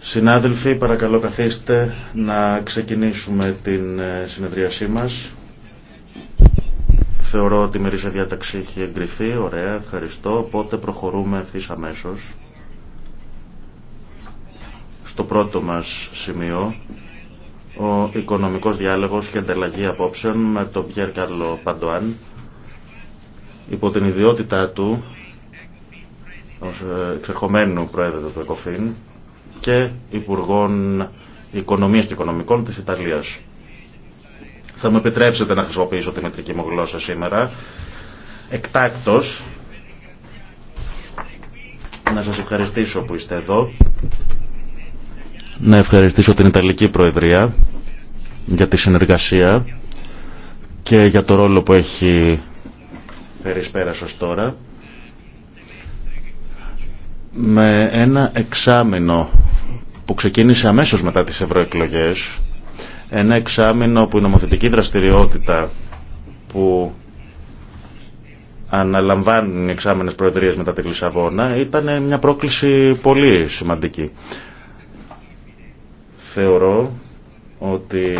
Συνάδελφοι, παρακαλώ καθίστε να ξεκινήσουμε την ε, συνεδρίασή μας. Θεωρώ ότι η μερίσια διάταξη έχει εγκριθεί. Ωραία, ευχαριστώ. Οπότε προχωρούμε ευθύ αμέσω στο πρώτο μας σημείο, ο οικονομικός διάλογο και ανταλλαγή απόψεων με τον Πιέρ Καρλο Παντοάν, υπό την ιδιότητά του ε, εξερχομένου Πρόεδρου του ΕΚΟΦΗΝ και Υπουργών Οικονομίας και Οικονομικών της Ιταλίας. Θα μου επιτρέψετε να χρησιμοποιήσω τη μετρική μου γλώσσα σήμερα. Εκτάκτος, να σας ευχαριστήσω που είστε εδώ. Να ευχαριστήσω την Ιταλική Προεδρία για τη συνεργασία και για το ρόλο που έχει φέρει πέρα ως τώρα με ένα εξάμεινο που ξεκίνησε αμέσως μετά τις ευρωεκλογέ, ένα εξάμεινο που η νομοθετική δραστηριότητα που αναλαμβάνουν οι εξάμενες προεδρίες μετά τη Λισαβόνα ήταν μια πρόκληση πολύ σημαντική. Θεωρώ ότι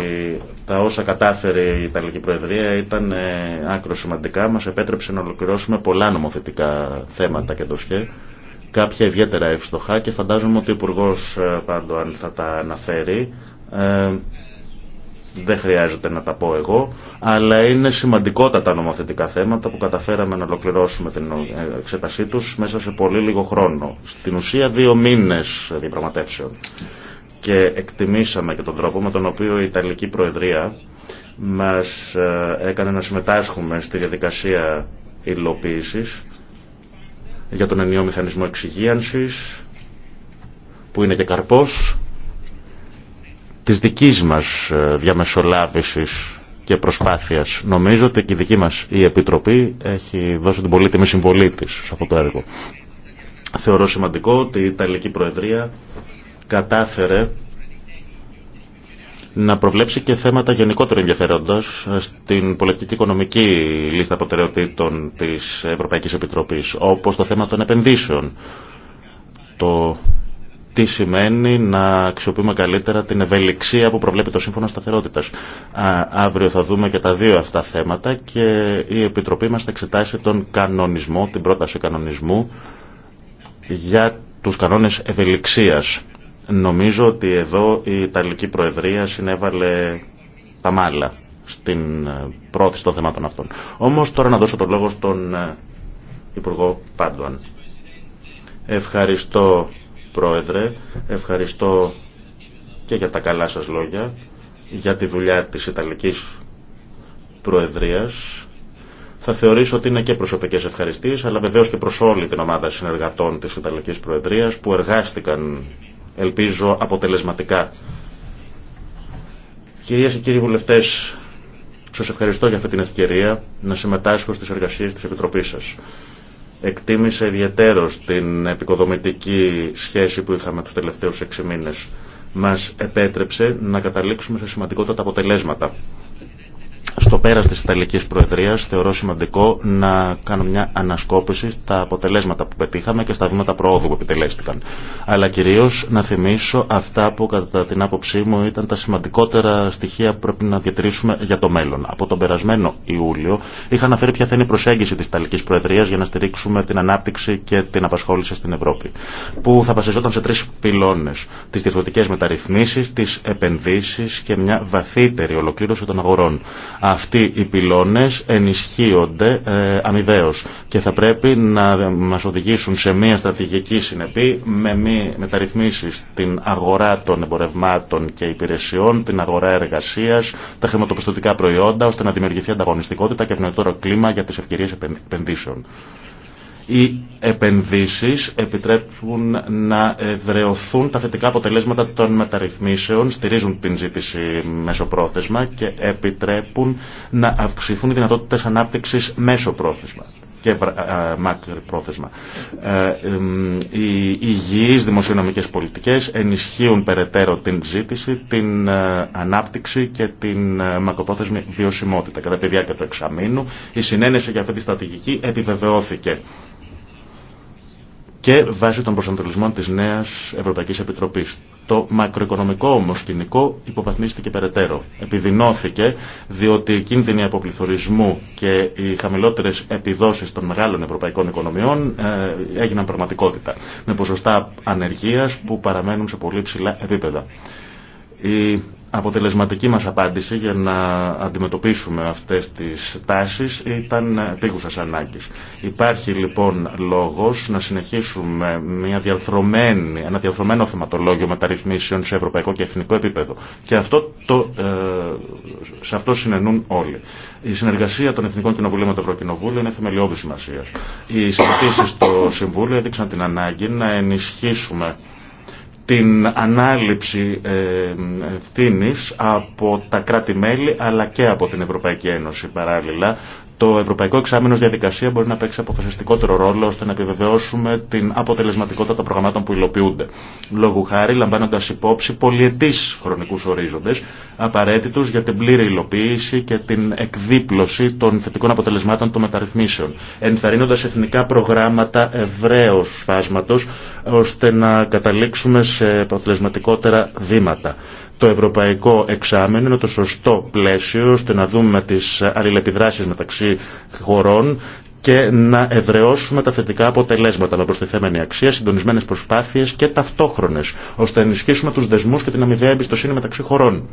τα όσα κατάφερε η Ιταλική Προεδρία ήταν ε, άκρο σημαντικά. Μας επέτρεψε να ολοκληρώσουμε πολλά νομοθετικά θέματα και το σχέδιο κάποια ιδιαίτερα εύστοχα και φαντάζομαι ότι ο Υπουργό ε, πάντω αν θα τα αναφέρει. Ε, δεν χρειάζεται να τα πω εγώ, αλλά είναι σημαντικότατα νομοθετικά θέματα που καταφέραμε να ολοκληρώσουμε την ε, εξέτασή τους μέσα σε πολύ λίγο χρόνο. Στην ουσία δύο μήνες διαπραγματεύσεων. Και εκτιμήσαμε και τον τρόπο με τον οποίο η Ιταλική Προεδρία μας ε, έκανε να συμμετάσχουμε στη διαδικασία υλοποίησης για τον ενιαίο μηχανισμό εξυγίανσης, που είναι και καρπός της δικής μας ε, διαμεσολάβησης και προσπάθειας. Νομίζω ότι και η δική μας η Επιτροπή έχει δώσει την πολύτιμη συμβολή της σε αυτό το έργο. Θεωρώ σημαντικό ότι η Ιταλική Προεδρία κατάφερε να προβλέψει και θέματα γενικότερου ενδιαφέροντα ε, στην πολιτική οικονομική λίστα προτεραιοτήτων της Ευρωπαϊκή Επιτροπής, όπως το θέμα των επενδύσεων. Το τι σημαίνει να αξιοποιούμε καλύτερα την ευελιξία που προβλέπει το Σύμφωνο σταθερότητα. αύριο θα δούμε και τα δύο αυτά θέματα και η Επιτροπή μα θα εξετάσει τον κανονισμό, την πρόταση κανονισμού για τους κανόνες ευελιξίας Νομίζω ότι εδώ η Ιταλική Προεδρία συνέβαλε τα μάλα στην ε, πρόθεση των θεμάτων αυτών. Όμως τώρα να δώσω τον λόγο στον ε, Υπουργό Πάντουαν. Ευχαριστώ Πρόεδρε, ευχαριστώ και για τα καλά σας λόγια, για τη δουλειά της Ιταλικής Προεδρίας. Θα θεωρήσω ότι είναι και προσωπικές ευχαριστίες, αλλά βεβαίως και προς όλη την ομάδα συνεργατών της Ιταλικής Προεδρίας που εργάστηκαν ελπίζω αποτελεσματικά. Κυρίε και κύριοι βουλευτές, σα ευχαριστώ για αυτή την ευκαιρία να συμμετάσχω στι εργασίε τη Επιτροπής σα. Εκτίμησα ιδιαίτερο την επικοδομητική σχέση που είχαμε του τελευταίου έξι μήνε. Μα επέτρεψε να καταλήξουμε σε σημαντικότατα αποτελέσματα στο πέρας της Ιταλικής Προεδρίας θεωρώ σημαντικό να κάνω μια ανασκόπηση στα αποτελέσματα που πετύχαμε και στα βήματα προόδου που επιτελέστηκαν. Αλλά κυρίως να θυμίσω αυτά που κατά την άποψή μου ήταν τα σημαντικότερα στοιχεία που πρέπει να διατηρήσουμε για το μέλλον. Από τον περασμένο Ιούλιο είχα αναφέρει ποια θα είναι η προσέγγιση της Ιταλικής Προεδρίας για να στηρίξουμε την ανάπτυξη και την απασχόληση στην Ευρώπη. Που θα βασιζόταν σε τρεις πυλώνες. Τις διευθυντικές μεταρρυθμίσεις, τις επενδύσεις και μια βαθύτερη ολοκλήρωση των αγορών. Αυτοί οι πυλώνες ενισχύονται ε, αμοιβαίως και θα πρέπει να μας οδηγήσουν σε μια στρατηγική συνεπή με μεταρρυθμίσεις την αγορά των εμπορευμάτων και υπηρεσιών, την αγορά εργασίας, τα χρηματοπιστωτικά προϊόντα, ώστε να δημιουργηθεί ανταγωνιστικότητα και ευνοητόρο κλίμα για τις ευκαιρίες επενδύσεων. Οι επενδύσεις επιτρέπουν να εδρεωθούν τα θετικά αποτελέσματα των μεταρρυθμίσεων, στηρίζουν την ζήτηση μεσοπρόθεσμα και επιτρέπουν να αυξηθούν οι δυνατότητες ανάπτυξης μέσοπρόθεσμα και μακροπρόθεσμα. Ε, οι υγιείς δημοσιονομικές πολιτικές ενισχύουν περαιτέρω την ζήτηση, την ε, ανάπτυξη και την ε, μακροπρόθεσμη βιωσιμότητα. Κατά τη διάρκεια του εξαμήνου η συνένεση για αυτή τη στρατηγική επιβεβαιώθηκε και βάσει των προσανατολισμών της νέας Ευρωπαϊκής Επιτροπής. Το μακροοικονομικό όμως σκηνικό υποβαθμίστηκε περαιτέρω. Επιδεινώθηκε διότι οι κίνδυνοι αποπληθωρισμού και οι χαμηλότερες επιδόσεις των μεγάλων ευρωπαϊκών οικονομιών ε, έγιναν πραγματικότητα με ποσοστά ανεργίας που παραμένουν σε πολύ ψηλά επίπεδα. Η αποτελεσματική μας απάντηση για να αντιμετωπίσουμε αυτές τις τάσεις ήταν πήγουσας ανάγκης. Υπάρχει λοιπόν λόγος να συνεχίσουμε μια διαρθρωμένη, ένα διαρθρωμένο θεματολόγιο μεταρρυθμίσεων σε ευρωπαϊκό και εθνικό επίπεδο. Και αυτό το, ε, σε αυτό συνενούν όλοι. Η συνεργασία των Εθνικών Κοινοβουλίων με το Ευρωκοινοβούλιο είναι θεμελιώδης σημασία. Οι συζητήσει στο Συμβούλιο έδειξαν την ανάγκη να ενισχύσουμε την ανάληψη ε, ευθύνη από τα κράτη-μέλη αλλά και από την Ευρωπαϊκή Ένωση παράλληλα το Ευρωπαϊκό Εξάμεινο Διαδικασία μπορεί να παίξει αποφασιστικότερο ρόλο ώστε να επιβεβαιώσουμε την αποτελεσματικότητα των προγραμμάτων που υλοποιούνται. Λόγου χάρη, λαμβάνοντα υπόψη πολιετή χρονικού ορίζοντε, απαραίτητου για την πλήρη υλοποίηση και την εκδίπλωση των θετικών αποτελεσμάτων των μεταρρυθμίσεων. Ενθαρρύνοντα εθνικά προγράμματα ευρέω φάσματο, ώστε να καταλήξουμε σε αποτελεσματικότερα βήματα το ευρωπαϊκό εξάμεινο είναι το σωστό πλαίσιο ώστε να δούμε τις αλληλεπιδράσεις μεταξύ χωρών και να ευρεώσουμε τα θετικά αποτελέσματα με προστιθέμενη αξία, συντονισμένε προσπάθειες και ταυτόχρονες, ώστε να ενισχύσουμε τους δεσμούς και την αμοιβαία εμπιστοσύνη μεταξύ χωρών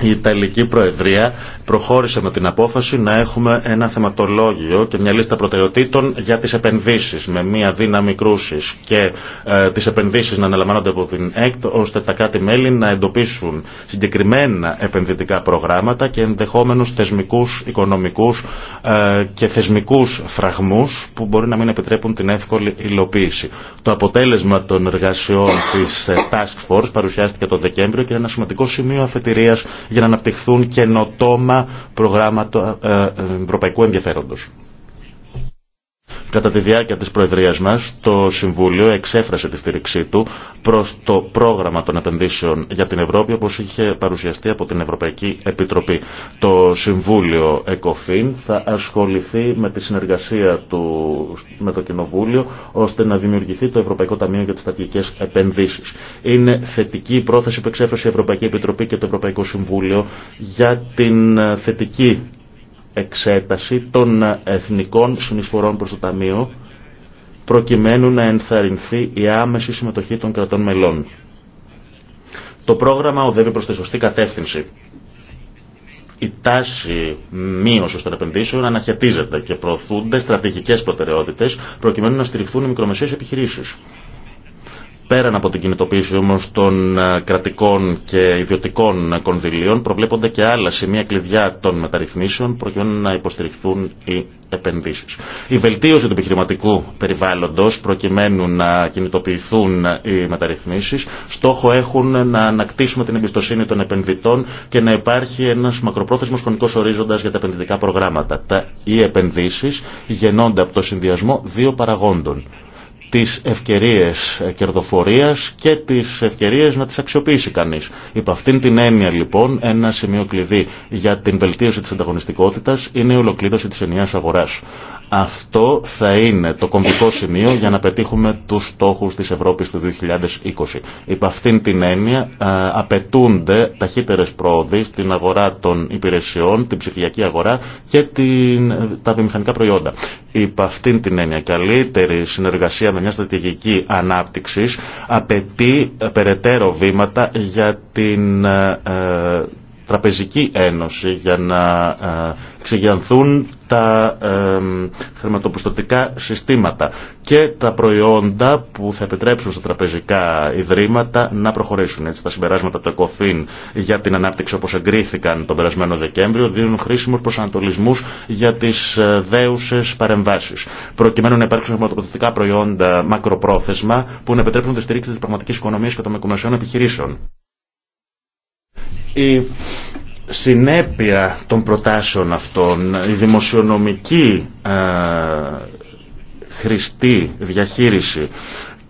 η Ιταλική Προεδρία προχώρησε με την απόφαση να έχουμε ένα θεματολόγιο και μια λίστα προτεραιοτήτων για τις επενδύσεις με μια δύναμη κρούσης και ε, τις επενδύσεις να αναλαμβάνονται από την ΕΚΤ ώστε τα κράτη-μέλη να εντοπίσουν συγκεκριμένα επενδυτικά προγράμματα και ενδεχόμενους θεσμικούς, οικονομικούς ε, και θεσμικούς φραγμούς που μπορεί να μην επιτρέπουν την εύκολη υλοποίηση. Το αποτέλεσμα των εργασιών της ε, Task Force παρουσιάστηκε το Δεκέμβριο και είναι ένα σημαντικό σημείο αφετηρίας για να αναπτυχθούν καινοτόμα προγράμματα ε, ε, ευρωπαϊκού ενδιαφέροντος. Κατά τη διάρκεια της Προεδρίας μας, το Συμβούλιο εξέφρασε τη στήριξή του προς το πρόγραμμα των επενδύσεων για την Ευρώπη, όπως είχε παρουσιαστεί από την Ευρωπαϊκή Επιτροπή. Το Συμβούλιο ΕΚΟΦΗΝ θα ασχοληθεί με τη συνεργασία του με το Κοινοβούλιο, ώστε να δημιουργηθεί το Ευρωπαϊκό Ταμείο για τις Στατικές Επενδύσεις. Είναι θετική η πρόθεση που εξέφρασε η Ευρωπαϊκή Επιτροπή και το Ευρωπαϊκό Συμβούλιο για την ε, θετική εξέταση των εθνικών συνεισφορών προς το Ταμείο προκειμένου να ενθαρρυνθεί η άμεση συμμετοχή των κρατών μελών. Το πρόγραμμα οδεύει προς τη σωστή κατεύθυνση. Η τάση μείωση των επενδύσεων αναχαιτίζεται και προωθούνται στρατηγικές προτεραιότητες προκειμένου να στηριχθούν οι μικρομεσαίες επιχειρήσεις. Πέραν από την κινητοποίηση όμω των ε, κρατικών και ιδιωτικών κονδυλίων, προβλέπονται και άλλα σημεία κλειδιά των μεταρρυθμίσεων προκειμένου να υποστηριχθούν οι επενδύσει. Η βελτίωση του επιχειρηματικού περιβάλλοντο προκειμένου να κινητοποιηθούν οι μεταρρυθμίσει, στόχο έχουν να ανακτήσουμε την εμπιστοσύνη των επενδυτών και να υπάρχει ένα μακροπρόθεσμο χρονικό ορίζοντα για τα επενδυτικά προγράμματα. Τα, οι επενδύσει γεννώνται από το συνδυασμό δύο παραγόντων τις ευκαιρίες ε, κερδοφορίας και τις ευκαιρίες να τις αξιοποιήσει κανείς. Υπ' αυτήν την έννοια λοιπόν ένα σημείο κλειδί για την βελτίωση της ανταγωνιστικότητας είναι η ολοκλήρωση της ενιαίας αγοράς. Αυτό θα είναι το κομβικό σημείο για να πετύχουμε τους στόχους της Ευρώπης του 2020. Υπ' αυτήν την έννοια ε, απαιτούνται ταχύτερες πρόοδοι στην αγορά των υπηρεσιών, την ψηφιακή αγορά και την, τα βιομηχανικά προϊόντα. Υπ' αυτήν την έννοια καλύτερη συνεργασία με μια στρατηγική ανάπτυξη απαιτεί ε, περαιτέρω βήματα για την ε, Τραπεζική Ένωση για να ξεγιανθούν τα χρηματοπιστωτικά συστήματα και τα προϊόντα που θα επιτρέψουν στα τραπεζικά ιδρύματα να προχωρήσουν. Έτσι, τα συμπεράσματα του ΕΚΟΦΗΝ για την ανάπτυξη όπως εγκρίθηκαν τον περασμένο Δεκέμβριο δίνουν χρήσιμους προσανατολισμούς για τις ε, δέουσες παρεμβάσεις. Προκειμένου να υπάρξουν χρηματοπιστωτικά προϊόντα μακροπρόθεσμα που να επιτρέψουν τη στηρίξη της πραγματικής οικονομίας και των μικρομεσαίων επιχειρήσεων συνέπεια των προτάσεων αυτών, η δημοσιονομική ε, χρηστή διαχείριση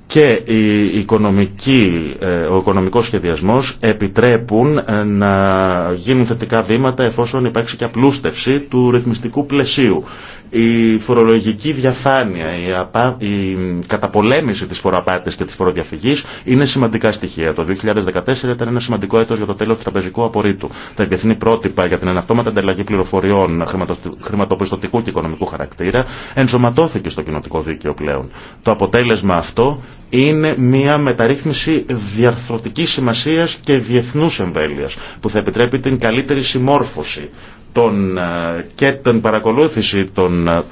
και η οικονομική, ε, ο οικονομικός σχεδιασμός επιτρέπουν ε, να γίνουν θετικά βήματα εφόσον υπάρξει και απλούστευση του ρυθμιστικού πλαισίου η φορολογική διαφάνεια, η, απα... η καταπολέμηση της φοροαπάτης και της φοροδιαφυγής είναι σημαντικά στοιχεία. Το 2014 ήταν ένα σημαντικό έτος για το τέλος του τραπεζικού απορρίτου. Τα διεθνή πρότυπα για την αναυτόματα ανταλλαγή πληροφοριών χρηματοπιστωτικού και οικονομικού χαρακτήρα ενσωματώθηκε στο κοινοτικό δίκαιο πλέον. Το αποτέλεσμα αυτό είναι μια μεταρρύθμιση διαρθρωτικής σημασίας και διεθνούς εμβέλειας που θα επιτρέπει την καλύτερη συμμόρφωση τον ε, και την παρακολούθηση των ε,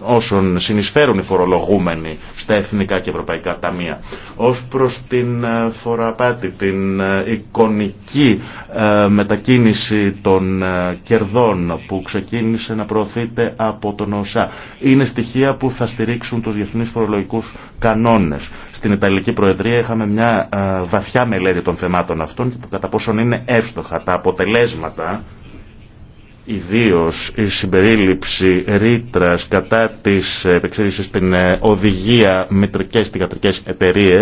όσων συνεισφέρουν οι φορολογούμενοι στα εθνικά και ευρωπαϊκά ταμεία. Ως προς την ε, φοραπάτη, την εικονική μετακίνηση των κερδών που ξεκίνησε να προωθείται από τον ΩΣΑ. Είναι στοιχεία που θα στηρίξουν τους διεθνείς φορολογικούς κανόνες. Στην Ιταλική Προεδρία είχαμε μια βαθιά μελέτη των θεμάτων αυτών και κατά πόσον είναι εύστοχα τα αποτελέσματα Ιδίως η συμπερίληψη ρήτρα κατά της επεξήγησης στην ε, οδηγία μητρικές θηγατρικές εταιρείε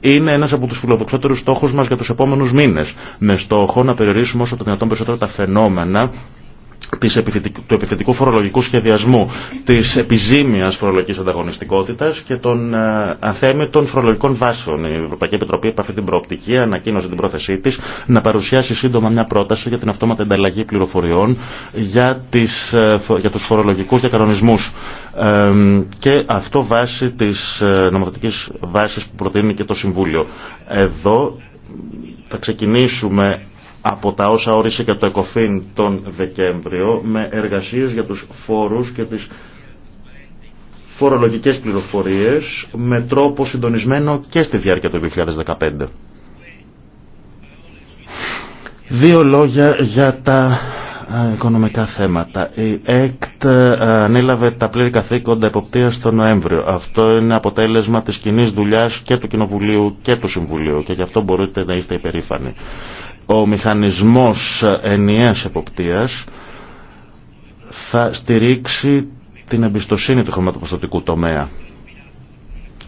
είναι ένας από τους φιλοδοξότερους στόχους μας για τους επόμενους μήνες με στόχο να περιορίσουμε όσο το δυνατόν περισσότερο τα φαινόμενα του επιθετικού φορολογικού σχεδιασμού, της επιζήμιας φορολογικής ανταγωνιστικότητας και των ε, αθέμητων φορολογικών βάσεων. Η Ευρωπαϊκή Επιτροπή επαφή αυτή την προοπτική ανακοίνωσε την πρόθεσή της να παρουσιάσει σύντομα μια πρόταση για την αυτόματη ανταλλαγή πληροφοριών για, τις, ε, για τους φορολογικούς διακανονισμούς. και αυτό βάσει της ε, νομοθετικής βάσης που προτείνει και το Συμβούλιο. Εδώ θα ξεκινήσουμε από τα όσα όρισε και το ΕΚΟΦΗΝ τον Δεκέμβριο με εργασίες για τους φόρους και τις φορολογικές πληροφορίες με τρόπο συντονισμένο και στη διάρκεια του 2015. Δύο λόγια για τα οικονομικά θέματα. Η ΕΚΤ ανέλαβε τα πλήρη καθήκοντα εποπτείας στο Νοέμβριο. Αυτό είναι αποτέλεσμα της κοινή δουλειάς και του Κοινοβουλίου και του Συμβουλίου και γι' αυτό μπορείτε να είστε υπερήφανοι. Ο μηχανισμός ενιαίας εποπτείας θα στηρίξει την εμπιστοσύνη του χρηματοπιστωτικού τομέα.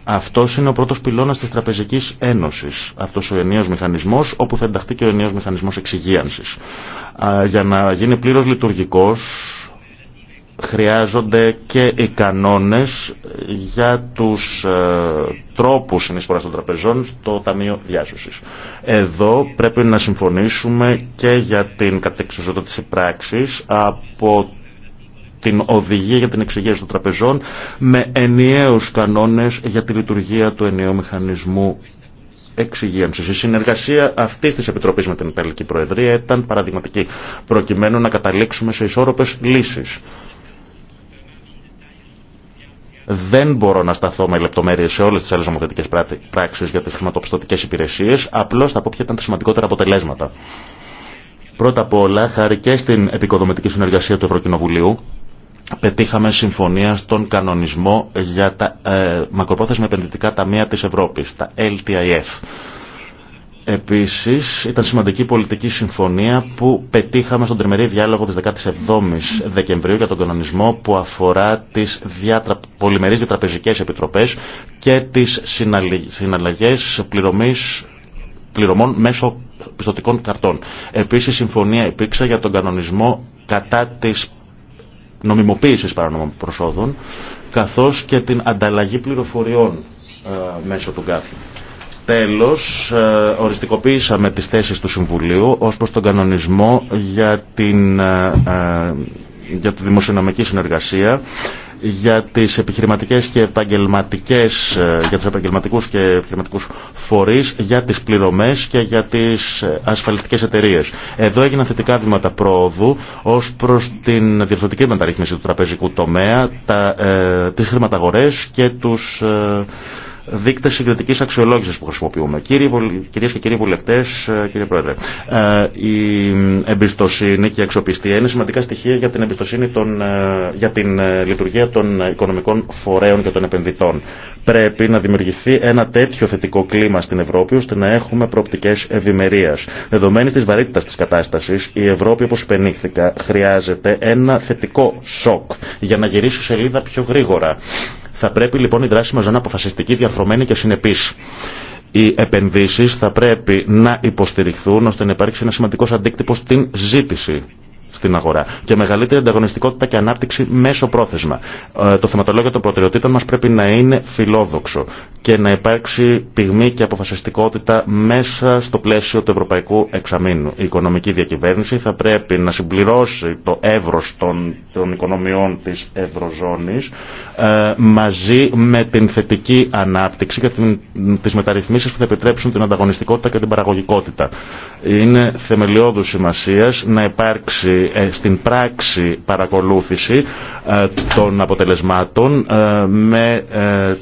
Αυτό είναι ο πρώτος πυλώνας της Τραπεζικής Ένωσης. Αυτός ο ενιαίος μηχανισμός όπου θα ενταχθεί και ο ενιαίος μηχανισμός εξυγίανση. Για να γίνει πλήρως λειτουργικός χρειάζονται και οι κανόνες για τους ε, τρόπους συνεισφοράς των τραπεζών στο Ταμείο Διάσωσης. Εδώ πρέπει να συμφωνήσουμε και για την της πράξης από την οδηγία για την εξηγέση των τραπεζών με ενιαίους κανόνες για τη λειτουργία του ενιαίου μηχανισμού εξυγίανση. Η συνεργασία αυτή τη Επιτροπή με την Ιταλική Προεδρία ήταν παραδειγματική, προκειμένου να καταλήξουμε σε ισόρροπε λύσει. Δεν μπορώ να σταθώ με λεπτομέρειε σε όλε τι άλλε νομοθετικέ πράξει για τι χρηματοπιστωτικέ υπηρεσίε. Απλώ θα πω ποια ήταν τα σημαντικότερα αποτελέσματα. Πρώτα απ' όλα, χάρη και στην επικοδομητική συνεργασία του Ευρωκοινοβουλίου, πετύχαμε συμφωνία στον κανονισμό για τα ε, μακροπρόθεσμα επενδυτικά ταμεία τη Ευρώπη, τα LTIF. Επίσης, ήταν σημαντική πολιτική συμφωνία που πετύχαμε στον τριμερή διάλογο της 17ης Δεκεμβρίου για τον κανονισμό που αφορά τις διατρα... πολυμερείς διατραπεζικές επιτροπές και τις συναλλαγές πληρωμής πληρωμών μέσω πιστοτικών καρτών. Επίσης, συμφωνία υπήρξε για τον κανονισμό κατά της νομιμοποίησης παρανομών προσόδων, καθώς και την ανταλλαγή πληροφοριών ε, μέσω του γκάφη. Τέλος, ε, οριστικοποίησαμε τις θέσεις του Συμβουλίου ως προς τον κανονισμό για, την, ε, ε, για τη δημοσιονομική συνεργασία για τις επιχειρηματικές και επαγγελματικές για τους επαγγελματικούς και επιχειρηματικούς φορείς για τις πληρωμές και για τις ασφαλιστικές εταιρείες. Εδώ έγιναν θετικά βήματα πρόοδου ως προς την διευθυντική μεταρρύθμιση του τραπεζικού τομέα, τα, και τους δείκτε συγκριτική αξιολόγηση που χρησιμοποιούμε. Κυρίε και κύριοι βουλευτέ, ε, κύριε Πρόεδρε, ε, η εμπιστοσύνη και η αξιοπιστία είναι σημαντικά στοιχεία για την εμπιστοσύνη των, ε, για την λειτουργία των οικονομικών φορέων και των επενδυτών. Πρέπει να δημιουργηθεί ένα τέτοιο θετικό κλίμα στην Ευρώπη ώστε να έχουμε προοπτικέ ευημερία. Δεδομένη τη βαρύτητα τη κατάσταση, η Ευρώπη, όπω υπενήχθηκα, χρειάζεται ένα θετικό σοκ για να γυρίσει σελίδα πιο γρήγορα. Θα πρέπει λοιπόν η δράση μας να είναι αποφασιστική, διαρθρωμένη και συνεπής. Οι επενδύσεις θα πρέπει να υποστηριχθούν ώστε να υπάρξει ένα σημαντικό αντίκτυπο στην ζήτηση στην αγορά και μεγαλύτερη ανταγωνιστικότητα και ανάπτυξη μέσω πρόθεσμα. Ε, το θεματολόγιο των προτεραιοτήτων μα πρέπει να είναι φιλόδοξο και να υπάρξει πυγμή και αποφασιστικότητα μέσα στο πλαίσιο του Ευρωπαϊκού Εξαμήνου. Η οικονομική διακυβέρνηση θα πρέπει να συμπληρώσει το εύρο των, των οικονομιών τη Ευρωζώνη ε, μαζί με την θετική ανάπτυξη και τι μεταρρυθμίσει που θα επιτρέψουν την ανταγωνιστικότητα και την παραγωγικότητα. Είναι θεμελιώδου σημασία να υπάρξει ε, στην πράξη παρακολούθηση ε, των αποτελεσμάτων ε, με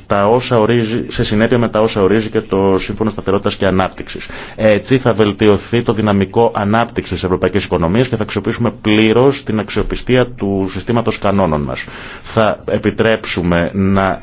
τα όσα ορίζει, σε συνέπεια με τα όσα ορίζει και το Σύμφωνο Σταθερότητα και Ανάπτυξη. Έτσι θα βελτιωθεί το δυναμικό ανάπτυξη τη ευρωπαϊκή οικονομίας και θα αξιοποιήσουμε πλήρω την αξιοπιστία του συστήματο κανόνων μα. Θα επιτρέψουμε να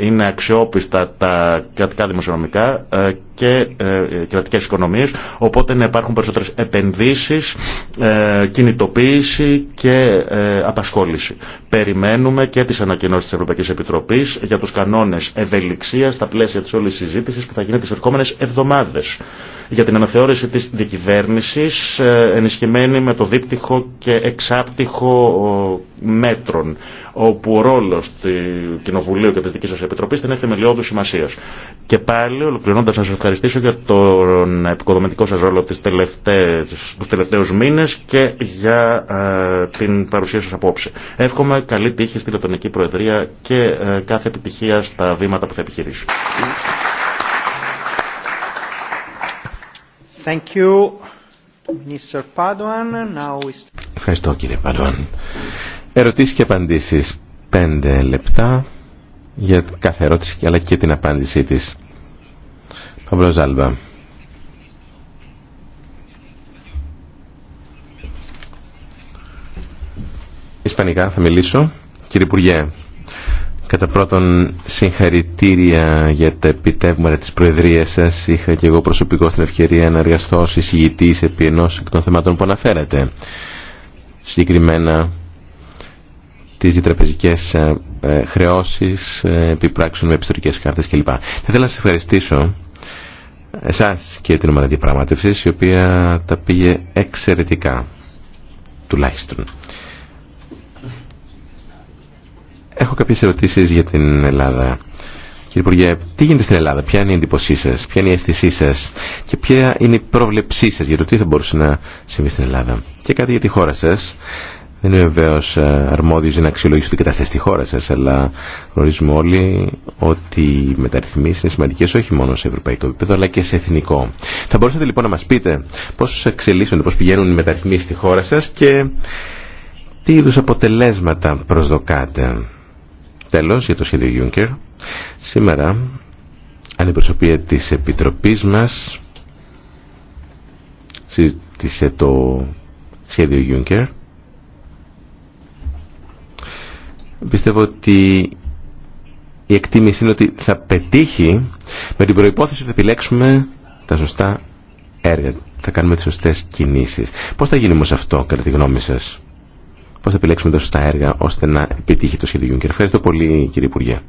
είναι αξιόπιστα τα κρατικά δημοσιονομικά και ε, ε, κρατικές οικονομίες, οπότε να υπάρχουν περισσότερες επενδύσεις, ε, κινητοποίηση και ε, απασχόληση. Περιμένουμε και τις ανακοινώσεις της Ευρωπαϊκής Επιτροπής για τους κανόνες ευελιξίας στα πλαίσια της όλης συζήτησης που θα γίνει τις ερχόμενες εβδομάδες για την αναθεώρηση της διακυβέρνησης ε, ενισχυμένη με το δίπτυχο και εξάπτυχο μέτρων όπου ο ρόλος του Κοινοβουλίου και της δικής σας Επιτροπής είναι θεμελιώδου σημασίας. Και πάλι ολοκληρώνοντας να σας ευχαριστήσω για τον επικοδομητικό σας ρόλο του τελευταίου τους και για ε, την παρουσία σας απόψε. Εύχομαι καλή τύχη στη Λετωνική Προεδρία και ε, κάθε επιτυχία στα βήματα που θα επιχειρήσει. Ευχαριστώ κύριε Παντουάν. Ερωτήσεις και απαντήσεις. Πέντε λεπτά για κάθε ερώτηση αλλά και την απάντησή της. Παύλο θα μιλήσω. Κύριε Υπουργέ, κατά πρώτον συγχαρητήρια για τα επιτεύγματα της Προεδρίας σας. Είχα και εγώ προσωπικό στην ευκαιρία να εργαστώ ως εισηγητής επί ενός εκ των θεμάτων που αναφέρατε. Συγκεκριμένα τις διτραπεζικές ε, ε, χρεώσεις, ε, επιπράξεων με επιστορικές κάρτες κλπ. Θα ήθελα να σας ευχαριστήσω εσάς και την ομάδα διαπραγματεύσης η οποία τα πήγε εξαιρετικά τουλάχιστον. Έχω κάποιε ερωτήσει για την Ελλάδα. Κύριε Υπουργέ, τι γίνεται στην Ελλάδα, ποια είναι η εντύπωσή σα, ποια είναι η αίσθησή σα και ποια είναι η πρόβλεψή σα για το τι θα μπορούσε να συμβεί στην Ελλάδα. Και κάτι για τη χώρα σα. Δεν είμαι βεβαίω ε, αρμόδιο να αξιολογήσω την κατάσταση στη χώρα σα, αλλά γνωρίζουμε όλοι ότι οι μεταρρυθμίσει είναι σημαντικέ όχι μόνο σε ευρωπαϊκό επίπεδο, αλλά και σε εθνικό. Θα μπορούσατε λοιπόν να μα πείτε πώ εξελίσσονται, πώ πηγαίνουν οι μεταρρυθμίσει στη χώρα σα και τι είδου αποτελέσματα προσδοκάτε. Τέλος, για το σχέδιο Juncker, σήμερα αντιπροσωπεία της Επιτροπής μας συζήτησε το σχέδιο Juncker. Πιστεύω ότι η εκτίμηση είναι ότι θα πετύχει με την προϋπόθεση ότι θα επιλέξουμε τα σωστά έργα, θα κάνουμε τις σωστές κινήσεις. Πώς θα γίνει όμως αυτό κατά τη γνώμη σας. Πώ θα επιλέξουμε τα σωστά έργα ώστε να επιτύχει το σχέδιο Juncker. Ευχαριστώ πολύ κύριε Υπουργέ.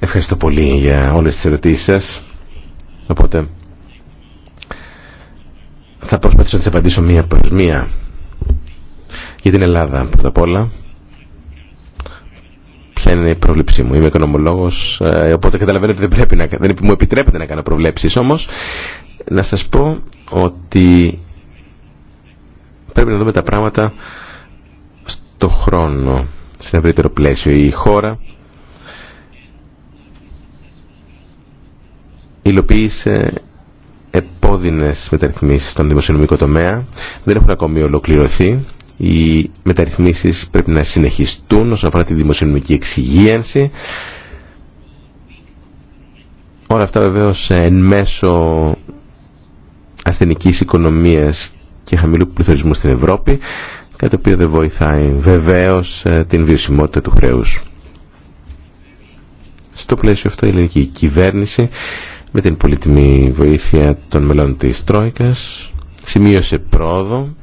Ευχαριστώ πολύ για όλες τις ερωτήσεις σας. Οπότε θα προσπαθήσω να τις απαντήσω μία προς μία. Για την Ελλάδα πρώτα απ' όλα. Ποια είναι η πρόβλεψή μου. Είμαι οικονομολόγος, ε, οπότε καταλαβαίνω ότι δεν, πρέπει να, δεν μου επιτρέπεται να κάνω προβλέψεις. Όμως να σας πω ότι πρέπει να δούμε τα πράγματα στο χρόνο, σε ένα ευρύτερο πλαίσιο. Η χώρα υλοποίησε επώδυνες μεταρρυθμίσεις στον δημοσιονομικό τομέα. Δεν έχουν ακόμη ολοκληρωθεί. Οι μεταρρυθμίσεις πρέπει να συνεχιστούν όσον αφορά τη δημοσιονομική εξυγίανση. Όλα αυτά βεβαίως εν μέσω ασθενικής οικονομίας και χαμηλού πληθωρισμού στην Ευρώπη, κάτι το οποίο δεν βοηθάει βεβαίως ε, την βιωσιμότητα του χρέους. Στο πλαίσιο αυτό η ελληνική κυβέρνηση με την πολύτιμη βοήθεια των μελών τη Τρόικας σημείωσε πρόοδο.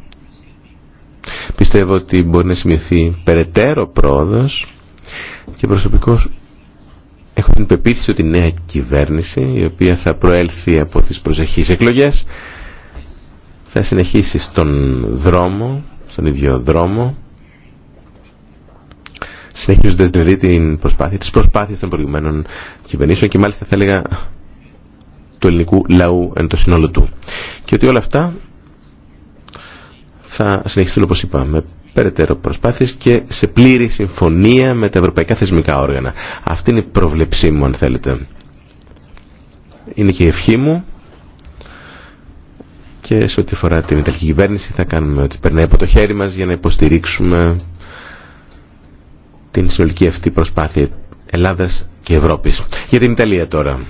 Πιστεύω ότι μπορεί να σημειωθεί περαιτέρω πρόοδος και προσωπικός Έχω την πεποίθηση ότι η νέα κυβέρνηση, η οποία θα προέλθει από τις προσεχείς εκλογές, θα συνεχίσει στον δρόμο, στον ίδιο δρόμο, συνεχίζοντας δηλαδή την προσπάθεια, τις προσπάθειες των προηγουμένων κυβερνήσεων και μάλιστα θα έλεγα του ελληνικού λαού εν το σύνολο του. Και ότι όλα αυτά θα συνεχιστούν όπως είπα περαιτέρω προσπάθειες και σε πλήρη συμφωνία με τα ευρωπαϊκά θεσμικά όργανα. Αυτή είναι η πρόβλεψή μου αν θέλετε. Είναι και η ευχή μου και σε ό,τι φορά την Ιταλική κυβέρνηση θα κάνουμε ό,τι περνάει από το χέρι μας για να υποστηρίξουμε την συνολική αυτή προσπάθεια Ελλάδας και Ευρώπης. Για την Ιταλία τώρα.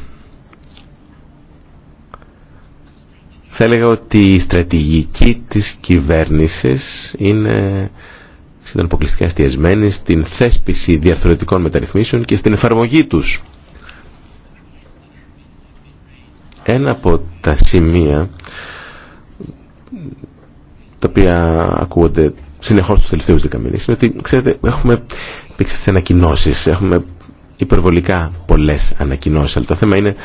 Θα έλεγα ότι η στρατηγική της κυβέρνησης είναι σχεδόν αποκλειστικά εστιασμένη στην θέσπιση διαρθρωτικών μεταρρυθμίσεων και στην εφαρμογή τους. Ένα από τα σημεία τα οποία ακούγονται συνεχώς τους τελευταίους δεκαμήνες είναι ότι ξέρετε έχουμε πήξει τις ανακοινώσεις, έχουμε υπερβολικά πολλές ανακοινώσεις αλλά το θέμα είναι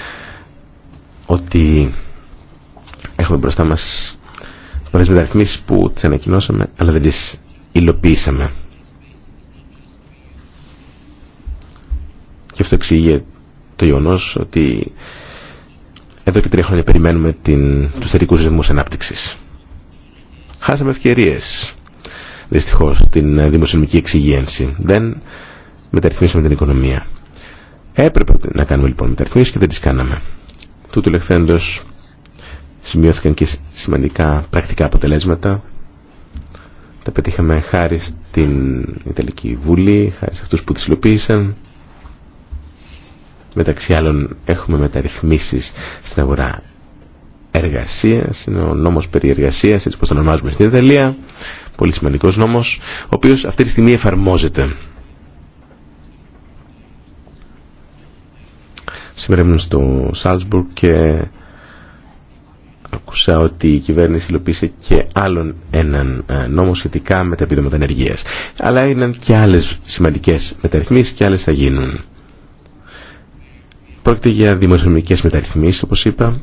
ότι Έχουμε μπροστά μας πολλές μεταρρυθμίσεις που τις ανακοινώσαμε αλλά δεν τις υλοποιήσαμε. Και αυτό εξηγεί το γεγονό ότι εδώ και τρία χρόνια περιμένουμε την, τους θετικούς ρυθμούς ανάπτυξης. Χάσαμε ευκαιρίες, δυστυχώς, την δημοσιονομική εξυγίανση. Δεν μεταρρυθμίσαμε την οικονομία. Έπρεπε να κάνουμε λοιπόν μεταρρυθμίσεις και δεν τις κάναμε. Τούτου λεχθέντος Σημειώθηκαν και σημαντικά πρακτικά αποτελέσματα. Τα πετύχαμε χάρη στην Ιταλική Βουλή, χάρη σε αυτούς που τις υλοποίησαν. Μεταξύ άλλων έχουμε μεταρρυθμίσεις στην αγορά εργασίας, είναι ο νόμος περί εργασίας, έτσι όπως το ονομάζουμε στην Ιταλία, πολύ σημαντικός νόμος, ο οποίος αυτή τη στιγμή εφαρμόζεται. Σήμερα ήμουν στο Σάλτσμπουργκ και άκουσα ότι η κυβέρνηση υλοποίησε και άλλον έναν ε, νόμο σχετικά με τα επίδοματα ενεργεία. Αλλά έγιναν και άλλε σημαντικέ μεταρρυθμίσει και άλλε θα γίνουν. Πρόκειται για δημοσιονομικέ μεταρρυθμίσει, όπω είπα.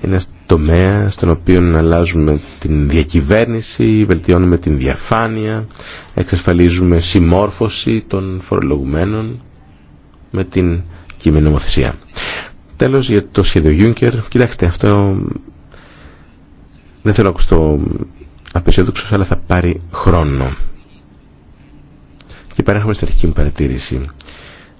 Ένα τομέα στον οποίο αλλάζουμε την διακυβέρνηση, βελτιώνουμε την διαφάνεια, εξασφαλίζουμε συμμόρφωση των φορολογουμένων με την κείμενη νομοθεσία. Τέλος για το σχέδιο Juncker, κοιτάξτε αυτό δεν θέλω να ακουστώ απεσιόδοξο, αλλά θα πάρει χρόνο. Και παρέχομαι στην αρχική μου παρατήρηση.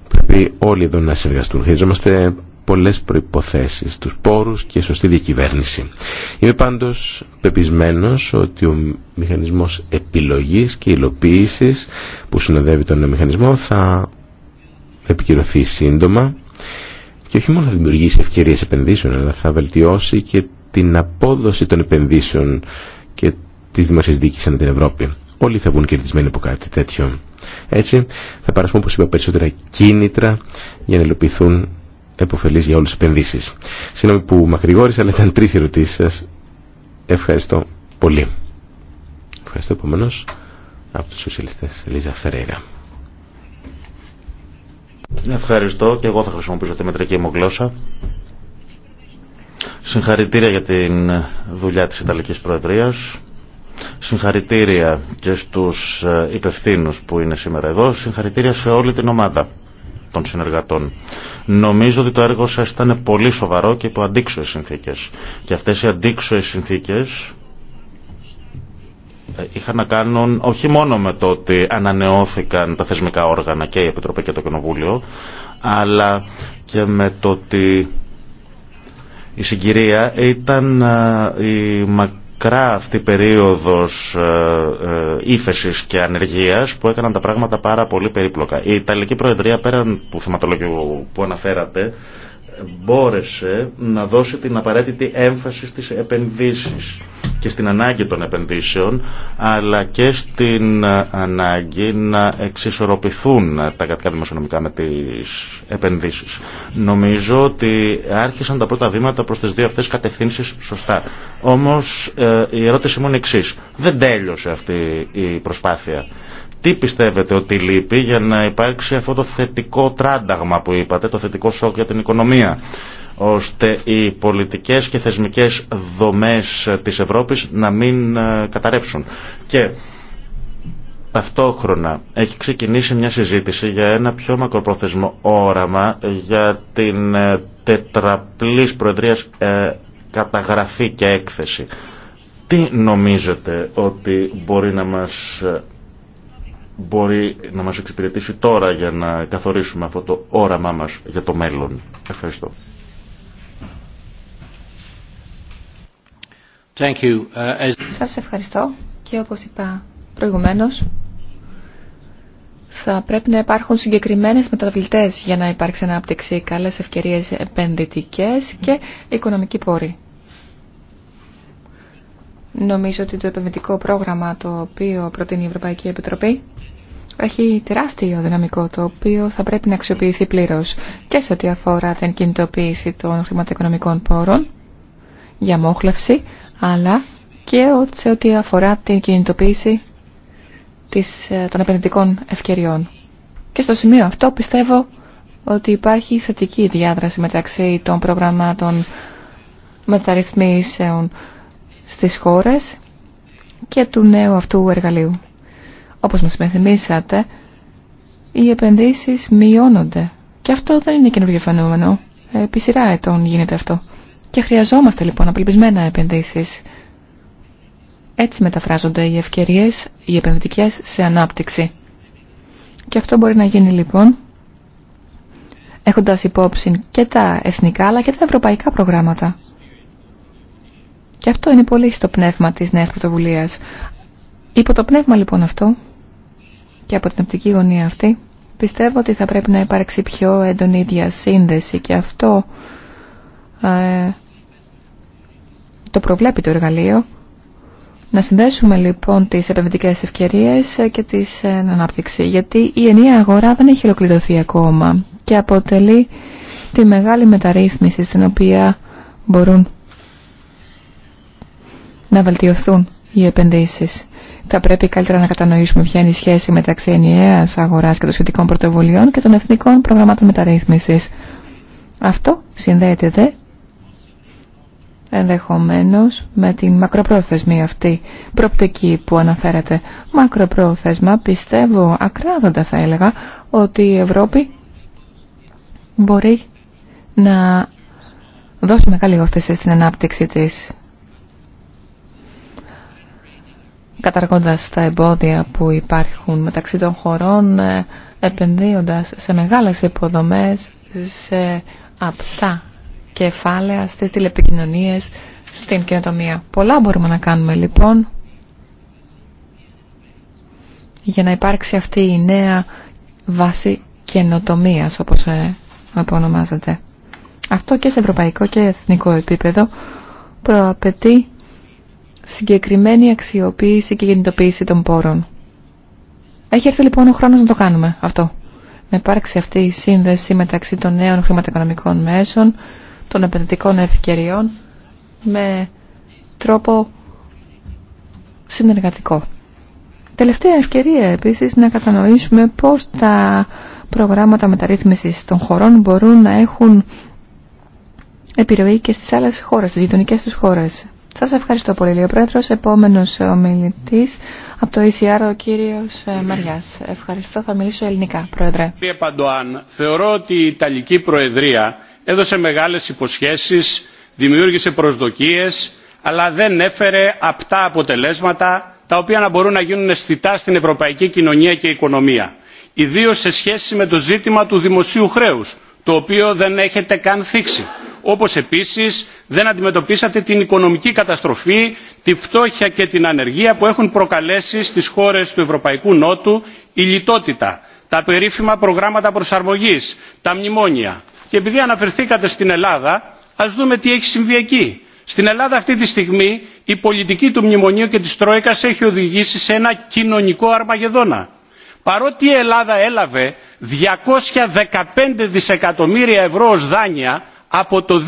Πρέπει όλοι εδώ να συνεργαστούν. Χρειαζόμαστε πολλές προϋποθέσεις, τους πόρους και σωστή διακυβέρνηση. Είμαι πάντως πεπισμένος ότι ο μηχανισμός επιλογής και υλοποίησης που συνοδεύει τον μηχανισμό θα επικυρωθεί σύντομα και όχι μόνο θα δημιουργήσει ευκαιρίες επενδύσεων αλλά θα βελτιώσει και την απόδοση των επενδύσεων και της δημοσίας διοίκησης ανά την Ευρώπη. Όλοι θα βγουν κερδισμένοι από κάτι τέτοιο. Έτσι θα παρασπούν, όπως είπα, περισσότερα κίνητρα για να υλοποιηθούν επωφελεί για όλε τις επενδύσεις. Συγγνώμη που μακρηγόρησα, αλλά ήταν τρει ερωτήσει σα. Ευχαριστώ πολύ. Ευχαριστώ επομένω από του σοσιαλιστές Λίζα Φερέρα. Ευχαριστώ και εγώ θα χρησιμοποιήσω τη μετρική μου γλώσσα. Συγχαρητήρια για την δουλειά της Ιταλικής Προεδρίας. Συγχαρητήρια και στους ε, υπευθύνους που είναι σήμερα εδώ. Συγχαρητήρια σε όλη την ομάδα των συνεργατών. Νομίζω ότι το έργο σας ήταν πολύ σοβαρό και υπό αντίξωες συνθήκες. Και αυτές οι αντίξωες συνθήκες ε, είχαν να κάνουν όχι μόνο με το ότι ανανεώθηκαν τα θεσμικά όργανα και η Επιτροπή και το Κοινοβούλιο, αλλά και με το ότι η συγκυρία ήταν η μακρά αυτή περίοδος ύφεσης και ανεργίας που έκαναν τα πράγματα πάρα πολύ περίπλοκα. Η Ιταλική Προεδρία πέραν του θεματολογίου που αναφέρατε μπόρεσε να δώσει την απαραίτητη έμφαση στις επενδύσεις και στην ανάγκη των επενδύσεων αλλά και στην ε, ανάγκη να εξισορροπηθούν τα κρατικά δημοσιονομικά με τις επενδύσεις. Νομίζω ότι άρχισαν τα πρώτα βήματα προς τις δύο αυτές κατευθύνσεις σωστά. Όμως ε, η ερώτηση μου είναι εξής. Δεν τέλειωσε αυτή η προσπάθεια. Τι πιστεύετε ότι λείπει για να υπάρξει αυτό το θετικό τράνταγμα που είπατε, το θετικό σοκ για την οικονομία, ώστε οι πολιτικές και θεσμικές δομές της Ευρώπης να μην ε, καταρρεύσουν. Και ταυτόχρονα έχει ξεκινήσει μια συζήτηση για ένα πιο μακροπρόθεσμο όραμα για την ε, τετραπλής προεδρίας ε, καταγραφή και έκθεση. Τι νομίζετε ότι μπορεί να μας μπορεί να μας εξυπηρετήσει τώρα για να καθορίσουμε αυτό το όραμά μας για το μέλλον. Ευχαριστώ. Thank you. Uh, Σας ευχαριστώ και όπως είπα προηγουμένως θα πρέπει να υπάρχουν συγκεκριμένες μεταβλητές για να υπάρξει ανάπτυξη, καλές ευκαιρίες επενδυτικές και οικονομική πόρη. Νομίζω ότι το επενδυτικό πρόγραμμα το οποίο προτείνει η Ευρωπαϊκή Επιτροπή έχει τεράστιο δυναμικό το οποίο θα πρέπει να αξιοποιηθεί πλήρως και σε ό,τι αφορά την κινητοποίηση των χρηματοοικονομικών πόρων για μόχλευση, αλλά και σε ό,τι αφορά την κινητοποίηση ε, των επενδυτικών ευκαιριών. Και στο σημείο αυτό πιστεύω ότι υπάρχει θετική διάδραση μεταξύ των προγραμμάτων μεταρρυθμίσεων στις χώρες και του νέου αυτού εργαλείου. Όπως μας υπενθυμίσατε, οι επενδύσεις μειώνονται. Και αυτό δεν είναι καινούργιο φαινόμενο. Επί σειρά ετών γίνεται αυτό. Και χρειαζόμαστε λοιπόν απελπισμένα επενδύσεις. Έτσι μεταφράζονται οι ευκαιρίες, οι επενδυτικές σε ανάπτυξη. Και αυτό μπορεί να γίνει λοιπόν έχοντας υπόψη και τα εθνικά αλλά και τα ευρωπαϊκά προγράμματα. Και αυτό είναι πολύ στο πνεύμα της νέας πρωτοβουλίας. Υπό το πνεύμα λοιπόν αυτό και από την οπτική γωνία αυτή πιστεύω ότι θα πρέπει να υπάρξει πιο έντονη διασύνδεση και αυτό ε, το προβλέπει το εργαλείο. Να συνδέσουμε λοιπόν τις επενδυτικές ευκαιρίες ε, και τις ε, ανάπτυξη γιατί η ενιαία αγορά δεν έχει ολοκληρωθεί ακόμα και αποτελεί τη μεγάλη μεταρρύθμιση στην οποία μπορούν να βελτιωθούν οι επενδύσεις. Θα πρέπει καλύτερα να κατανοήσουμε ποια είναι η σχέση μεταξύ ενιαίας αγοράς και των σχετικών πρωτοβουλειών και των εθνικών προγραμμάτων μεταρρύθμισης. Αυτό συνδέεται δε ενδεχομένως με την μακροπρόθεσμη αυτή προπτική που αναφέρατε. Μακροπρόθεσμα πιστεύω ακράδαντα θα έλεγα ότι η Ευρώπη μπορεί να δώσει μεγάλη όθεση στην ανάπτυξη της καταργώντας τα εμπόδια που υπάρχουν μεταξύ των χωρών, ε, επενδύοντας σε μεγάλες υποδομές, σε απτά κεφάλαια, στις τηλεπικοινωνίες, στην κοινοτομία. Πολλά μπορούμε να κάνουμε λοιπόν για να υπάρξει αυτή η νέα βάση καινοτομίας όπως ε, απονομάζεται. Αυτό και σε ευρωπαϊκό και εθνικό επίπεδο προαπαιτεί συγκεκριμένη αξιοποίηση και κινητοποίηση των πόρων. Έχει έρθει λοιπόν ο χρόνος να το κάνουμε αυτό. Να υπάρξει αυτή η σύνδεση μεταξύ των νέων χρηματοοικονομικών μέσων, των επενδυτικών ευκαιριών, με τρόπο συνεργατικό. Τελευταία ευκαιρία επίσης να κατανοήσουμε πώς τα προγράμματα μεταρρύθμισης των χωρών μπορούν να έχουν επιρροή και στις άλλες χώρες, στις γειτονικές τους χώρες. Σας ευχαριστώ πολύ, Λίγο ο Πρόεδρος. Επόμενος ομιλητής από το ECR, ο κύριος ε, Μαριάς. Ευχαριστώ, θα μιλήσω ελληνικά, Πρόεδρε. Κύριε Παντοάν, θεωρώ ότι η Ιταλική Προεδρία έδωσε μεγάλες υποσχέσεις, δημιούργησε προσδοκίες, αλλά δεν έφερε απτά αποτελέσματα, τα οποία να μπορούν να γίνουν αισθητά στην ευρωπαϊκή κοινωνία και οικονομία. Ιδίως σε σχέση με το ζήτημα του δημοσίου χρέους, το οποίο δεν έχετε καν θίξει όπως επίσης δεν αντιμετωπίσατε την οικονομική καταστροφή, τη φτώχεια και την ανεργία που έχουν προκαλέσει στις χώρες του Ευρωπαϊκού Νότου η λιτότητα, τα περίφημα προγράμματα προσαρμογής, τα μνημόνια. Και επειδή αναφερθήκατε στην Ελλάδα, ας δούμε τι έχει συμβεί εκεί. Στην Ελλάδα αυτή τη στιγμή η πολιτική του μνημονίου και της Τρόικας έχει οδηγήσει σε ένα κοινωνικό αρμαγεδόνα. Παρότι η Ελλάδα έλαβε 215 δισεκατομμύρια ευρώ ως δάνεια από το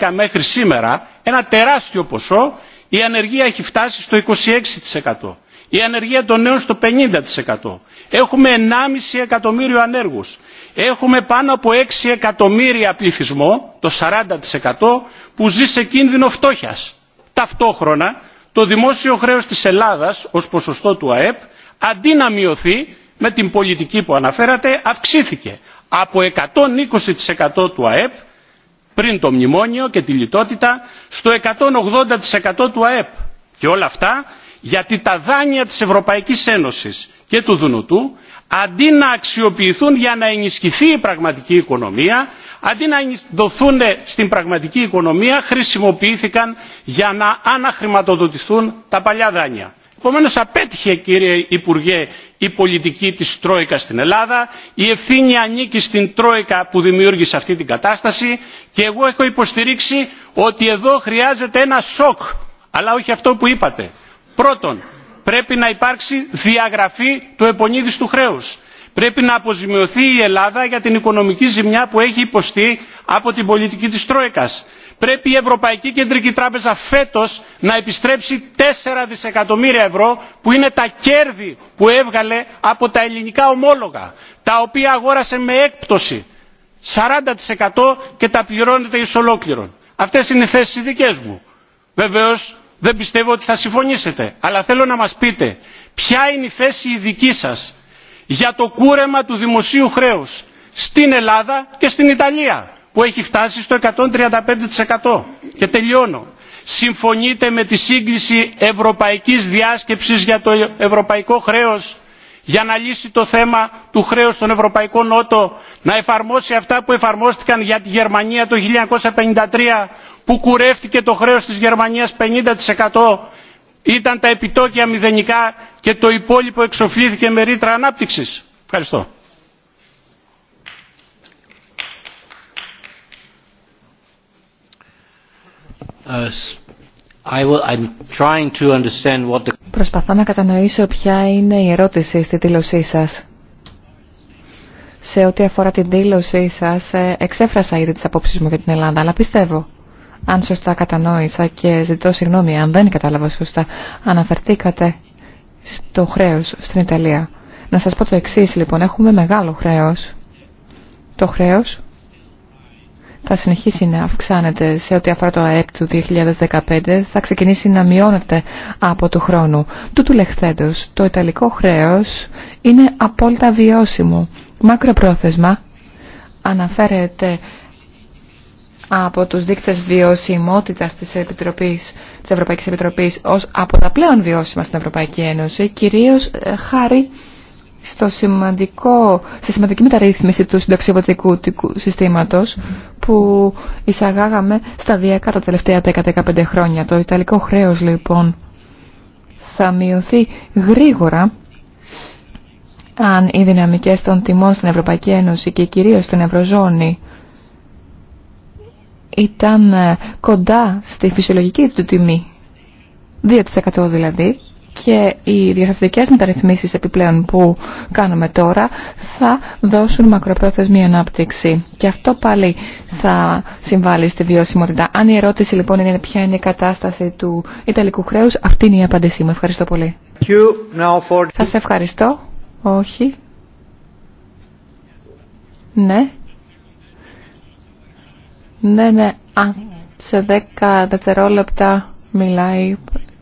2010 μέχρι σήμερα ένα τεράστιο ποσό η ανεργία έχει φτάσει στο 26%. Η ανεργία των νέων στο 50%. Έχουμε 1,5 εκατομμύριο ανέργους. Έχουμε πάνω από 6 εκατομμύρια πληθυσμό, το 40%, που ζει σε κίνδυνο φτώχειας. Ταυτόχρονα, το δημόσιο χρέος της Ελλάδας ως ποσοστό του ΑΕΠ, αντί να μειωθεί με την πολιτική που αναφέρατε, αυξήθηκε από 120% του ΑΕΠ πριν το μνημόνιο και τη λιτότητα στο 180% του ΑΕΠ. Και όλα αυτά γιατί τα δάνεια της Ευρωπαϊκής Ένωσης και του Δουνουτού αντί να αξιοποιηθούν για να ενισχυθεί η πραγματική οικονομία, αντί να δοθούν στην πραγματική οικονομία, χρησιμοποιήθηκαν για να αναχρηματοδοτηθούν τα παλιά δάνεια. Επομένω απέτυχε κύριε Υπουργέ η πολιτική της Τρόικας στην Ελλάδα, η ευθύνη ανήκει στην Τρόικα που δημιούργησε αυτή την κατάσταση και εγώ έχω υποστηρίξει ότι εδώ χρειάζεται ένα σοκ, αλλά όχι αυτό που είπατε. Πρώτον, πρέπει να υπάρξει διαγραφή του επονίδης του χρέους. Πρέπει να αποζημιωθεί η Ελλάδα για την οικονομική ζημιά που έχει υποστεί από την πολιτική της Τρόικας πρέπει η Ευρωπαϊκή Κεντρική Τράπεζα φέτος να επιστρέψει 4 δισεκατομμύρια ευρώ που είναι τα κέρδη που έβγαλε από τα ελληνικά ομόλογα τα οποία αγόρασε με έκπτωση 40% και τα πληρώνεται εις ολόκληρον. Αυτές είναι οι θέσεις δικές μου. Βεβαίως δεν πιστεύω ότι θα συμφωνήσετε, αλλά θέλω να μας πείτε ποια είναι η θέση η δική σας για το κούρεμα του δημοσίου χρέους στην Ελλάδα και στην Ιταλία που έχει φτάσει στο 135% και τελειώνω. Συμφωνείτε με τη σύγκληση ευρωπαϊκής διάσκεψης για το ευρωπαϊκό χρέος για να λύσει το θέμα του χρέους των Ευρωπαϊκών Νότο, να εφαρμόσει αυτά που εφαρμόστηκαν για τη Γερμανία το 1953 που κουρεύτηκε το χρέος της Γερμανίας 50% ήταν τα επιτόκια μηδενικά και το υπόλοιπο εξοφλήθηκε με ρήτρα ανάπτυξης. Ευχαριστώ. Προσπαθώ να κατανοήσω ποια είναι η ερώτηση στη δήλωσή σας. Σε ό,τι αφορά την δήλωσή σας, ε, εξέφρασα ήδη τις απόψεις μου για την Ελλάδα, αλλά πιστεύω, αν σωστά κατανόησα και ζητώ συγγνώμη αν δεν κατάλαβα σωστά, αναφερθήκατε στο χρέος στην Ιταλία. Να σας πω το εξής λοιπόν, έχουμε μεγάλο χρέος. Το χρέος θα συνεχίσει να αυξάνεται σε ό,τι αφορά το ΑΕΠ του 2015, θα ξεκινήσει να μειώνεται από του χρόνου. Τούτου λεχθέντος, το ιταλικό χρέος είναι απόλυτα βιώσιμο. Μακροπρόθεσμα αναφέρεται από τους δείκτες βιωσιμότητας της, Επιτροπής, της Ευρωπαϊκής Επιτροπής ως από τα πλέον βιώσιμα στην Ευρωπαϊκή Ένωση, κυρίως ε, χάρη στο σημαντικό, στη σημαντική μεταρρύθμιση του συνταξιβοτικού συστήματος που εισαγάγαμε σταδιακά τα τελευταία 10-15 χρόνια. Το Ιταλικό χρέος λοιπόν θα μειωθεί γρήγορα αν οι δυναμικές των τιμών στην Ευρωπαϊκή Ένωση και κυρίως στην Ευρωζώνη ήταν ε, κοντά στη φυσιολογική του τιμή, 2% δηλαδή, και οι διαστατικές μεταρρυθμίσεις επιπλέον που κάνουμε τώρα θα δώσουν μακροπρόθεσμη ανάπτυξη. Και αυτό πάλι θα συμβάλλει στη βιωσιμότητα. Αν η ερώτηση λοιπόν είναι ποια είναι η κατάσταση του Ιταλικού χρέους, αυτή είναι η απάντησή μου. Ευχαριστώ πολύ. For... Θα σε ευχαριστώ. Όχι. Ναι. Ναι, ναι. Α, σε δέκα δευτερόλεπτα μιλάει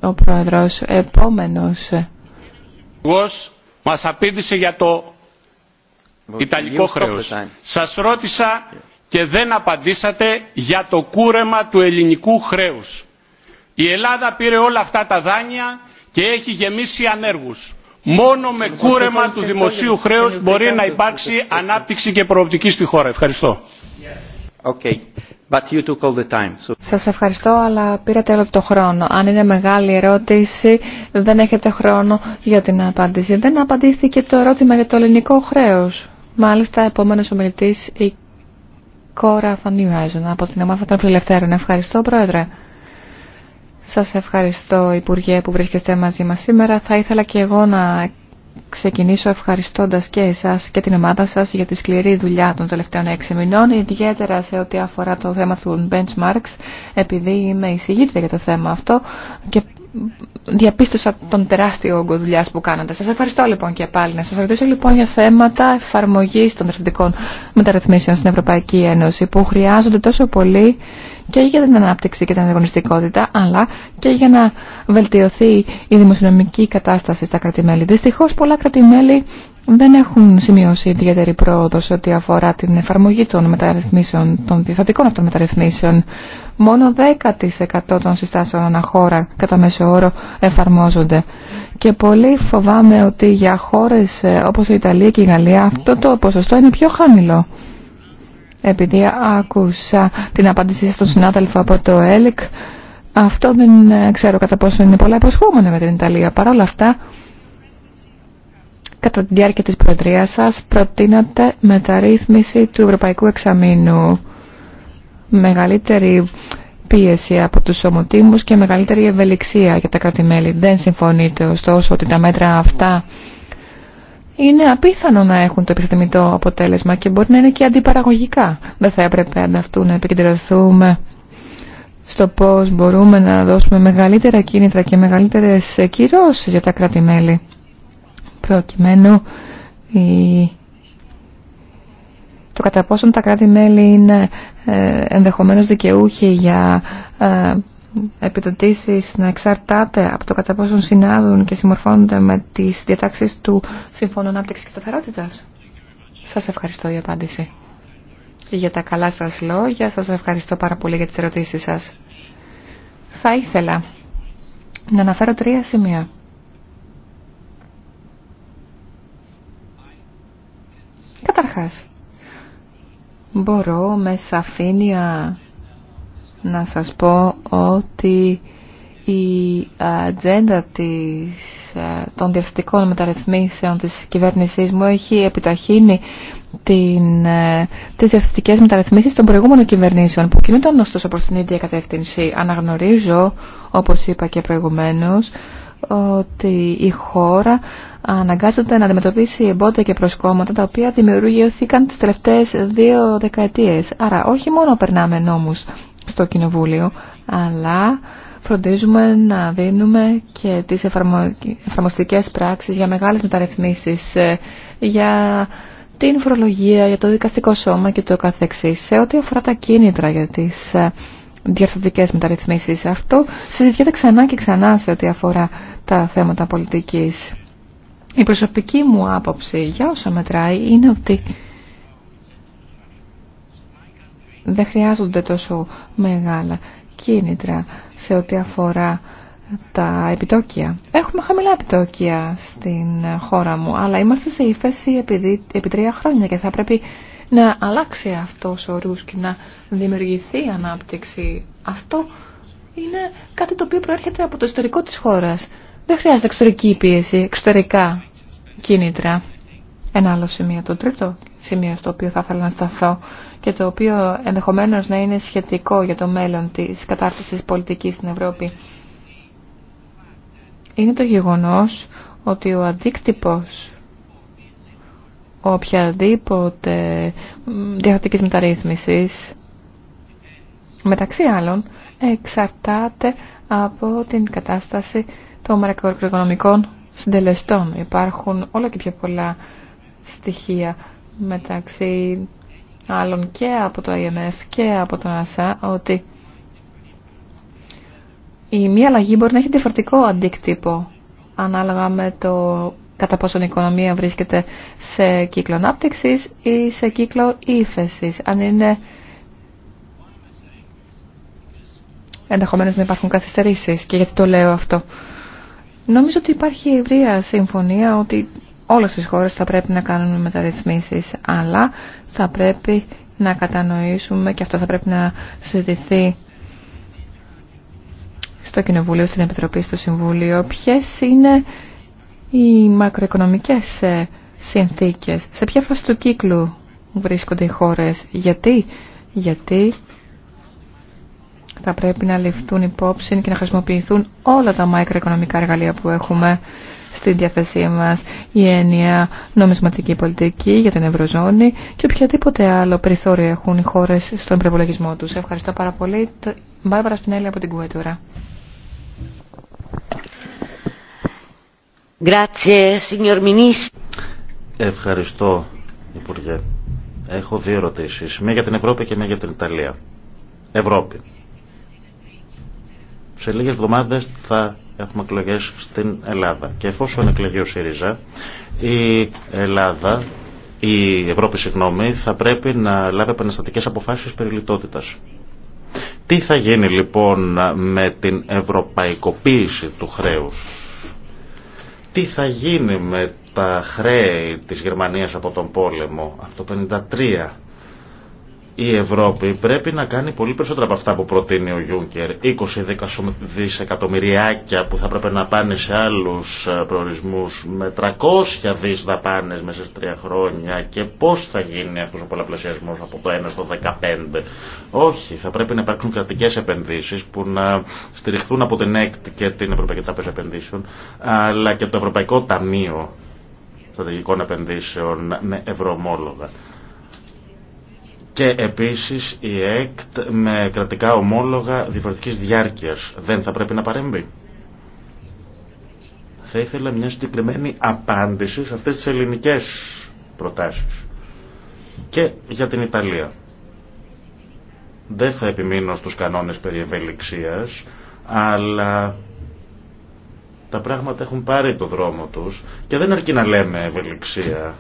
ο Πρόεδρος. Επόμενος. Ο μας απήντησε για το Ιταλικό χρέος. Σας ρώτησα και δεν απαντήσατε για το κούρεμα του ελληνικού χρέους. Η Ελλάδα πήρε όλα αυτά τα δάνεια και έχει γεμίσει ανέργους. Μόνο με κούρεμα του δημοσίου χρέους μπορεί να υπάρξει ανάπτυξη και προοπτική στη χώρα. Ευχαριστώ. Okay. Σας ευχαριστώ, αλλά πήρατε όλο το χρόνο. Αν είναι μεγάλη ερώτηση, δεν έχετε χρόνο για την απάντηση. Δεν απαντήθηκε το ερώτημα για το ελληνικό χρέος. Μάλιστα, επόμενος ομιλητής, η Κόρα Φανιουάζων από την ομάδα των Φιλελευθέρων. Ευχαριστώ, Πρόεδρε. Σας ευχαριστώ, Υπουργέ, που βρίσκεστε μαζί μας σήμερα. Θα ήθελα και εγώ να ξεκινήσω ευχαριστώντας και εσάς και την ομάδα σας για τη σκληρή δουλειά των τελευταίων έξι μηνών, ιδιαίτερα σε ό,τι αφορά το θέμα του benchmarks, επειδή είμαι εισηγήτρια για το θέμα αυτό και διαπίστωσα τον τεράστιο όγκο δουλειά που κάνατε. Σας ευχαριστώ λοιπόν και πάλι. Να σας ρωτήσω λοιπόν για θέματα εφαρμογής των διευθυντικών μεταρρυθμίσεων στην Ευρωπαϊκή Ένωση που χρειάζονται τόσο πολύ και για την ανάπτυξη και την ανταγωνιστικότητα, αλλά και για να βελτιωθεί η δημοσιονομική κατάσταση στα κρατημέλη. Δυστυχώς πολλά κρατημέλη δεν έχουν σημειώσει ιδιαίτερη πρόοδο σε ό,τι αφορά την εφαρμογή των μεταρρυθμίσεων, των διθατικών αυτών μεταρρυθμίσεων. Μόνο 10% των συστάσεων αναχώρα κατά μέσο όρο εφαρμόζονται. Και πολύ φοβάμαι ότι για χώρες ε, όπως η Ιταλία και η Γαλλία αυτό το ποσοστό είναι πιο χαμηλό επειδή άκουσα την απάντησή στον συνάδελφο από το ΕΛΚ, αυτό δεν ε, ξέρω κατά πόσο είναι πολλά υποσχόμενα με την Ιταλία. Παρ' όλα αυτά, κατά τη διάρκεια της προεδρίας σας, προτείνατε μεταρρύθμιση του Ευρωπαϊκού Εξαμήνου. Μεγαλύτερη πίεση από τους ομοτήμους και μεγαλύτερη ευελιξία για τα κράτη-μέλη. Δεν συμφωνείτε ωστόσο ότι τα μέτρα αυτά είναι απίθανο να έχουν το επιθυμητό αποτέλεσμα και μπορεί να είναι και αντιπαραγωγικά. Δεν θα έπρεπε ανταυτού να επικεντρωθούμε στο πώς μπορούμε να δώσουμε μεγαλύτερα κίνητρα και μεγαλύτερες κυρώσεις για τα κράτη-μέλη. Προκειμένου το κατά πόσον τα κράτη-μέλη είναι ε, ενδεχομένως δικαιούχοι για ε, επιδοτήσεις να εξαρτάται από το κατά πόσον συνάδουν και συμμορφώνονται με τις διατάξεις του Συμφώνου Ανάπτυξης και Σταθερότητας. Σας ευχαριστώ για απάντηση. Για τα καλά σας λόγια, σας ευχαριστώ πάρα πολύ για τις ερωτήσεις σας. Θα ήθελα να αναφέρω τρία σημεία. Καταρχάς, μπορώ με σαφήνεια να σας πω ότι η ατζέντα της, ε, των διευθυντικών μεταρρυθμίσεων της κυβέρνησής μου έχει επιταχύνει την, ε, τις διευθυντικές μεταρρυθμίσεις των προηγούμενων κυβερνήσεων που κινούνταν ωστόσο προς την ίδια κατεύθυνση. Αναγνωρίζω, όπως είπα και προηγουμένως, ότι η χώρα αναγκάζεται να αντιμετωπίσει εμπόδια και προσκόμματα τα οποία δημιουργήθηκαν τις τελευταίες δύο δεκαετίες. Άρα όχι μόνο περνάμε νόμους στο Κοινοβούλιο, αλλά φροντίζουμε να δίνουμε και τις εφαρμοστικές πράξεις για μεγάλες μεταρρυθμίσεις, ε, για την φορολογία, για το δικαστικό σώμα και το καθεξής. Σε ό,τι αφορά τα κίνητρα για τις ε, διαρθωτικές μεταρρυθμίσεις, αυτό συζητιέται ξανά και ξανά σε ό,τι αφορά τα θέματα πολιτικής. Η προσωπική μου άποψη για όσα μετράει είναι ότι δεν χρειάζονται τόσο μεγάλα κίνητρα σε ό,τι αφορά τα επιτόκια. Έχουμε χαμηλά επιτόκια στην χώρα μου, αλλά είμαστε σε ύφεση επί τρία χρόνια και θα πρέπει να αλλάξει αυτός ο ρούς και να δημιουργηθεί ανάπτυξη. Αυτό είναι κάτι το οποίο προέρχεται από το ιστορικό της χώρας. Δεν χρειάζεται εξωτερική πίεση, εξωτερικά κίνητρα. Ένα άλλο σημείο, το τρίτο σημείο στο οποίο θα ήθελα να σταθώ και το οποίο ενδεχομένως να είναι σχετικό για το μέλλον της κατάρτισης πολιτικής στην Ευρώπη είναι το γεγονός ότι ο αντίκτυπος οποιαδήποτε διαθετικής μεταρρύθμισης μεταξύ άλλων εξαρτάται από την κατάσταση των μακροοικονομικών συντελεστών. Υπάρχουν όλο και πιο πολλά στοιχεία μεταξύ άλλων και από το IMF και από τον ΑΣΑ ότι η μία αλλαγή μπορεί να έχει διαφορετικό αντίκτυπο ανάλογα με το κατά πόσον η οικονομία βρίσκεται σε κύκλο ανάπτυξη ή σε κύκλο ύφεση. Αν είναι ενδεχομένω να υπάρχουν καθυστερήσει. Και γιατί το λέω αυτό. Νομίζω ότι υπάρχει ευρεία συμφωνία ότι όλες τις χώρες θα πρέπει να κάνουν μεταρρυθμίσεις, αλλά θα πρέπει να κατανοήσουμε και αυτό θα πρέπει να συζητηθεί στο Κοινοβούλιο, στην Επιτροπή, στο Συμβούλιο, ποιες είναι οι μακροοικονομικές ε, συνθήκες, σε ποια φάση του κύκλου βρίσκονται οι χώρες, γιατί, γιατί θα πρέπει να ληφθούν υπόψη και να χρησιμοποιηθούν όλα τα μακροοικονομικά εργαλεία που έχουμε στη διάθεσή μας η έννοια νομισματική πολιτική για την Ευρωζώνη και οποιαδήποτε άλλο περιθώριο έχουν οι χώρες στον προπολογισμό τους. Ευχαριστώ πάρα πολύ. Μπάρμπαρα Σπινέλη από την Κουέτουρα. Ευχαριστώ, Υπουργέ. Έχω δύο ερωτήσει. Μία για την Ευρώπη και μία για την Ιταλία. Ευρώπη. Σε λίγε εβδομάδε θα έχουμε εκλογέ στην Ελλάδα. Και εφόσον εκλεγεί ο ΣΥΡΙΖΑ, η Ελλάδα, η Ευρώπη, συγγνώμη, θα πρέπει να λάβει επαναστατικέ αποφάσει περί λιτότητας. Τι θα γίνει λοιπόν με την ευρωπαϊκοποίηση του χρέους. Τι θα γίνει με τα χρέη της Γερμανίας από τον πόλεμο, από το 1953 η Ευρώπη πρέπει να κάνει πολύ περισσότερα από αυτά που προτείνει ο Γιούγκερ. 20 δισεκατομμυριάκια που θα πρέπει να πάνε σε άλλους ε, προορισμούς με 300 δις δαπάνες μέσα σε τρία χρόνια και πώς θα γίνει αυτός ο πολλαπλασιασμός από το 1 στο 15. Όχι, θα πρέπει να υπάρξουν κρατικές επενδύσεις που να στηριχθούν από την ΕΚΤ και την Ευρωπαϊκή Τράπεζα Επενδύσεων αλλά και το Ευρωπαϊκό Ταμείο Στρατηγικών Επενδύσεων με ευρωομόλογα. Και επίσης η ΕΚΤ με κρατικά ομόλογα διαφορετικής διάρκειας δεν θα πρέπει να παρέμβει. Θα ήθελα μια συγκεκριμένη απάντηση σε αυτές τις ελληνικές προτάσεις. Και για την Ιταλία. Δεν θα επιμείνω στους κανόνες περί ευελιξίας, αλλά τα πράγματα έχουν πάρει το δρόμο τους και δεν αρκεί να λέμε ευελιξία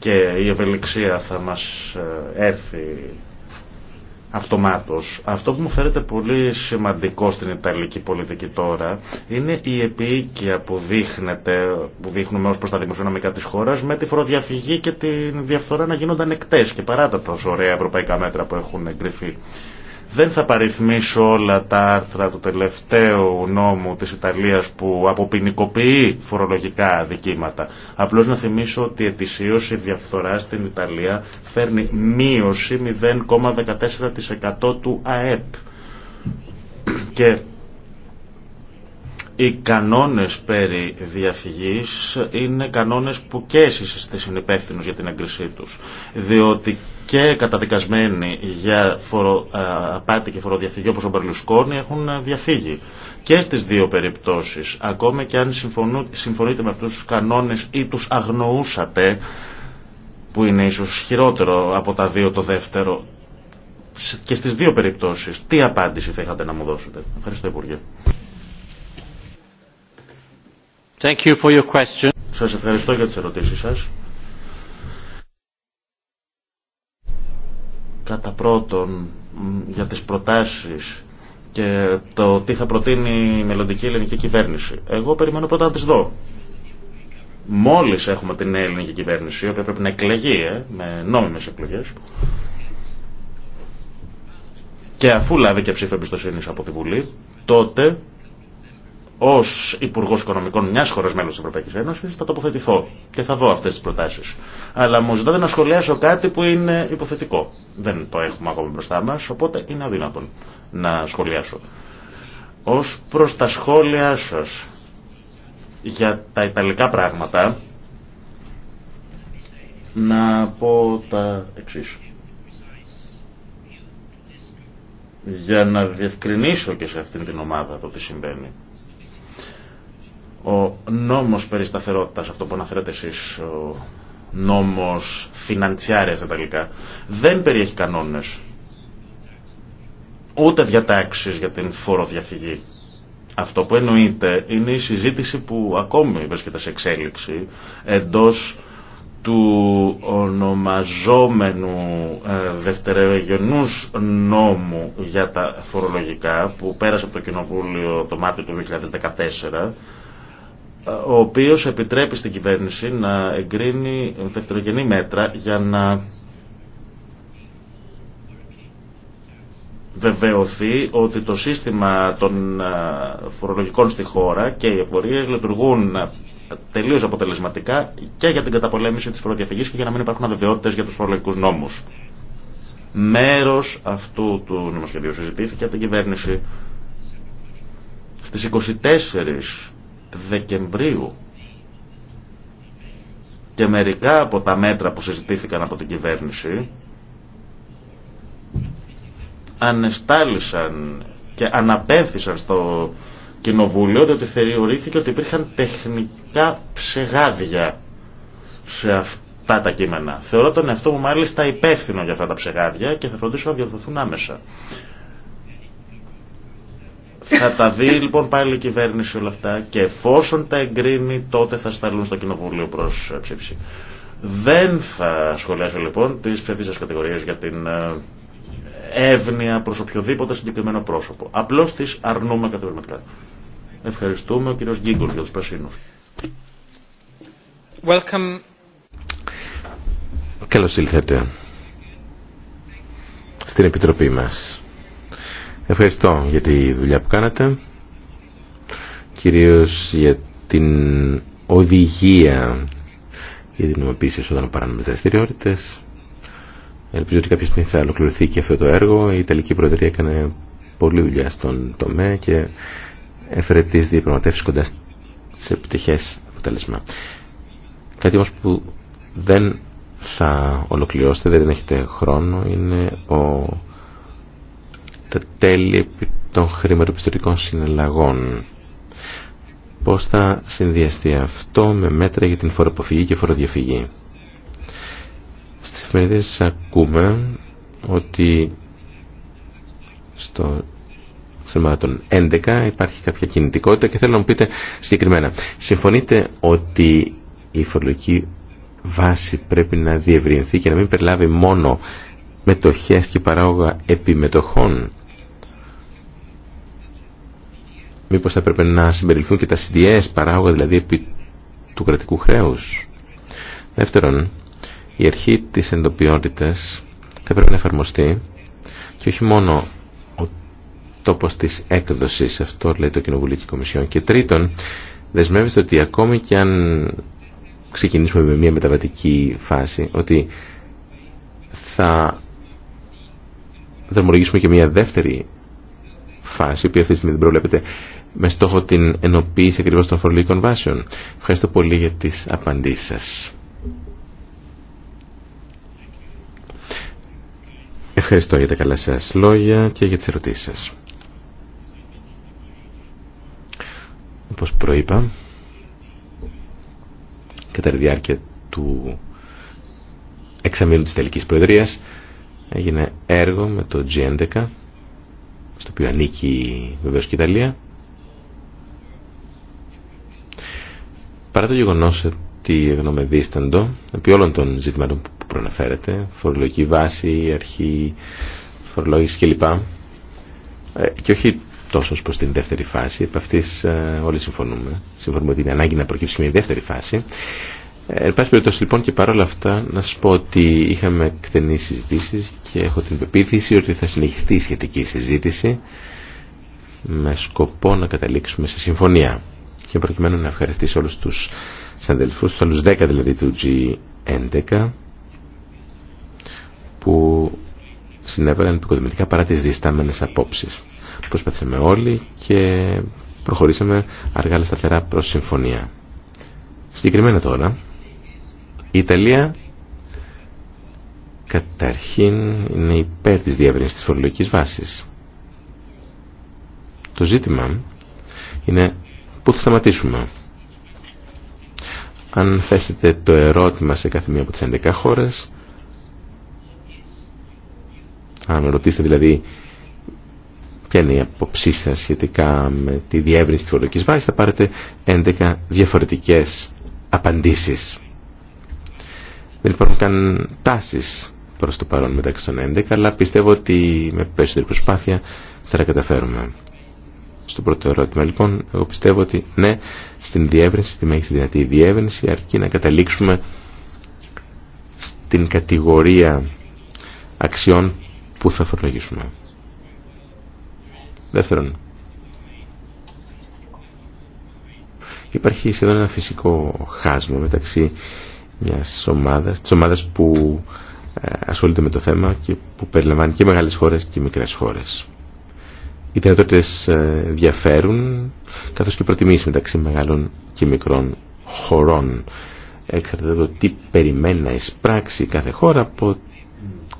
και η ευελιξία θα μας ε, έρθει αυτομάτως. Αυτό που μου φαίνεται πολύ σημαντικό στην Ιταλική πολιτική τώρα είναι η επίοικια που δείχνεται, που δείχνουμε ως προς τα δημοσιονομικά της χώρας με τη φοροδιαφυγή και τη διαφθορά να γίνονται εκτές και παρά τα τόσο ωραία ευρωπαϊκά μέτρα που έχουν εγκριθεί. Δεν θα παριθμίσω όλα τα άρθρα του τελευταίου νόμου της Ιταλίας που αποποινικοποιεί φορολογικά αδικήματα. Απλώς να θυμίσω ότι η η διαφθορά στην Ιταλία φέρνει μείωση 0,14% του ΑΕΠ. Και οι κανόνες περί διαφυγής είναι κανόνες που και εσείς είστε για την έγκρισή τους. Διότι και καταδικασμένοι για απάτη και φοροδιαφυγή όπως ο Μπερλουσκόνη έχουν διαφύγει. Και στις δύο περιπτώσεις, ακόμα και αν συμφωνείτε με αυτούς τους κανόνες ή τους αγνοούσατε, που είναι ίσως χειρότερο από τα δύο το δεύτερο, και στις δύο περιπτώσεις, τι απάντηση θα είχατε να μου δώσετε. Ευχαριστώ Υπουργέ. Thank you for your Σας ευχαριστώ για τις ερωτήσεις σας. Κατά πρώτον, για τις προτάσεις και το τι θα προτείνει η μελλοντική ελληνική κυβέρνηση. Εγώ περιμένω πρώτα να τις δω. Μόλις έχουμε την ελληνική κυβέρνηση, η οποία πρέπει να εκλεγεί ε, με νόμιμες εκλογές, και αφού λάβει και ψήφο εμπιστοσύνη από τη Βουλή, τότε ω Υπουργό Οικονομικών μια χώρα μέλο τη Ευρωπαϊκή Ένωση θα τοποθετηθώ και θα δω αυτέ τι προτάσει. Αλλά μου ζητάτε να σχολιάσω κάτι που είναι υποθετικό. Δεν το έχουμε ακόμα μπροστά μα, οπότε είναι αδύνατον να σχολιάσω. Ω προ τα σχόλιά σα για τα ιταλικά πράγματα, να πω τα εξή. Για να διευκρινίσω και σε αυτήν την ομάδα το τι συμβαίνει. Ο νόμος περί αυτό που αναφέρατε εσείς, ο νόμος φιναντσιάρια δεν περιέχει κανόνες, ούτε διατάξεις για την φοροδιαφυγή. Αυτό που εννοείται είναι η συζήτηση που ακόμη βρίσκεται σε εξέλιξη εντός του ονομαζόμενου ε, νόμου για τα φορολογικά που πέρασε από το Κοινοβούλιο το Μάρτιο του 2014 ο οποίος επιτρέπει στην κυβέρνηση να εγκρίνει δευτερογενή μέτρα για να βεβαιωθεί ότι το σύστημα των φορολογικών στη χώρα και οι εφορίες λειτουργούν τελείως αποτελεσματικά και για την καταπολέμηση της φοροδιαφυγής και για να μην υπάρχουν αβεβαιότητες για τους φορολογικούς νόμους. Μέρος αυτού του νομοσχεδίου συζητήθηκε από την κυβέρνηση στις 24 Δεκεμβρίου και μερικά από τα μέτρα που συζητήθηκαν από την κυβέρνηση ανεστάλησαν και αναπέμφθησαν στο κοινοβούλιο διότι θεωρήθηκε ότι υπήρχαν τεχνικά ψεγάδια σε αυτά τα κείμενα. Θεωρώ τον εαυτό μου μάλιστα υπεύθυνο για αυτά τα ψεγάδια και θα φροντίσω να διορθωθούν άμεσα. Θα τα δει λοιπόν πάλι η κυβέρνηση όλα αυτά και εφόσον τα εγκρίνει τότε θα σταλούν στο Κοινοβούλιο προς ε, ψήφιση. Δεν θα σχολιάσω λοιπόν τις ψευδεί κατηγορίες για την ε, εύνοια προς οποιοδήποτε συγκεκριμένο πρόσωπο. Απλώς τις αρνούμε κατηγορηματικά. Ευχαριστούμε ο κύριος Γκίγκολ για τους πρασίνους. Welcome. Καλώς ήλθατε στην Επιτροπή μας. Ευχαριστώ για τη δουλειά που κάνατε, κυρίως για την οδηγία για την νομοποίηση εσόδων παράνομες δραστηριότητες. Ελπίζω ότι κάποια στιγμή θα ολοκληρωθεί και αυτό το έργο. Η Ιταλική Προεδρία έκανε πολλή δουλειά στον τομέα και έφερε τις διαπραγματεύσεις κοντά σε επιτυχές αποτέλεσμα. Κάτι όμως που δεν θα ολοκληρώσετε, δεν έχετε χρόνο, είναι ο τα τέλη των χρηματοπιστωτικών συναλλαγών. Πώς θα συνδυαστεί αυτό με μέτρα για την φοροποφυγή και φοροδιαφυγή. Στις εφημερίδες ακούμε ότι στο θέμα των 11 υπάρχει κάποια κινητικότητα και θέλω να μου πείτε συγκεκριμένα. Συμφωνείτε ότι η φορολογική βάση πρέπει να διευρυνθεί και να μην περιλάβει μόνο μετοχές και παράγωγα επιμετοχών Μήπως θα πρέπει να συμπεριληφθούν και τα CDS παράγωγα δηλαδή επί του κρατικού χρέους. Δεύτερον, η αρχή της εντοπιότητας θα πρέπει να εφαρμοστεί και όχι μόνο ο τόπος της έκδοσης, αυτό λέει το Κοινοβουλίο και η Κομισιόν. Και τρίτον, δεσμεύεστε ότι ακόμη και αν ξεκινήσουμε με μια μεταβατική φάση, ότι θα δρομολογήσουμε και μια δεύτερη φάση, η οποία αυτή τη στιγμή δεν προβλέπεται με στόχο την ενοποίηση ακριβώς των φορολογικών βάσεων. Ευχαριστώ πολύ για τις απαντήσεις σας. Ευχαριστώ για τα καλά σας λόγια και για τις ερωτήσεις σας. Όπως προείπα, κατά τη διάρκεια του εξαμήνου της τελικής προεδρίας έγινε έργο με το G11 στο οποίο ανήκει βεβαίως και η Ιταλία Παρά το γεγονό ότι εγνώμαι δίσταντο, επί όλων των ζητημάτων που προναφέρεται, φορολογική βάση, αρχή φορολόγηση κλπ. Ε, και όχι τόσο προ την δεύτερη φάση, επ' αυτή ε, όλοι συμφωνούμε. Συμφωνούμε ότι είναι ανάγκη να προκύψει μια δεύτερη φάση. Ε, εν πάση περιπτώσει λοιπόν και παρόλα αυτά να σα πω ότι είχαμε εκτενεί συζητήσει και έχω την πεποίθηση ότι θα συνεχιστεί η σχετική συζήτηση με σκοπό να καταλήξουμε σε συμφωνία και προκειμένου να ευχαριστήσω όλους τους συναδελφούς, τους άλλους 10 δηλαδή του G11 που συνέβαλαν επικοδομητικά παρά τις διστάμενες απόψεις. Προσπαθήσαμε όλοι και προχωρήσαμε αργά αλλά σταθερά προς συμφωνία. Συγκεκριμένα τώρα, η Ιταλία καταρχήν είναι υπέρ της διεύρυνσης της φορολογικής βάσης. Το ζήτημα είναι που θα σταματήσουμε. Αν θέσετε το ερώτημα σε κάθε μία από τις 11 χώρες, αν ρωτήσετε δηλαδή ποια είναι η απόψή σα σχετικά με τη διεύρυνση της φορολογικής βάσης, θα πάρετε 11 διαφορετικές απαντήσεις. Δεν υπάρχουν καν τάσεις προς το παρόν μεταξύ των 11, αλλά πιστεύω ότι με περισσότερη προσπάθεια θα τα καταφέρουμε στο πρώτο ερώτημα. Λοιπόν, εγώ πιστεύω ότι ναι, στην διεύρυνση, τη μέγιστη δυνατή διεύρυνση, αρκεί να καταλήξουμε στην κατηγορία αξιών που θα φορολογήσουμε. Δεύτερον, υπάρχει σχεδόν ένα φυσικό χάσμα μεταξύ μιας ομάδας, της ομάδας που ε, ασχολείται με το θέμα και που περιλαμβάνει και μεγάλες χώρες και μικρές χώρες. Οι δυνατότητες ε, διαφέρουν, καθώς και προτιμήσει μεταξύ μεγάλων και μικρών χωρών. Εξαρτάται το τι περιμένει να εισπράξει κάθε χώρα από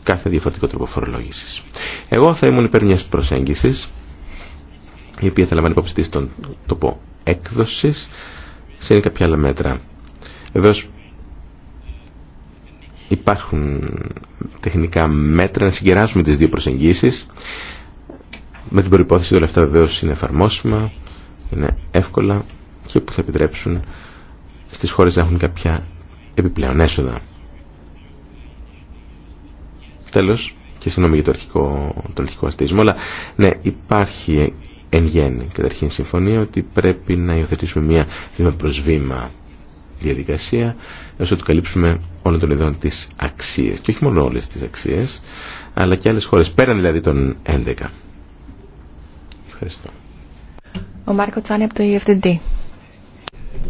κάθε διαφορετικό τρόπο φορολόγηση. Εγώ θα ήμουν υπέρ μιας προσέγγισης, η οποία θα λαμβάνει υπόψη στον τόπο έκδοσης, σε κάποια άλλα μέτρα. Βεβαίω υπάρχουν τεχνικά μέτρα να συγκεράσουμε τις δύο προσεγγίσεις με την προπόθεση ότι όλα αυτά βεβαίω είναι εφαρμόσιμα, είναι εύκολα και που θα επιτρέψουν στις χώρες να έχουν κάποια επιπλέον έσοδα. Τέλος, και συγγνώμη για το αρχικό, τον αρχικό αλλά ναι, υπάρχει εν γέννη καταρχήν συμφωνία ότι πρέπει να υιοθετήσουμε μια βήμα προς διαδικασία ώστε να καλύψουμε όλων των ειδών τις αξίες και όχι μόνο όλες τις αξίες αλλά και άλλες χώρες πέραν δηλαδή των 11 Ευχαριστώ. Ο Μάρκο Τσάνι από το EFTD.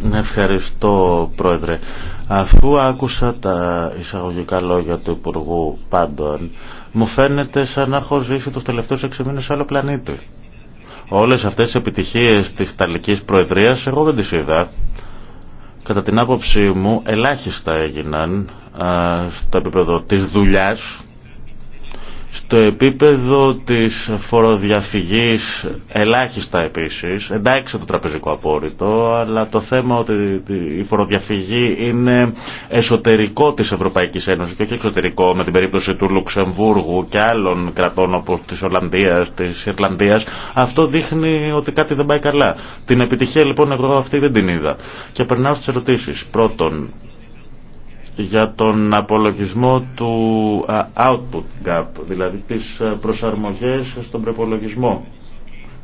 Ναι, ευχαριστώ Πρόεδρε. Αφού άκουσα τα εισαγωγικά λόγια του Υπουργού Πάντων, μου φαίνεται σαν να έχω ζήσει τους τελευταίους έξι μήνες σε άλλο πλανήτη. Όλες αυτές τις επιτυχίες της Ιταλικής Προεδρίας εγώ δεν τις είδα. Κατά την άποψή μου ελάχιστα έγιναν στο επίπεδο της δουλειάς στο επίπεδο της φοροδιαφυγής ελάχιστα επίσης, εντάξει το τραπεζικό απόρριτο, αλλά το θέμα ότι η φοροδιαφυγή είναι εσωτερικό της Ευρωπαϊκής Ένωσης και όχι εξωτερικό με την περίπτωση του Λουξεμβούργου και άλλων κρατών όπως της Ολλανδίας, της Ιρλανδίας, αυτό δείχνει ότι κάτι δεν πάει καλά. Την επιτυχία λοιπόν εγώ αυτή δεν την είδα. Και περνάω στις ερωτήσεις. Πρώτον, για τον απολογισμό του output gap, δηλαδή τις προσαρμογές στον προπολογισμό,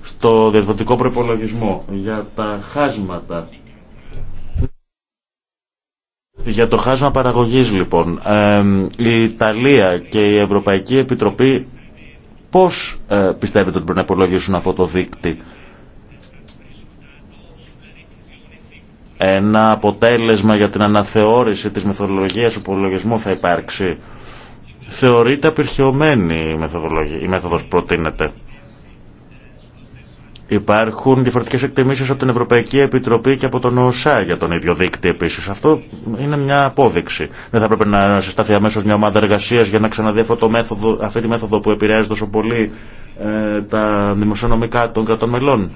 στο διευθυντικό προπολογισμό, για τα χάσματα. Για το χάσμα παραγωγής λοιπόν, η Ιταλία και η Ευρωπαϊκή Επιτροπή πώς ε, πιστεύετε ότι πρέπει να υπολογίσουν αυτό το δίκτυο Ένα αποτέλεσμα για την αναθεώρηση της μεθοδολογίας υπολογισμού θα υπάρξει. Θεωρείται απειρχαιωμένη η, μεθοδολογία, η μέθοδος που προτείνεται. Υπάρχουν διαφορετικές εκτιμήσεις από την Ευρωπαϊκή Επιτροπή και από τον ΟΣΑ για τον ίδιο δίκτυο επίσης. Αυτό είναι μια απόδειξη. Δεν θα πρέπει να συστάθει αμέσως μια ομάδα εργασίας για να ξαναδεί αυτό αυτή τη μέθοδο που επηρεάζει τόσο πολύ ε, τα δημοσιονομικά των κρατών μελών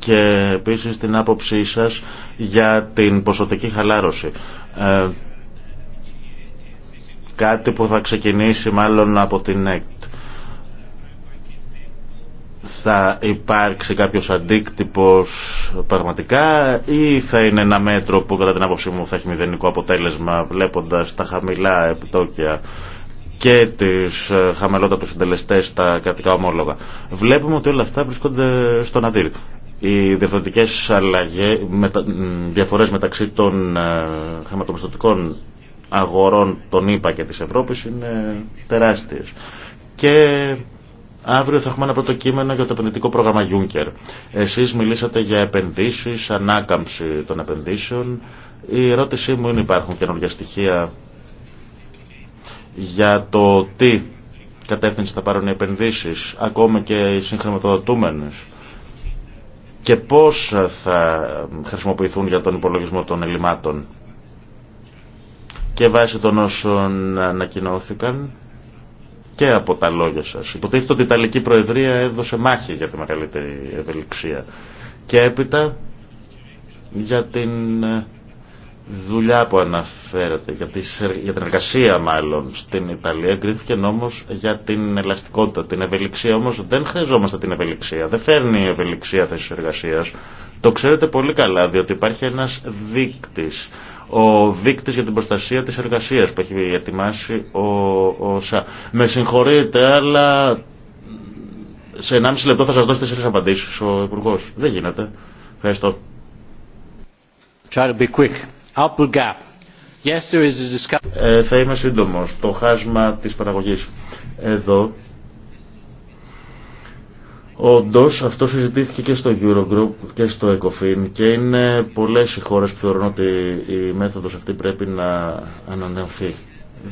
και επίσης την άποψή σας για την ποσοτική χαλάρωση. Ε, κάτι που θα ξεκινήσει μάλλον από την ΕΚΤ. Θα υπάρξει κάποιος αντίκτυπος πραγματικά ή θα είναι ένα μέτρο που κατά την άποψή μου θα έχει μηδενικό αποτέλεσμα βλέποντας τα χαμηλά επιτόκια και τις ε, χαμηλότατους συντελεστές στα κρατικά ομόλογα. Βλέπουμε ότι όλα αυτά βρίσκονται στον αδύρ. Οι διαφορετικέ αλλαγές, διαφορές μεταξύ των ε, χρηματοπιστωτικών αγορών των ΗΠΑ και της Ευρώπης είναι τεράστιες. Και Αύριο θα έχουμε ένα πρώτο κείμενο για το επενδυτικό πρόγραμμα Juncker. Εσεί μιλήσατε για επενδύσει, ανάκαμψη των επενδύσεων. Η ερώτησή μου είναι υπάρχουν καινούργια στοιχεία για το τι κατεύθυνση θα πάρουν οι επενδύσει, ακόμα και οι συγχρηματοδοτούμενες και πώς θα χρησιμοποιηθούν για τον υπολογισμό των ελλημάτων. Και βάσει των όσων ανακοινώθηκαν και από τα λόγια σας. Υποτίθεται ότι η Ιταλική Προεδρία έδωσε μάχη για τη μεγαλύτερη ευελιξία. Και έπειτα για την δουλειά που αναφέρατε, για, για την εργασία μάλλον στην Ιταλία, εγκρίθηκε νόμος για την ελαστικότητα, την ευελιξία. Όμως δεν χρειαζόμαστε την ευελιξία, δεν φέρνει η ευελιξία θέση εργασίας. Το ξέρετε πολύ καλά, διότι υπάρχει ένας δείκτης, ο δείκτης για την προστασία της εργασίας που έχει ετοιμάσει ο, ο ΣΑ. Με συγχωρείτε, αλλά σε 1,5 λεπτό θα σας δώσει τέσσερις απαντήσεις ο Υπουργός. Δεν γίνεται. Ευχαριστώ. Try to be quick. Ε, θα είμαι σύντομος. Το χάσμα της παραγωγής. Εδώ Όντω, αυτό συζητήθηκε και στο Eurogroup και στο ECOFIN και είναι πολλέ οι χώρε που θεωρούν ότι η μέθοδο αυτή πρέπει να ανανεωθεί.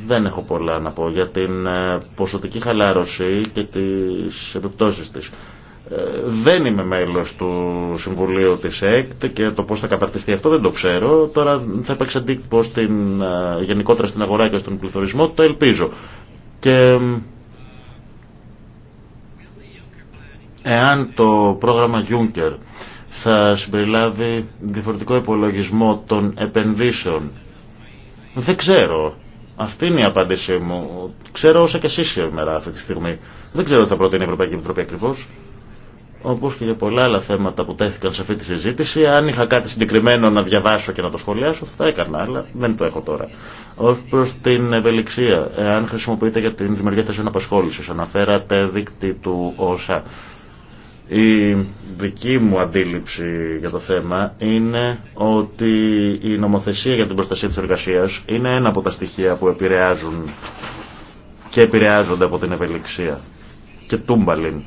Δεν έχω πολλά να πω για την ε, ποσοτική χαλάρωση και τι επιπτώσει τη δεν είμαι μέλος του Συμβουλίου της ΕΚΤ και το πώς θα καταρτιστεί αυτό δεν το ξέρω. Τώρα θα υπάρξει αντίκτυπο στην, γενικότερα στην αγορά και στον πληθωρισμό, το ελπίζω. Και εάν το πρόγραμμα Juncker θα συμπεριλάβει διαφορετικό υπολογισμό των επενδύσεων, δεν ξέρω. Αυτή είναι η απάντησή μου. Ξέρω όσα και εσείς σήμερα αυτή τη στιγμή. Δεν ξέρω τι θα προτείνει η Ευρωπαϊκή Επιτροπή ακριβώς όπως και για πολλά άλλα θέματα που τέθηκαν σε αυτή τη συζήτηση, αν είχα κάτι συγκεκριμένο να διαβάσω και να το σχολιάσω, θα έκανα, αλλά δεν το έχω τώρα. Ω προ την ευελιξία, εάν χρησιμοποιείτε για την δημιουργία θέσεων απασχόληση, αναφέρατε δίκτυ του όσα. Η δική μου αντίληψη για το θέμα είναι ότι η νομοθεσία για την προστασία της εργασίας είναι ένα από τα στοιχεία που επηρεάζουν και επηρεάζονται από την ευελιξία και τούμπαλιν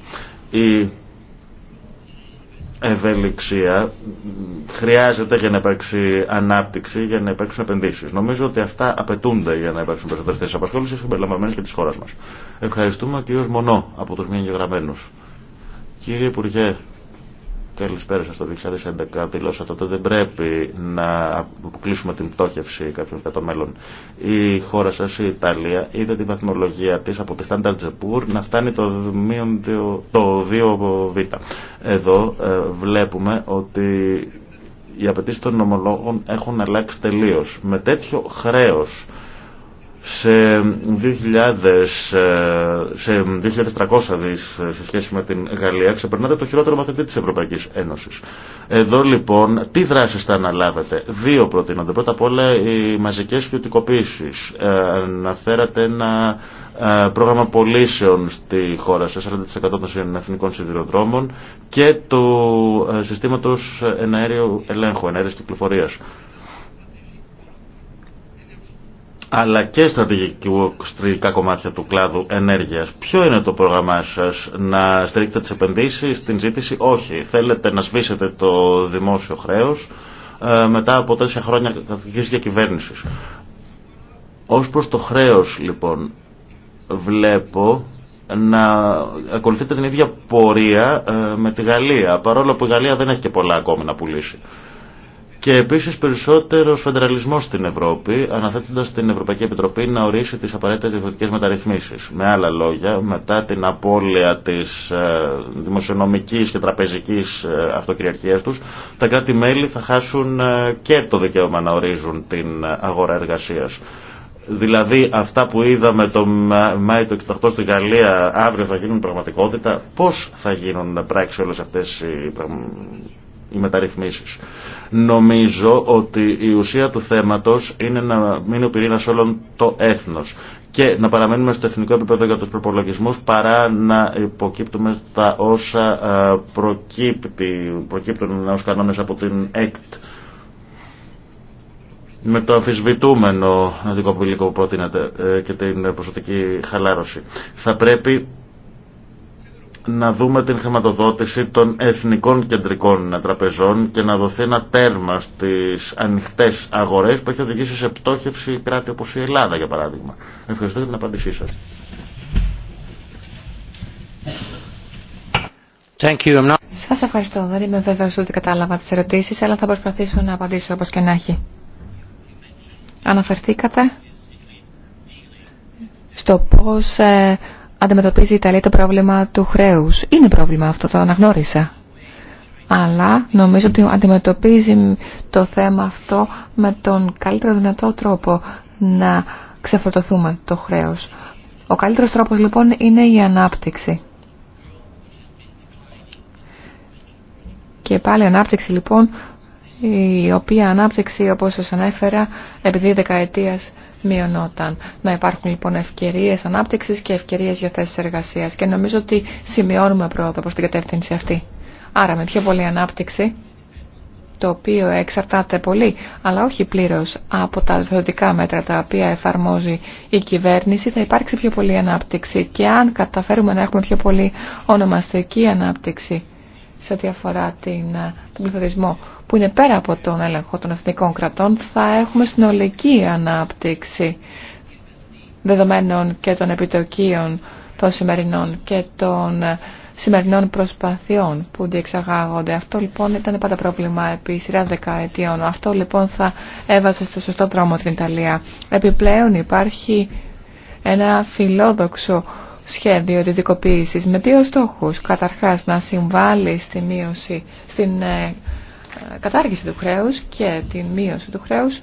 ευελιξία χρειάζεται για να υπάρξει ανάπτυξη, για να υπάρξουν επενδύσει. Νομίζω ότι αυτά απαιτούνται για να υπάρξουν περισσότερε θέσει απασχόληση, συμπεριλαμβανομένε και τη χώρα μα. Ευχαριστούμε ο Μονό από του μη εγγεγραμμένου. Κύριε Υπουργέ, καλησπέρα σας το 2011 δηλώσατε ότι δεν πρέπει να αποκλείσουμε την πτώχευση κάποιων κατομέλων. Η χώρα σας, η Ιταλία, είδε τη βαθμολογία της από τη Standard Poor's να φτάνει το, το 2β. Εδώ ε, βλέπουμε ότι οι απαιτήσει των ομολόγων έχουν αλλάξει τελείως. Με τέτοιο χρέος σε 2.000, ε, σε 2.300 δις ε, σε σχέση με την Γαλλία ξεπερνάτε το χειρότερο μαθητή της Ευρωπαϊκής Ένωσης. Εδώ λοιπόν τι δράσεις θα αναλάβετε. Δύο προτείνονται. Πρώτα απ' όλα οι μαζικές φιωτικοποίησεις. Ε, αναφέρατε ένα πρόγραμμα πωλήσεων στη χώρα σε 40% των εθνικών σιδηροδρόμων και του συστήματος εναέριου ελέγχου, εναέρειας κυκλοφορίας αλλά και στρατηγικά κομμάτια του κλάδου ενέργειας. Ποιο είναι το πρόγραμμά σας, να στηρίξετε τις επενδύσεις, την ζήτηση, όχι. Θέλετε να σβήσετε το δημόσιο χρέος ε, μετά από τέσσερα χρόνια καθηγής διακυβέρνησης. Ως προς το χρέος λοιπόν βλέπω να ακολουθείτε την ίδια πορεία ε, με τη Γαλλία παρόλο που η Γαλλία δεν έχει και πολλά ακόμη να πουλήσει. Και επίση περισσότερο φεντεραλισμό στην Ευρώπη, αναθέτοντα την Ευρωπαϊκή Επιτροπή να ορίσει τι απαραίτητε διευθυντικέ μεταρρυθμίσει. Με άλλα λόγια, μετά την απώλεια τη ε, δημοσιονομική και τραπεζική ε, αυτοκυριαρχία του, τα κράτη-μέλη θα χάσουν ε, και το δικαίωμα να ορίζουν την αγορά εργασία. Δηλαδή αυτά που είδαμε το Μάη του 68 στην Γαλλία αύριο θα γίνουν πραγματικότητα. Πώς θα γίνουν πράξη όλες αυτές οι οι μεταρρυθμίσεις. Νομίζω ότι η ουσία του θέματος είναι να μείνει ο πυρήνας όλων το έθνος και να παραμένουμε στο εθνικό επίπεδο για του προπολογισμού παρά να υποκύπτουμε τα όσα ε, προκύπτουν ω κανόνε από την ΕΚΤ με το αμφισβητούμενο δικοπηλικό που προτείνεται ε, και την προσωπική χαλάρωση. Θα πρέπει να δούμε την χρηματοδότηση των εθνικών κεντρικών τραπεζών και να δοθεί ένα τέρμα στις ανοιχτές αγορές που έχει οδηγήσει σε πτώχευση κράτη όπως η Ελλάδα για παράδειγμα. Ευχαριστώ για την απάντησή σας. Thank you. Not... Σας ευχαριστώ. Δεν είμαι βέβαιος ότι κατάλαβα τις ερωτήσεις, αλλά θα προσπαθήσω να απαντήσω όπως και να έχει. Αναφερθήκατε στο πώς ε, αντιμετωπίζει η Ιταλία το πρόβλημα του χρέους. Είναι πρόβλημα αυτό, το αναγνώρισα. Αλλά νομίζω ότι αντιμετωπίζει το θέμα αυτό με τον καλύτερο δυνατό τρόπο να ξεφορτωθούμε το χρέος. Ο καλύτερος τρόπος λοιπόν είναι η ανάπτυξη. Και πάλι ανάπτυξη λοιπόν, η οποία ανάπτυξη όπως σας ανέφερα, επειδή δεκαετίας μειωνόταν. Να υπάρχουν λοιπόν ευκαιρίε ανάπτυξη και ευκαιρίε για θέσει εργασία και νομίζω ότι σημειώνουμε πρόοδο προ την κατεύθυνση αυτή. Άρα με πιο πολύ ανάπτυξη, το οποίο εξαρτάται πολύ, αλλά όχι πλήρω από τα δοτικά μέτρα τα οποία εφαρμόζει η κυβέρνηση, θα υπάρξει πιο πολύ ανάπτυξη. Και αν καταφέρουμε να έχουμε πιο πολύ ονομαστική ανάπτυξη σε ό,τι αφορά την, ε, τον πληθωρισμό που είναι πέρα από τον έλεγχο των εθνικών κρατών θα έχουμε συνολική ανάπτυξη δεδομένων και των επιτοκίων των σημερινών και των ε, σημερινών προσπαθειών που διεξαγάγονται. Αυτό λοιπόν ήταν πάντα πρόβλημα επί σειρά δεκαετίων. Αυτό λοιπόν θα έβαζε στο σωστό δρόμο την Ιταλία. Επιπλέον υπάρχει ένα φιλόδοξο σχέδιο ιδιωτικοποίησης με δύο στόχους. Καταρχάς να συμβάλλει στη μείωση, στην ε, κατάργηση του χρέους και την μείωση του χρέους,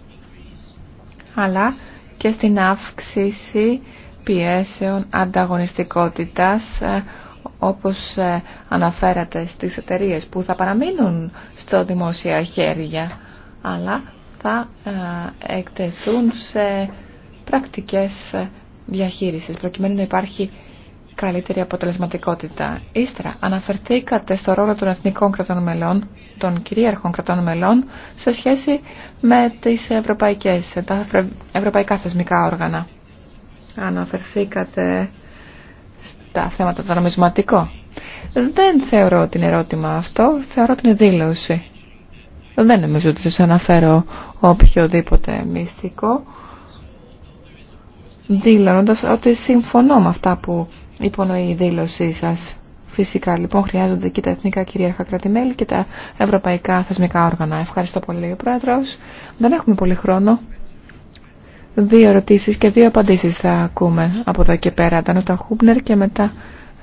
αλλά και στην αύξηση πιέσεων ανταγωνιστικότητας ε, όπως ε, αναφέρατε στις εταιρείες που θα παραμείνουν στο δημόσια χέρια αλλά θα εκτεθούν σε πρακτικές διαχείρισης προκειμένου να υπάρχει καλύτερη αποτελεσματικότητα. Ύστερα, αναφερθήκατε στο ρόλο των εθνικών κρατών μελών, των κυρίαρχων κρατών μελών, σε σχέση με τις ευρωπαϊκές, τα ευρωπαϊκά θεσμικά όργανα. Αναφερθήκατε στα θέματα των νομισματικών. Δεν θεωρώ την ερώτημα αυτό, θεωρώ την δήλωση. Δεν νομίζω ότι σας αναφέρω οποιοδήποτε μυστικό, δήλωνοντας ότι συμφωνώ με αυτά που υπονοεί η δήλωσή σας. Φυσικά λοιπόν χρειάζονται και τα εθνικά κυρίαρχα κρατημέλη και τα ευρωπαϊκά θεσμικά όργανα. Ευχαριστώ πολύ ο Πρόεδρος. Δεν έχουμε πολύ χρόνο. Δύο ερωτήσεις και δύο απαντήσεις θα ακούμε από εδώ και πέρα. Τα Χούμπνερ και μετά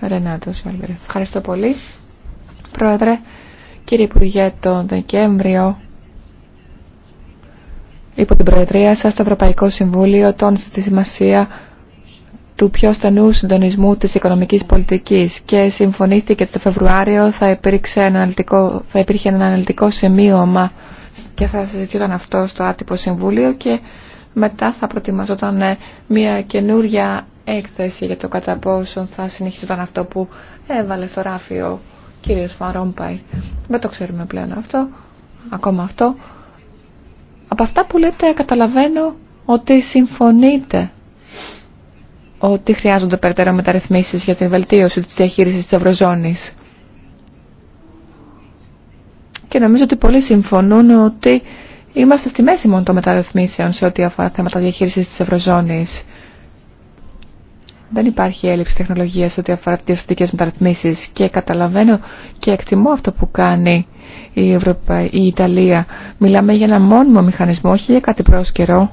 Ρενάτο Σουαλβερ. Ευχαριστώ πολύ. Πρόεδρε, κύριε Υπουργέ, το Δεκέμβριο υπό την Προεδρία σας το Ευρωπαϊκό Συμβούλιο τόνισε τη σημασία του πιο στενού συντονισμού της οικονομικής πολιτικής και συμφωνήθηκε ότι το Φεβρουάριο θα, αναλυτικό, θα υπήρχε ένα αναλυτικό σημείωμα και θα συζητιόταν αυτό στο άτυπο συμβούλιο και μετά θα προετοιμαζόταν ε, μια καινούρια έκθεση για το κατά πόσο θα συνεχιζόταν αυτό που έβαλε στο ράφι ο κύριος Φαρόμπαϊ. Δεν το ξέρουμε πλέον αυτό, ακόμα αυτό. Από αυτά που λέτε καταλαβαίνω ότι συμφωνείτε ότι χρειάζονται περαιτέρω μεταρρυθμίσεις για την βελτίωση της διαχείρισης της Ευρωζώνης. Και νομίζω ότι πολλοί συμφωνούν ότι είμαστε στη μέση μόνο των μεταρρυθμίσεων σε ό,τι αφορά θέματα διαχείρισης της Ευρωζώνης. Δεν υπάρχει έλλειψη τεχνολογίας σε ό,τι αφορά τις διευθυντικές μεταρρυθμίσεις και καταλαβαίνω και εκτιμώ αυτό που κάνει η, Ευρωπα... η Ιταλία. Μιλάμε για ένα μόνιμο μηχανισμό, όχι για κάτι πρόσκαιρο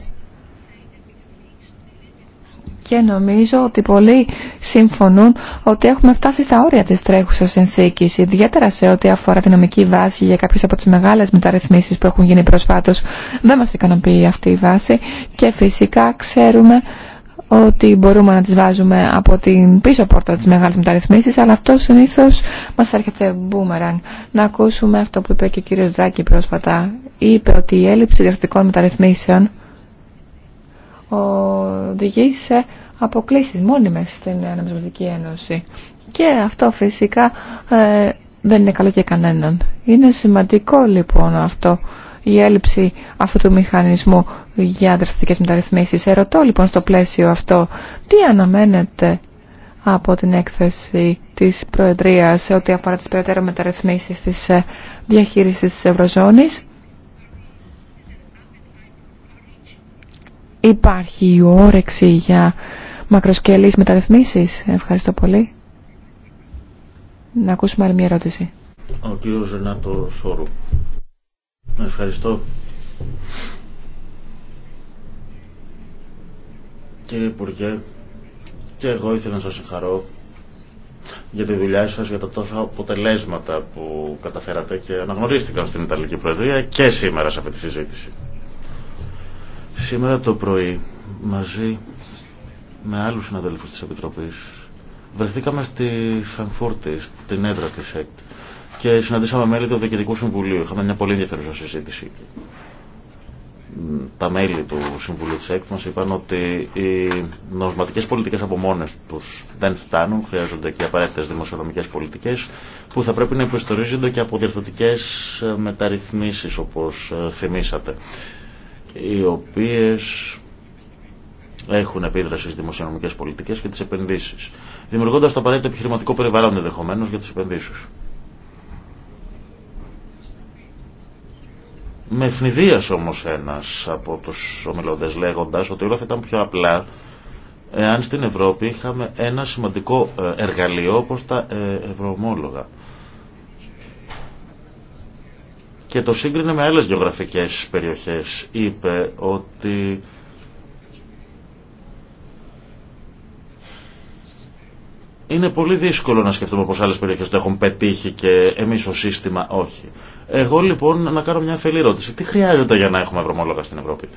και νομίζω ότι πολλοί συμφωνούν ότι έχουμε φτάσει στα όρια της τρέχουσας συνθήκης, ιδιαίτερα σε ό,τι αφορά τη νομική βάση για κάποιες από τις μεγάλες μεταρρυθμίσεις που έχουν γίνει προσφάτως. Δεν μας ικανοποιεί αυτή η βάση και φυσικά ξέρουμε ότι μπορούμε να τις βάζουμε από την πίσω πόρτα της μεγάλης μεταρρυθμίσης, αλλά αυτό συνήθως μας έρχεται μπούμεραν. Να ακούσουμε αυτό που είπε και ο κύριος Δράκη πρόσφατα. Είπε ότι η έλλειψη διευθυντικών μεταρρυθμίσεων οδηγεί σε αποκλήσεις μόνιμες στην Νομισματική Ένωση. Και αυτό φυσικά ε, δεν είναι καλό για κανέναν. Είναι σημαντικό λοιπόν αυτό η έλλειψη αυτού του μηχανισμού για αντραστικές μεταρρυθμίσεις. Ερωτώ λοιπόν στο πλαίσιο αυτό τι αναμένεται από την έκθεση της Προεδρίας σε ό,τι αφορά τις περαιτέρω μεταρρυθμίσεις της ε, διαχείρισης της Ευρωζώνης. Υπάρχει όρεξη για Μακροσκέλης μεταρρυθμίσεις. Ευχαριστώ πολύ. Να ακούσουμε άλλη μια ερώτηση. Ο κύριος Ρενάτο Σόρου. Ευχαριστώ. Κύριε Υπουργέ, και εγώ ήθελα να σας ευχαρώ για τη δουλειά σας, για τα τόσα αποτελέσματα που καταφέρατε και αναγνωρίστηκαν στην Ιταλική Προεδρία και σήμερα σε αυτή τη συζήτηση. Σήμερα το πρωί μαζί με άλλους συναδέλφους της Επιτροπής βρεθήκαμε στη Φραγκφούρτη, στην έδρα της ΕΚΤ και συναντήσαμε μέλη του Διοικητικού Συμβουλίου. Είχαμε μια πολύ ενδιαφέρουσα συζήτηση. Τα μέλη του Συμβουλίου της ΕΚΤ μας είπαν ότι οι νοσματικές πολιτικές από μόνες τους δεν φτάνουν, χρειάζονται και απαραίτητες δημοσιονομικές πολιτικές που θα πρέπει να υποστηρίζονται και από διαρθωτικές μεταρρυθμίσεις όπως θυμήσατε οι οποίες έχουν επίδραση στι δημοσιονομικέ πολιτικέ και τι επενδύσει, δημιουργώντα το απαραίτητο επιχειρηματικό περιβάλλον ενδεχομένω για τι επενδύσει. Με ευνηδία όμω ένα από του ομιλωτέ λέγοντα ότι όλα θα ήταν πιο απλά εάν στην Ευρώπη είχαμε ένα σημαντικό ε, εργαλείο όπω τα ε, ευρωομόλογα. Και το σύγκρινε με άλλε γεωγραφικέ περιοχέ Είπε ότι Είναι πολύ δύσκολο να σκεφτούμε πως άλλες περιοχές το έχουν πετύχει και εμείς ως σύστημα όχι. Εγώ λοιπόν να κάνω μια αφελή ερώτηση. Τι χρειάζεται για να έχουμε ευρωμόλογα στην Ευρώπη.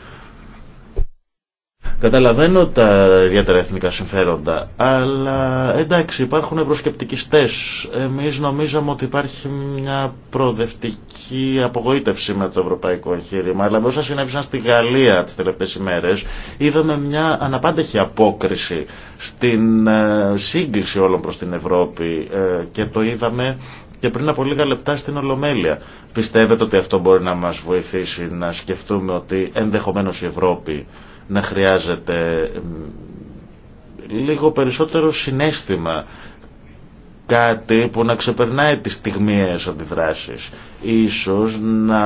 Καταλαβαίνω τα ιδιαίτερα εθνικά συμφέροντα, αλλά εντάξει υπάρχουν προσκεπτικιστές. Εμείς νομίζαμε ότι υπάρχει μια προοδευτική απογοήτευση με το ευρωπαϊκό εγχείρημα, αλλά με όσα συνέβησαν στη Γαλλία τις τελευταίες ημέρες είδαμε μια αναπάντεχη απόκριση στην ε, σύγκληση όλων προς την Ευρώπη ε, και το είδαμε και πριν από λίγα λεπτά στην Ολομέλεια. Πιστεύετε ότι αυτό μπορεί να μας βοηθήσει να σκεφτούμε ότι ενδεχομένως η Ευρώπη να χρειάζεται λίγο περισσότερο συνέστημα κάτι που να ξεπερνάει τις στιγμιαίες αντιδράσεις. Ίσως να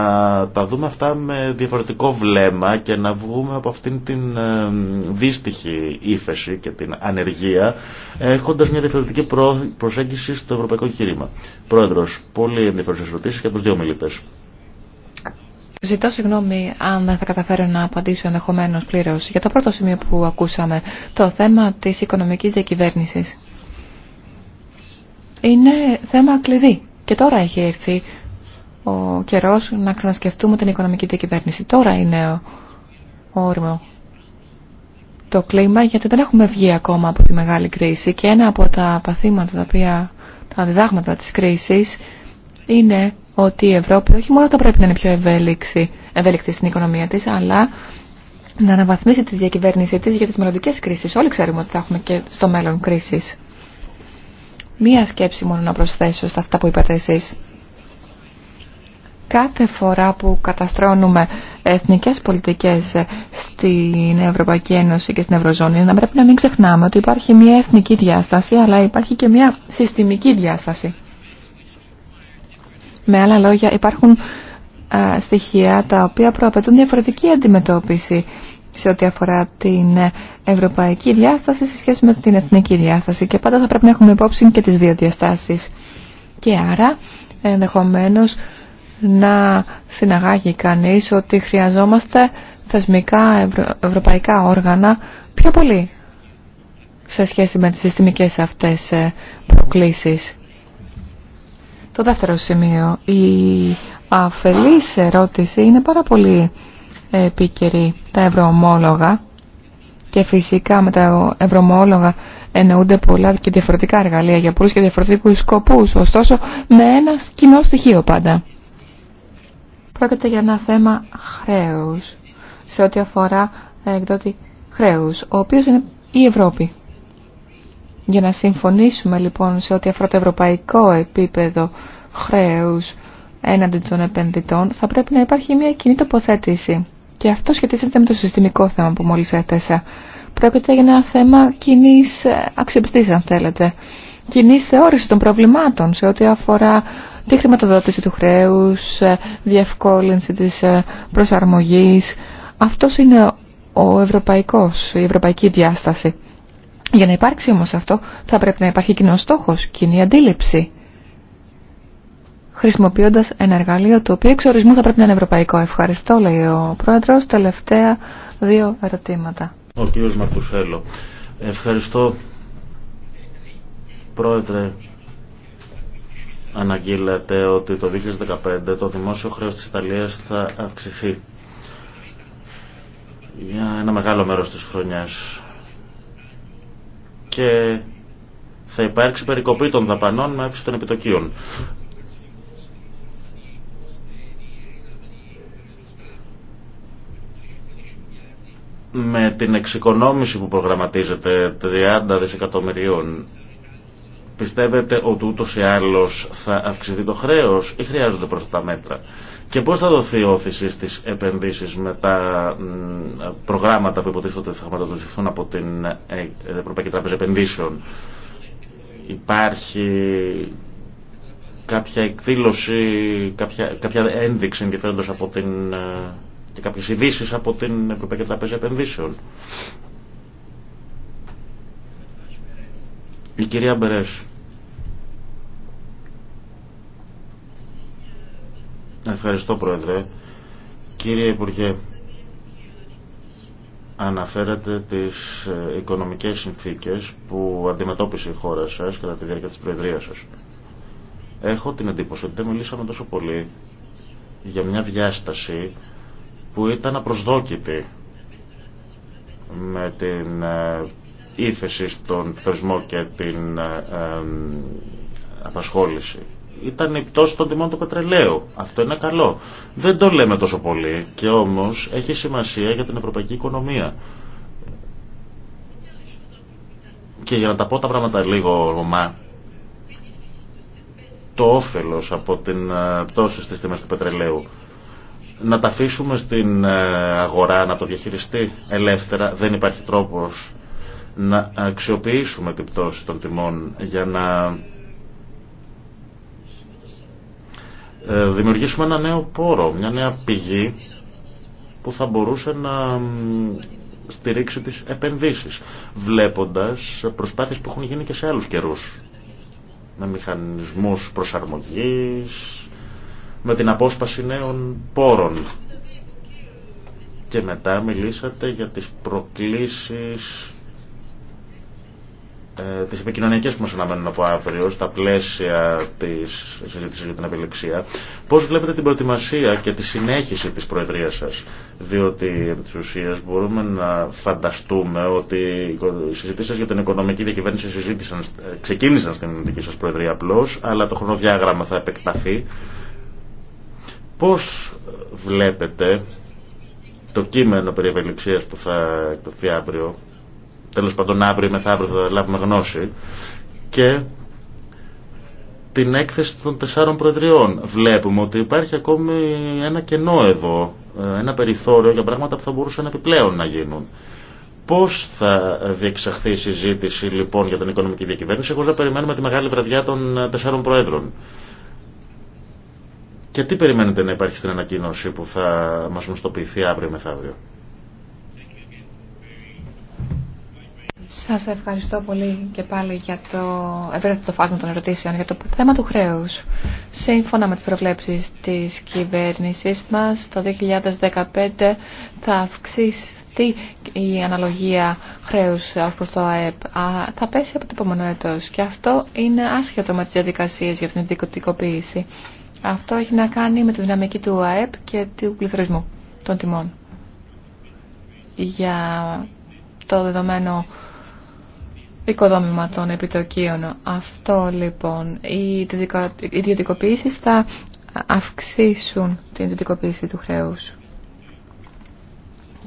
τα δούμε αυτά με διαφορετικό βλέμμα και να βγούμε από αυτήν την ε, δύστιχη ύφεση και την ανεργία έχοντας μια διαφορετική προσέγγιση στο ευρωπαϊκό εγχείρημα. Πρόεδρος, πολύ ενδιαφέρουσες ερωτήσεις και από τους δύο μιλητές. Ζητώ συγγνώμη αν δεν θα καταφέρω να απαντήσω ενδεχομένω πλήρω για το πρώτο σημείο που ακούσαμε, το θέμα της οικονομικής διακυβέρνηση. Είναι θέμα κλειδί και τώρα έχει έρθει ο καιρό να ξανασκεφτούμε την οικονομική διακυβέρνηση. Τώρα είναι ο όριμο το κλίμα γιατί δεν έχουμε βγει ακόμα από τη μεγάλη κρίση και ένα από τα παθήματα, τα, οποία, τα διδάγματα της κρίσης είναι ότι η Ευρώπη όχι μόνο θα πρέπει να είναι πιο ευέλικτη, ευέλικτη στην οικονομία της, αλλά να αναβαθμίσει τη διακυβέρνησή της για τις μελλοντικέ κρίσεις. Όλοι ξέρουμε ότι θα έχουμε και στο μέλλον κρίσεις. Μία σκέψη μόνο να προσθέσω στα αυτά που είπατε εσείς. Κάθε φορά που καταστρώνουμε εθνικές πολιτικές στην Ευρωπαϊκή Ένωση και στην Ευρωζώνη, να πρέπει να μην ξεχνάμε ότι υπάρχει μια εθνική διάσταση, αλλά υπάρχει και μια συστημική διάσταση. Με άλλα λόγια υπάρχουν στοιχεία τα οποία προαπαιτούν διαφορετική αντιμετώπιση σε ό,τι αφορά την ευρωπαϊκή διάσταση σε σχέση με την εθνική διάσταση και πάντα θα πρέπει να έχουμε υπόψη και τις δύο διαστάσεις. Και άρα ενδεχομένω, να συναγάγει κανείς ότι χρειαζόμαστε θεσμικά ευρωπαϊκά όργανα πιο πολύ σε σχέση με τις συστημικές αυτές ε, προκλήσεις. Το δεύτερο σημείο, η αφελής ερώτηση είναι πάρα πολύ επίκαιρη τα ευρωομόλογα και φυσικά με τα ευρωομόλογα εννοούνται πολλά και διαφορετικά εργαλεία για πολλούς και διαφορετικούς σκοπούς, ωστόσο με ένα κοινό στοιχείο πάντα. Πρόκειται για ένα θέμα χρέους, σε ό,τι αφορά εκδότη χρέους, ο οποίος είναι η Ευρώπη. Για να συμφωνήσουμε λοιπόν σε ό,τι αφορά το ευρωπαϊκό επίπεδο χρέους έναντι των επενδυτών, θα πρέπει να υπάρχει μια κοινή τοποθέτηση. Και αυτό σχετίζεται με το συστημικό θέμα που μόλις έθεσα. Πρόκειται για ένα θέμα κοινή ε, αξιοπιστής, αν θέλετε. Κοινή θεώρηση των προβλημάτων σε ό,τι αφορά τη χρηματοδότηση του χρέους, ε, διευκόλυνση της ε, προσαρμογής. Αυτό είναι ο ευρωπαϊκός, η ευρωπαϊκή διάσταση. Για να υπάρξει όμως αυτό θα πρέπει να υπάρχει κοινό στόχος, κοινή αντίληψη. Χρησιμοποιώντας ένα εργαλείο το οποίο εξ ορισμού θα πρέπει να είναι ευρωπαϊκό. Ευχαριστώ λέει ο Πρόεδρος. Τελευταία δύο ερωτήματα. Ο κύριος Μαρτουσέλο. Ευχαριστώ Πρόεδρε. Αναγγείλατε ότι το 2015 το δημόσιο χρέος της Ιταλίας θα αυξηθεί για ένα μεγάλο μέρος της χρονιάς και θα υπάρξει περικοπή των δαπανών με αύξηση των επιτοκίων. Με την εξοικονόμηση που προγραμματίζεται 30 δισεκατομμυρίων πιστεύετε ότι ούτως ή άλλως θα αυξηθεί το χρέος ή χρειάζονται προς τα μέτρα. Και πώς θα δοθεί η όθηση στις επενδύσεις με τα προγράμματα που υποτίθεται θα χρηματοδοτηθούν από την ε, Ευρωπαϊκή Τράπεζα Επενδύσεων. Υπάρχει κάποια εκδήλωση, κάποια, κάποια ένδειξη ενδιαφέροντος από την, ε, και κάποιες ειδήσει από την Ευρωπαϊκή Τράπεζα Επενδύσεων. Η κυρία Μπερές. Ευχαριστώ, Πρόεδρε. Κύριε Υπουργέ, αναφέρατε τις ε, οικονομικές συνθήκες που αντιμετώπισε η χώρα σας κατά τη διάρκεια της Προεδρίας σας. Έχω την εντύπωση ότι δεν μιλήσαμε τόσο πολύ για μια διάσταση που ήταν απροσδόκητη με την ε, ύφεση στον θεσμό και την ε, απασχόληση ήταν η πτώση των τιμών του πετρελαίου. Αυτό είναι καλό. Δεν το λέμε τόσο πολύ και όμως έχει σημασία για την ευρωπαϊκή οικονομία. Και για να τα πω τα πράγματα λίγο ομά, το όφελος από την ε, πτώση στις τιμές του πετρελαίου να τα αφήσουμε στην ε, αγορά να το διαχειριστεί ελεύθερα δεν υπάρχει τρόπος να αξιοποιήσουμε την πτώση των τιμών για να Ε, δημιουργήσουμε ένα νέο πόρο, μια νέα πηγή που θα μπορούσε να στηρίξει τις επενδύσεις, βλέποντας προσπάθειες που έχουν γίνει και σε άλλους καιρούς. Με μηχανισμούς προσαρμογής, με την απόσπαση νέων πόρων. Και μετά μιλήσατε για τις προκλήσεις ε, τι επικοινωνιακέ που μα αναμένουν από αύριο στα πλαίσια τη συζήτηση για την απελεξία, πώ βλέπετε την προετοιμασία και τη συνέχιση τη Προεδρία σα. Διότι επί τη ουσία μπορούμε να φανταστούμε ότι οι συζητήσει για την οικονομική διακυβέρνηση ε, ξεκίνησαν στην δική σα Προεδρία απλώ, αλλά το χρονοδιάγραμμα θα επεκταθεί. Πώ βλέπετε το κείμενο περί που θα εκδοθεί αύριο τέλος πάντων αύριο ή μεθαύριο θα λάβουμε γνώση και την έκθεση των τεσσάρων προεδριών βλέπουμε ότι υπάρχει ακόμη ένα κενό εδώ ε, ένα περιθώριο για πράγματα που θα μπορούσαν επιπλέον να γίνουν Πώς θα διεξαχθεί η συζήτηση λοιπόν για την οικονομική διακυβέρνηση εγώ θα περιμένουμε τη μεγάλη βραδιά των ε, τεσσάρων προέδρων και τι περιμένετε να υπάρχει στην ανακοίνωση που θα μας γνωστοποιηθεί αύριο μεθαύριο Σας ευχαριστώ πολύ και πάλι για το ευρύτερο φάσμα των ερωτήσεων για το θέμα του χρέους. Σύμφωνα με τις προβλέψεις της κυβέρνησης μας, το 2015 θα αυξηθεί η αναλογία χρέους ως προς το ΑΕΠ. θα πέσει από το επόμενο έτος και αυτό είναι άσχετο με τις διαδικασίες για την ειδικοτικοποίηση. Αυτό έχει να κάνει με τη δυναμική του ΑΕΠ και του πληθωρισμού των τιμών. Για το δεδομένο οικοδόμημα των επιτοκίων. Αυτό λοιπόν, οι ιδιωτικοποίησεις θα αυξήσουν την ιδιωτικοποίηση του χρέους.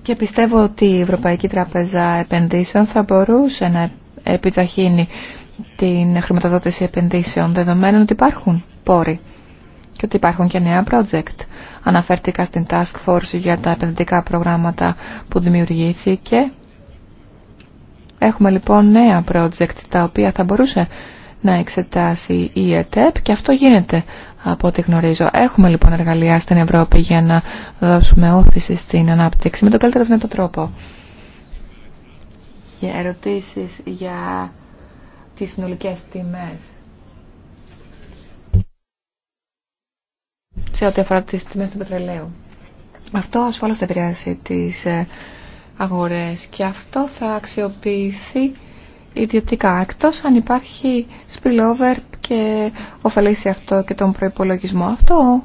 Και πιστεύω ότι η Ευρωπαϊκή Τράπεζα Επενδύσεων θα μπορούσε να επιταχύνει την χρηματοδότηση επενδύσεων, δεδομένου ότι υπάρχουν πόροι και ότι υπάρχουν και νέα project. Αναφέρθηκα στην Task Force για τα επενδυτικά προγράμματα που δημιουργήθηκε Έχουμε λοιπόν νέα project τα οποία θα μπορούσε να εξετάσει η ΕΤΕΠ και αυτό γίνεται από ό,τι γνωρίζω. Έχουμε λοιπόν εργαλεία στην Ευρώπη για να δώσουμε όθηση στην ανάπτυξη με τον καλύτερο δυνατό τρόπο. Για ερωτήσεις για τις συνολικές τιμές. Σε ό,τι αφορά τις τιμές του πετρελαίου. Αυτό ασφαλώς θα επηρεάσει τις ε, αγορές και αυτό θα αξιοποιηθεί ιδιωτικά εκτός αν υπάρχει spillover και ωφελήσει αυτό και τον προϋπολογισμό αυτό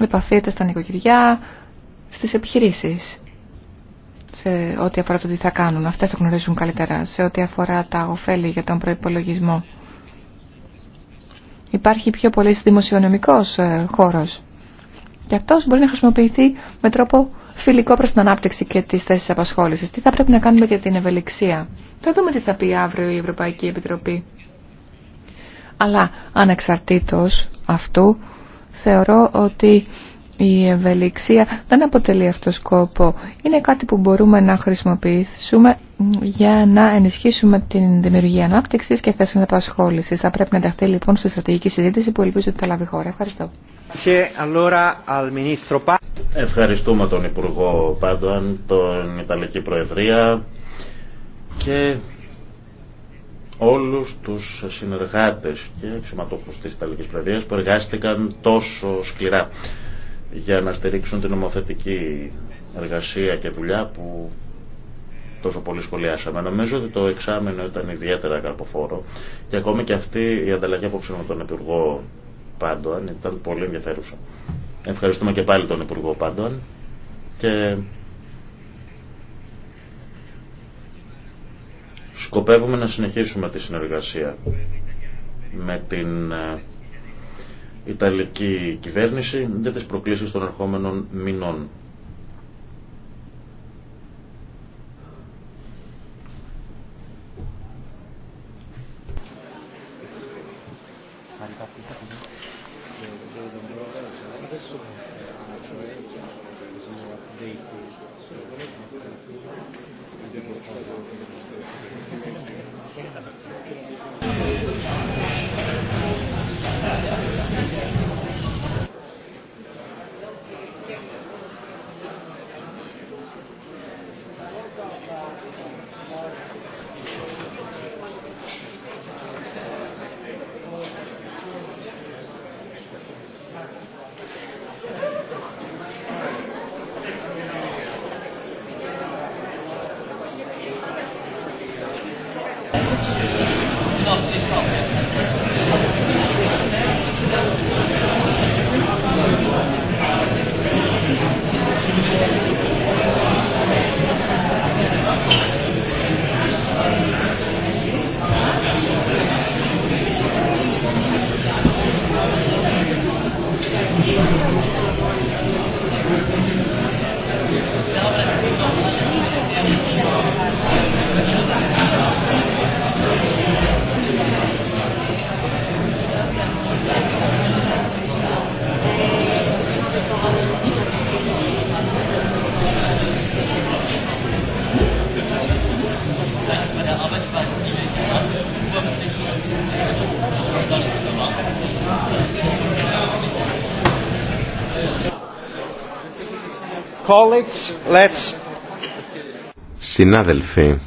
επαφείται στα νοικοκυριά στις επιχειρήσεις σε ό,τι αφορά το τι θα κάνουν αυτές το γνωρίζουν καλύτερα σε ό,τι αφορά τα ωφέλη για τον προϋπολογισμό υπάρχει πιο πολύ δημοσιονομικός ε, χώρος και αυτό μπορεί να χρησιμοποιηθεί με τρόπο φιλικό προς την ανάπτυξη και τις θέσεις απασχόληση. Τι θα πρέπει να κάνουμε για την ευελιξία. Θα δούμε τι θα πει αύριο η Ευρωπαϊκή Επιτροπή. Αλλά ανεξαρτήτως αυτού θεωρώ ότι η ευελιξία δεν αποτελεί αυτό σκόπο. Είναι κάτι που μπορούμε να χρησιμοποιήσουμε για να ενισχύσουμε την δημιουργία ανάπτυξη και θέσεων απασχόληση. Θα πρέπει να ενταχθεί λοιπόν στη στρατηγική συζήτηση που ελπίζω ότι θα λάβει χώρα. Ευχαριστώ. Ευχαριστούμε τον Υπουργό Πάντων, τον Ιταλική Προεδρία και όλους τους συνεργάτες και αξιωματούχους της Ιταλικής Προεδρίας που εργάστηκαν τόσο σκληρά για να στηρίξουν την νομοθετική εργασία και δουλειά που τόσο πολύ σχολιάσαμε. Νομίζω ότι το εξάμενο ήταν ιδιαίτερα καρποφόρο και ακόμη και αυτή η ανταλλαγή απόψε με τον Υπουργό Πάντοαν ήταν πολύ ενδιαφέρουσα. Ευχαριστούμε και πάλι τον Υπουργό Πάντοαν και σκοπεύουμε να συνεχίσουμε τη συνεργασία με την ε, Ιταλική κυβέρνηση για τις προκλήσεις των ερχόμενων μηνών. Let's... Συνάδελφοι,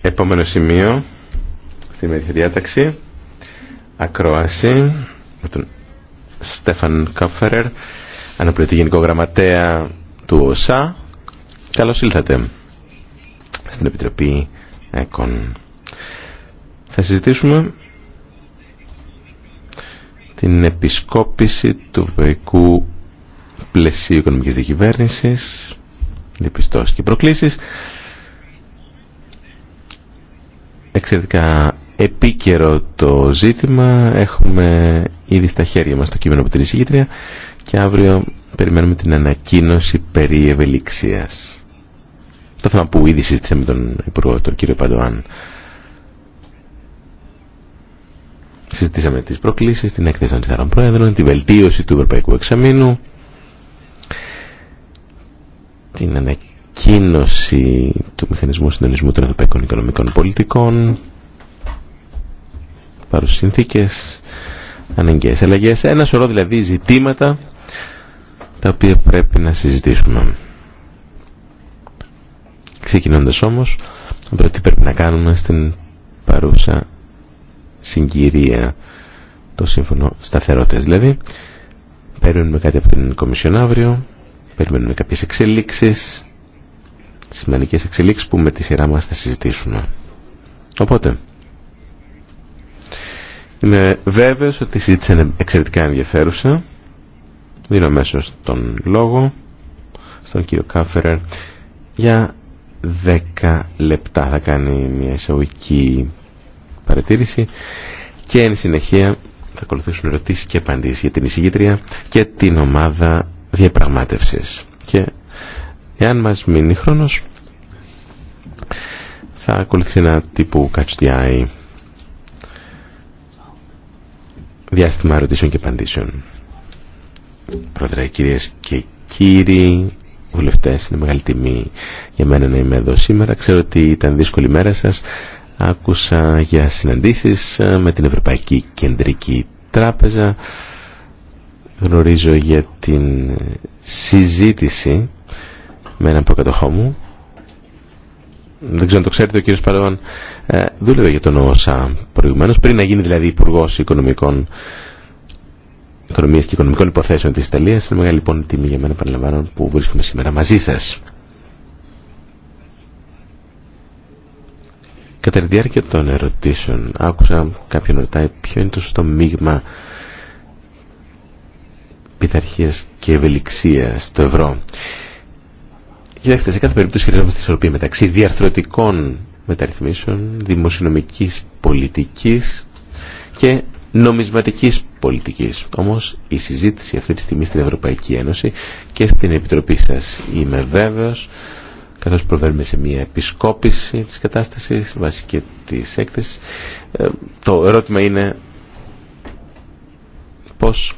Επόμενο σημείο στη μερική διάταξη ακρόαση με τον Στέφαν Κόφερερ αναπληρωτή γενικό γραμματέα του ΟΣΑ Καλώς ήλθατε στην Επιτροπή ΕΚΟΝ Θα συζητήσουμε την επισκόπηση του ευρωπαϊκού πλαισίου οικονομικής διακυβέρνησης διαπιστώσει και προκλήσεις. Εξαιρετικά επίκαιρο το ζήτημα. Έχουμε ήδη στα χέρια μας το κείμενο από την εισηγήτρια και αύριο περιμένουμε την ανακοίνωση περί ευελιξίας. Το θέμα που ήδη συζήτησαμε με τον Υπουργό, τον κύριο Παντοάν. Συζητήσαμε τις προκλήσεις, την έκθεση των τεσσάρων πρόεδρων, τη βελτίωση του Ευρωπαϊκού Εξαμήνου, την ανακοίνωση του Μηχανισμού Συντονισμού των Ευρωπαϊκών Οικονομικών Πολιτικών παρούς συνθήκες αναγκαίες αλλαγές ένα σωρό δηλαδή ζητήματα τα οποία πρέπει να συζητήσουμε ξεκινώντας όμως από τι πρέπει να κάνουμε στην παρούσα συγκυρία το σύμφωνο σταθερότητας δηλαδή περιμένουμε κάτι από την Κομισιόν αύριο Περιμένουμε κάποιες εξελίξεις, σημαντικές εξελίξεις που με τη σειρά μας θα συζητήσουμε. Οπότε, είμαι βέβαιος ότι η συζήτηση είναι εξαιρετικά ενδιαφέρουσα. Δίνω μέσω τον λόγο στον κύριο Κάφερερ για 10 λεπτά θα κάνει μια εισαγωγική παρατήρηση και εν συνεχεία θα ακολουθήσουν ερωτήσεις και απαντήσεις για την εισηγήτρια και την ομάδα διαπραγμάτευσης. Και εάν μας μείνει χρόνος θα ακολουθεί ένα τύπου eye διάστημα ερωτήσεων και απαντήσεων. Πρόεδρε, κυρίες και κύριοι, βουλευτές, είναι μεγάλη τιμή για μένα να είμαι εδώ σήμερα. Ξέρω ότι ήταν δύσκολη η μέρα σας. Άκουσα για συναντήσεις ε, με την Ευρωπαϊκή Κεντρική Τράπεζα γνωρίζω για την συζήτηση με έναν προκατοχό μου. Δεν ξέρω αν το ξέρετε, ο κύριος ε, δούλευε για τον ΩΣΑ προηγουμένως, πριν να γίνει δηλαδή υπουργό Οικονομικών Οικονομίας και Οικονομικών Υποθέσεων της Ιταλίας. Είναι μεγάλη λοιπόν τιμή για μένα, παραλαμβάνω, που βρίσκομαι σήμερα μαζί σας. Κατά τη διάρκεια των ερωτήσεων άκουσα κάποιον ρωτάει ποιο είναι το σωστό μείγμα πειθαρχία και ευελιξία στο ευρώ. Κοιτάξτε, σε κάθε περίπτωση χρειαζόμαστε ισορροπία μεταξύ διαρθρωτικών μεταρρυθμίσεων, δημοσιονομικής πολιτικής και νομισματικής πολιτικής. Όμως η συζήτηση αυτή τη στιγμή στην Ευρωπαϊκή Ένωση και στην Επιτροπή σας είμαι βέβαιος καθώς προβαίνουμε σε μια επισκόπηση της κατάστασης βάσει και της έκθεσης ε, το ερώτημα είναι πώς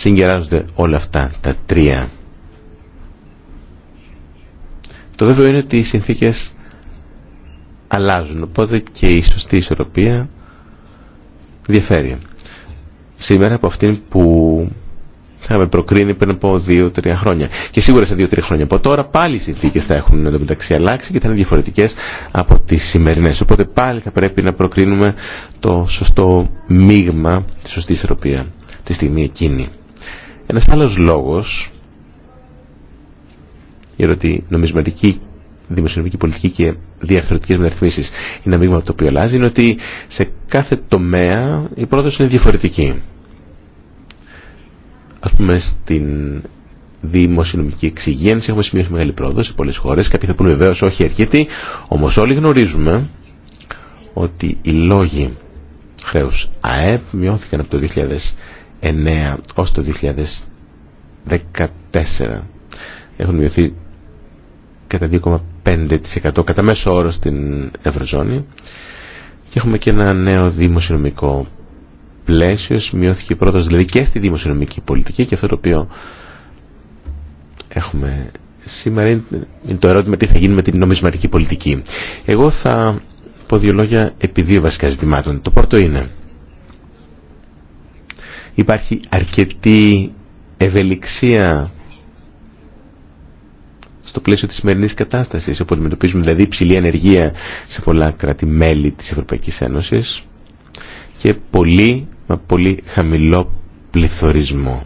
συγκεράζονται όλα αυτά τα τρία. Το δεύτερο είναι ότι οι συνθήκες αλλάζουν, οπότε και η σωστή ισορροπία διαφέρει. Σήμερα από αυτήν που θα με προκρίνει πριν από δύο-τρία χρόνια. Και σίγουρα σε 2-3 χρόνια από τώρα πάλι οι συνθήκε θα έχουν μεταξύ αλλάξει και θα είναι διαφορετικέ από τι σημερινέ. Οπότε πάλι θα πρέπει να προκρίνουμε το σωστό μείγμα, τη σωστή ισορροπία τη στιγμή εκείνη. Ένας άλλος λόγος για ότι νομισματική δημοσιονομική πολιτική και διαρθρωτικέ μεταρρυθμίσεις είναι ένα μείγμα το οποίο αλλάζει, είναι ότι σε κάθε τομέα η πρόταση είναι διαφορετική. Ας πούμε, στην δημοσιονομική εξυγένση έχουμε σημειώσει μεγάλη πρόοδο σε πολλές χώρες. Κάποιοι θα πούνε βεβαίω όχι αρκετοί, όμως όλοι γνωρίζουμε ότι οι λόγοι χρέους ΑΕΠ μειώθηκαν από το ως το 2014 έχουν μειωθεί κατά 2,5% κατά μέσο όρο στην Ευρωζώνη και έχουμε και ένα νέο δημοσιονομικό πλαίσιο μειώθηκε πρώτος δηλαδή και στη δημοσιονομική πολιτική και αυτό το οποίο έχουμε σήμερα είναι το ερώτημα τι θα γίνει με την νομισματική πολιτική εγώ θα πω δύο λόγια επί δύο βασικά ζητημάτων το πρώτο είναι Υπάρχει αρκετή ευελιξία στο πλαίσιο της σημερινής κατάστασης, όπου αντιμετωπίζουμε δηλαδή υψηλή ανεργία σε πολλά κράτη-μέλη της Ευρωπαϊκής Ένωσης και πολύ, μα πολύ χαμηλό πληθωρισμό.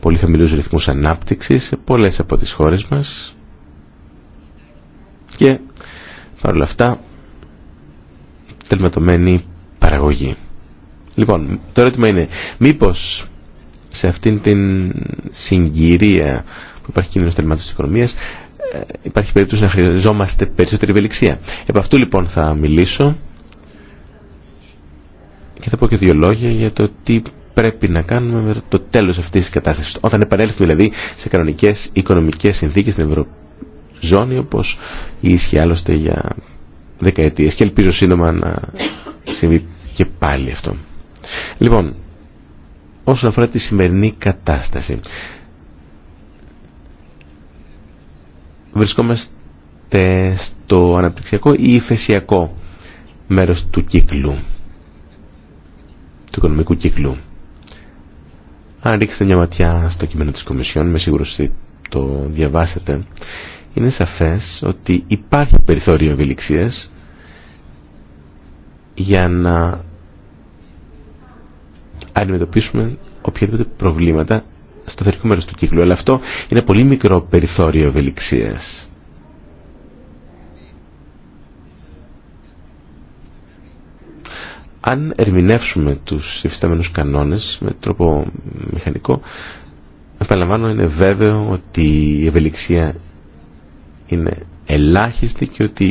Πολύ χαμηλούς ρυθμούς ανάπτυξης σε πολλές από τις χώρες μας και παρόλα αυτά τελματωμένη παραγωγή. Λοιπόν, το ερώτημα είναι, μήπως σε αυτήν την συγκυρία που υπάρχει κίνδυνο τερμάτωση τη οικονομία, ε, υπάρχει περίπτωση να χρειαζόμαστε περισσότερη ευελιξία. Επ' αυτού λοιπόν θα μιλήσω και θα πω και δύο λόγια για το τι πρέπει να κάνουμε με το τέλος αυτής της κατάστασης. Όταν επανέλθουμε δηλαδή σε κανονικές οικονομικές συνθήκες στην Ευρωζώνη όπως ίσχυε άλλωστε για δεκαετίες και ελπίζω σύντομα να συμβεί και πάλι αυτό. Λοιπόν, όσον αφορά τη σημερινή κατάσταση, βρισκόμαστε στο αναπτυξιακό ή ηφαισιακό μέρος του κύκλου, του οικονομικού κύκλου. Αν ρίξετε μια ματιά στο κείμενο της Κομισιόν, με σίγουρο ότι το διαβάσετε, είναι σαφές ότι υπάρχει περιθώριο ευελιξίας για να αντιμετωπίσουμε οποιαδήποτε προβλήματα στο θερικό μέρος του κύκλου. Αλλά αυτό είναι πολύ μικρό περιθώριο ευελιξίας. Αν ερμηνεύσουμε τους υφισταμένους κανόνες με τρόπο μηχανικό, επαναλαμβάνω είναι βέβαιο ότι η ευελιξία είναι ελάχιστη και ότι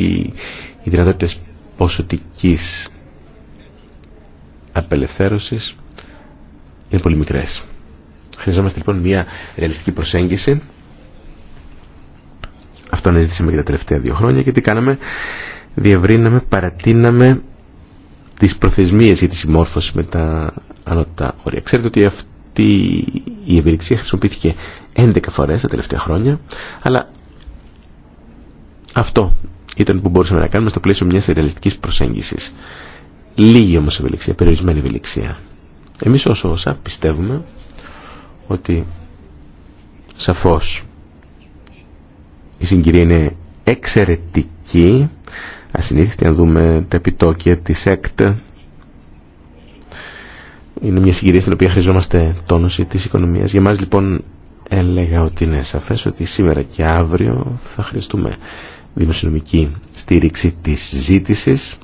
οι δυνατότητες ποσοτικής απελευθέρωσης είναι πολύ μικρές. Χρειαζόμαστε λοιπόν μια ρεαλιστική προσέγγιση. Αυτό αναζητήσαμε και τα τελευταία δύο χρόνια και τι κάναμε. Διευρύναμε, παρατείναμε τις προθεσμίες για τη συμμόρφωση με τα ανώτατα όρια. Ξέρετε ότι αυτή η ευελιξία χρησιμοποιήθηκε 11 φορές τα τελευταία χρόνια, αλλά αυτό ήταν που μπορούσαμε να κάνουμε στο πλαίσιο μιας ρεαλιστικής προσέγγισης. Λίγη όμως ευελιξία, περιορισμένη ευελιξία. Εμείς ως όσα πιστεύουμε ότι σαφώς η συγκυρία είναι εξαιρετική ασυνήθιστη να δούμε τα επιτόκια της ΕΚΤ είναι μια συγκυρία στην οποία χρειαζόμαστε τόνωση της οικονομίας για μας λοιπόν έλεγα ότι είναι σαφές ότι σήμερα και αύριο θα χρειαστούμε δημοσιονομική στήριξη της ζήτησης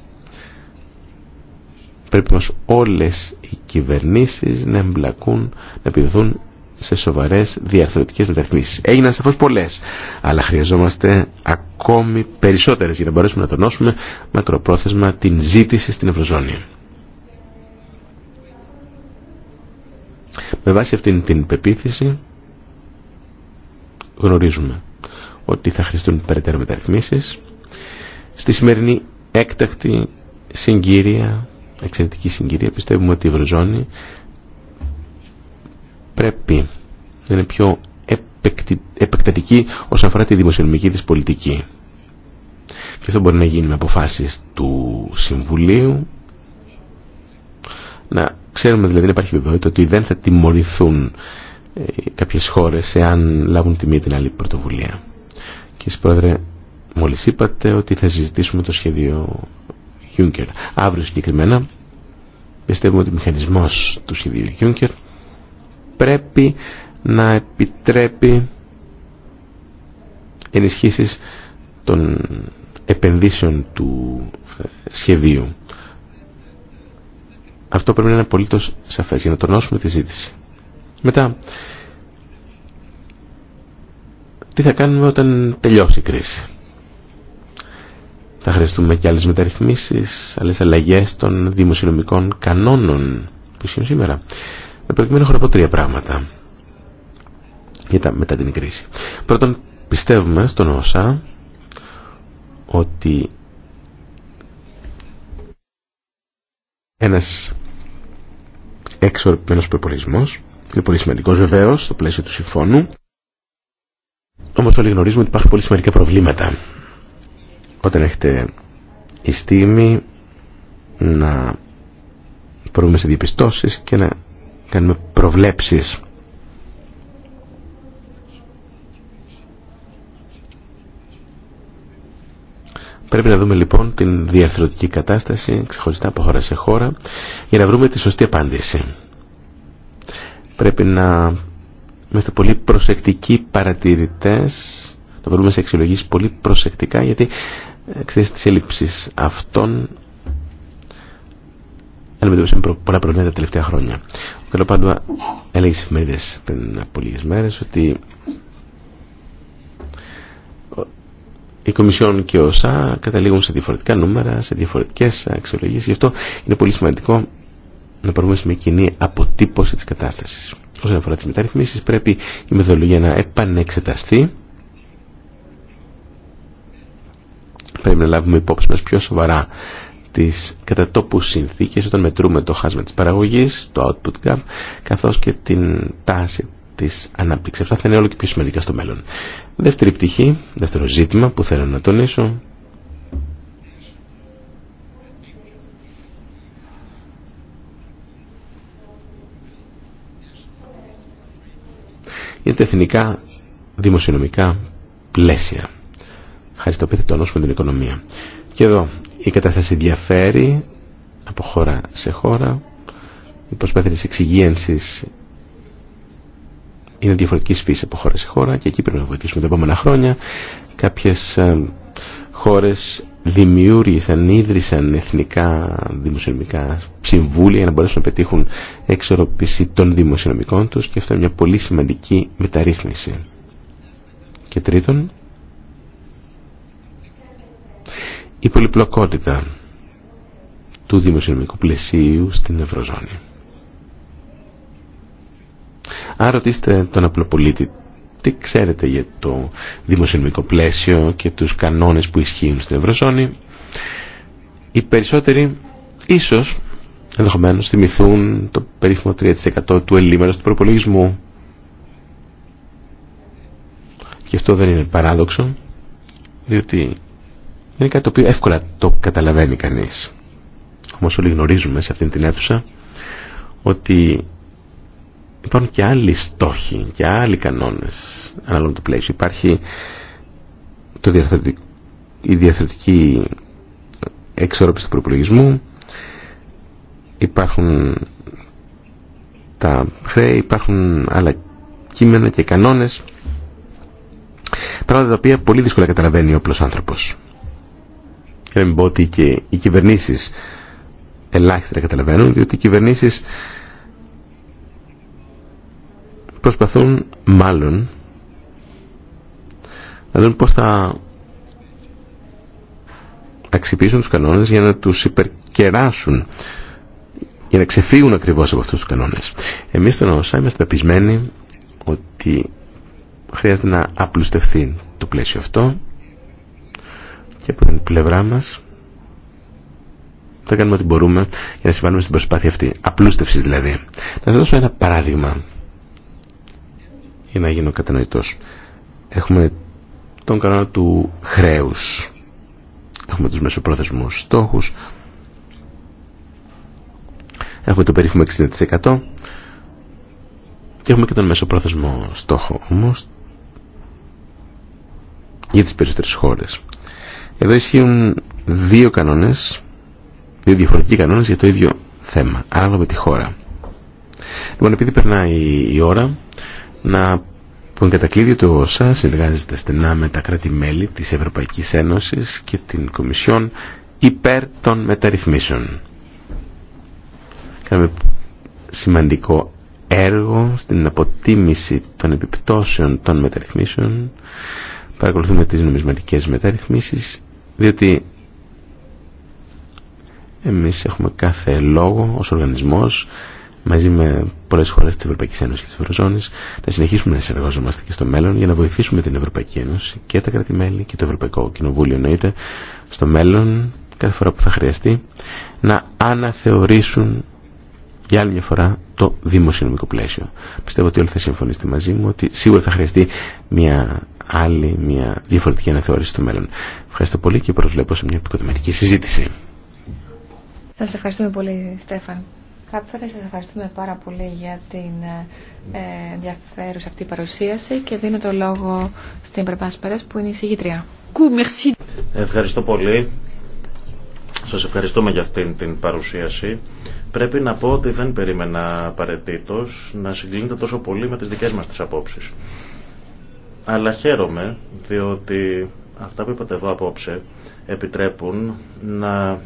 Πρέπει μας όλες οι κυβερνήσεις να εμπλακούν, να επιδοθούν σε σοβαρές διαρθρωτικές μεταρρυθμίσεις. Έγιναν σαφώς πολλές, αλλά χρειαζόμαστε ακόμη περισσότερες για να μπορέσουμε να τονώσουμε μακροπρόθεσμα την ζήτηση στην Ευρωζώνη. Με βάση αυτήν την πεποίθηση γνωρίζουμε ότι θα χρειαστούν περαιτέρω μεταρρυθμίσεις στη σημερινή έκτακτη συγκύρια εξαιρετική συγκυρία. Πιστεύουμε ότι η Ευρωζώνη πρέπει να είναι πιο επεκτατική όσον αφορά τη δημοσιονομική της πολιτική. Και αυτό μπορεί να γίνει με αποφάσεις του Συμβουλίου. Να ξέρουμε δηλαδή να υπάρχει βεβαιότητα ότι δεν θα τιμωρηθούν ε, κάποιες χώρες εάν λάβουν τη μία την άλλη πρωτοβουλία. Κύριε Πρόεδρε, μόλις είπατε ότι θα συζητήσουμε το σχέδιο Αύριο συγκεκριμένα πιστεύουμε ότι ο μηχανισμός του σχεδίου Juncker πρέπει να επιτρέπει ενισχύσεις των επενδύσεων του ε, σχεδίου. Αυτό πρέπει να είναι απολύτω σαφέ για να τονώσουμε τη ζήτηση. Μετά, τι θα κάνουμε όταν τελειώσει η κρίση. Θα χρειαστούμε και άλλες μεταρρυθμίσεις, άλλες αλλαγές των δημοσιονομικών κανόνων που ισχύουν σήμερα. Με προκειμένου έχω πω τρία πράγματα για τα, μετά την κρίση. Πρώτον, πιστεύουμε στον ΩΣΑ ότι ένας εξορπημένος προπολισμός είναι πολύ σημαντικός βεβαίως στο πλαίσιο του συμφώνου όμως όλοι γνωρίζουμε ότι υπάρχουν πολύ σημαντικά προβλήματα όταν έχετε η να προβούμε σε διαπιστώσεις και να κάνουμε προβλέψεις Πρέπει να δούμε λοιπόν την διαρθρωτική κατάσταση ξεχωριστά από χώρα σε χώρα για να βρούμε τη σωστή απάντηση. Πρέπει να είμαστε πολύ προσεκτικοί παρατηρητές, να βρούμε σε αξιολογήσεις πολύ προσεκτικά γιατί εξής της έλλειψης αυτών αντιμετωπίσαμε πολλά προβλήματα τα τελευταία χρόνια. Ο Πάντουα έλεγε στις εφημερίδες πριν από λίγες μέρες ότι η Κομισιόν και ο ΣΑ καταλήγουν σε διαφορετικά νούμερα, σε διαφορετικές αξιολογίες, γι' αυτό είναι πολύ σημαντικό να προβούμε κοινή αποτύπωση της κατάστασης. Όσον αφορά τις μεταρρυθμίσεις πρέπει η μεθοδολογία να επανεξεταστεί Πρέπει να λάβουμε υπόψη μας πιο σοβαρά τις κατατόπους συνθήκες όταν μετρούμε το χάσμα της παραγωγής, το output gap, καθώς και την τάση της ανάπτυξης. Αυτά θα είναι όλο και πιο σημαντικά στο μέλλον. Δεύτερη πτυχή, δεύτερο ζήτημα που θέλω να τονίσω είναι τα εθνικά δημοσιονομικά πλαίσια χαριστοποιείται το με την οικονομία. Και εδώ η κατάσταση διαφέρει από χώρα σε χώρα. Η προσπάθεια της εξυγίανσης είναι διαφορετική φύση από χώρα σε χώρα και εκεί πρέπει να βοηθήσουμε τα επόμενα χρόνια. Κάποιες ε, χώρες δημιούργησαν, ίδρυσαν εθνικά δημοσιονομικά συμβούλια για να μπορέσουν να πετύχουν εξορροπήση των δημοσιονομικών τους και αυτό είναι μια πολύ σημαντική μεταρρύθμιση. Και τρίτον, η πολυπλοκότητα του δημοσιονομικού πλαισίου στην Ευρωζώνη. Αν ρωτήσετε τον απλοπολίτη τι ξέρετε για το δημοσιονομικό πλαίσιο και τους κανόνες που ισχύουν στην Ευρωζώνη, οι περισσότεροι ίσως ενδεχομένως θυμηθούν το περίφημο 3% του ελλείμματος του προπολογισμού. Και αυτό δεν είναι παράδοξο, διότι είναι κάτι το οποίο εύκολα το καταλαβαίνει κανείς. Όμως όλοι γνωρίζουμε σε αυτήν την αίθουσα ότι υπάρχουν και άλλοι στόχοι και άλλοι κανόνες ανάλογα του πλαίσιο. Υπάρχει το η διαθετική εξορρόπηση του προπολογισμού, υπάρχουν τα χρέη, υπάρχουν άλλα κείμενα και κανόνες, πράγματα τα οποία πολύ δύσκολα καταλαβαίνει ο απλό άνθρωπος. Και να μην πω ότι και οι κυβερνήσει ελάχιστα καταλαβαίνουν, διότι οι κυβερνήσει προσπαθούν μάλλον να δουν πώς θα αξιοποιήσουν του κανόνε για να του υπερκεράσουν για να ξεφύγουν ακριβώς από αυτούς τους κανόνες. Εμείς στον ΩΣΑ είμαστε πεπισμένοι ότι χρειάζεται να απλουστευτεί το πλαίσιο αυτό και από την πλευρά μας θα κάνουμε ό,τι μπορούμε για να συμβάλλουμε στην προσπάθεια αυτή. Απλούστευση, δηλαδή. Να σας δώσω ένα παράδειγμα για να γίνω κατανοητός. Έχουμε τον κανόνα του χρέους. Έχουμε τους μεσοπρόθεσμους στόχους. Έχουμε το περίφημο 60% και έχουμε και τον μεσοπρόθεσμο στόχο όμως για τις περισσότερες χώρες. Εδώ ισχύουν δύο κανόνες, δύο διαφορετικοί κανόνες για το ίδιο θέμα, Άλλο με τη χώρα. Λοιπόν, επειδή περνάει η ώρα, να που εγκατακλείδει το ΩΣΑ συνεργάζεται στενά με τα κράτη-μέλη της Ευρωπαϊκής Ένωσης και την Κομισιόν υπέρ των μεταρρυθμίσεων. Κάναμε σημαντικό έργο στην αποτίμηση των επιπτώσεων των μεταρρυθμίσεων. Παρακολουθούμε τις νομισματικές μεταρρυθμίσεις διότι εμείς έχουμε κάθε λόγο ως οργανισμός μαζί με πολλές χώρες της Ευρωπαϊκής Ένωσης και της Ευρωζώνης να συνεχίσουμε να συνεργαζόμαστε και στο μέλλον για να βοηθήσουμε την Ευρωπαϊκή Ένωση και τα κρατημέλη και το Ευρωπαϊκό Κοινοβούλιο εννοείται στο μέλλον κάθε φορά που θα χρειαστεί να αναθεωρήσουν για άλλη μια φορά το δημοσιονομικό πλαίσιο. Πιστεύω ότι όλοι θα συμφωνήσετε μαζί μου ότι σίγουρα θα χρειαστεί μια άλλη μια διαφορετική αναθεώρηση στο μέλλον. Ευχαριστώ πολύ και προσβλέπω σε μια επικοδομητική συζήτηση. Σα ευχαριστούμε πολύ Στέφαν. Κάπφερε, σα ευχαριστούμε πάρα πολύ για την ε, ενδιαφέρουσα αυτή παρουσίαση και δίνω το λόγο στην Περπάς που είναι η συγγήτρια. Ευχαριστώ πολύ. Σα ευχαριστούμε για αυτή την παρουσίαση. Πρέπει να πω ότι δεν περίμενα απαραίτητο να συγκλίνεται τόσο πολύ με τι δικέ μα τι απόψει. Αλλά χαίρομαι διότι αυτά που είπατε εδώ απόψε επιτρέπουν να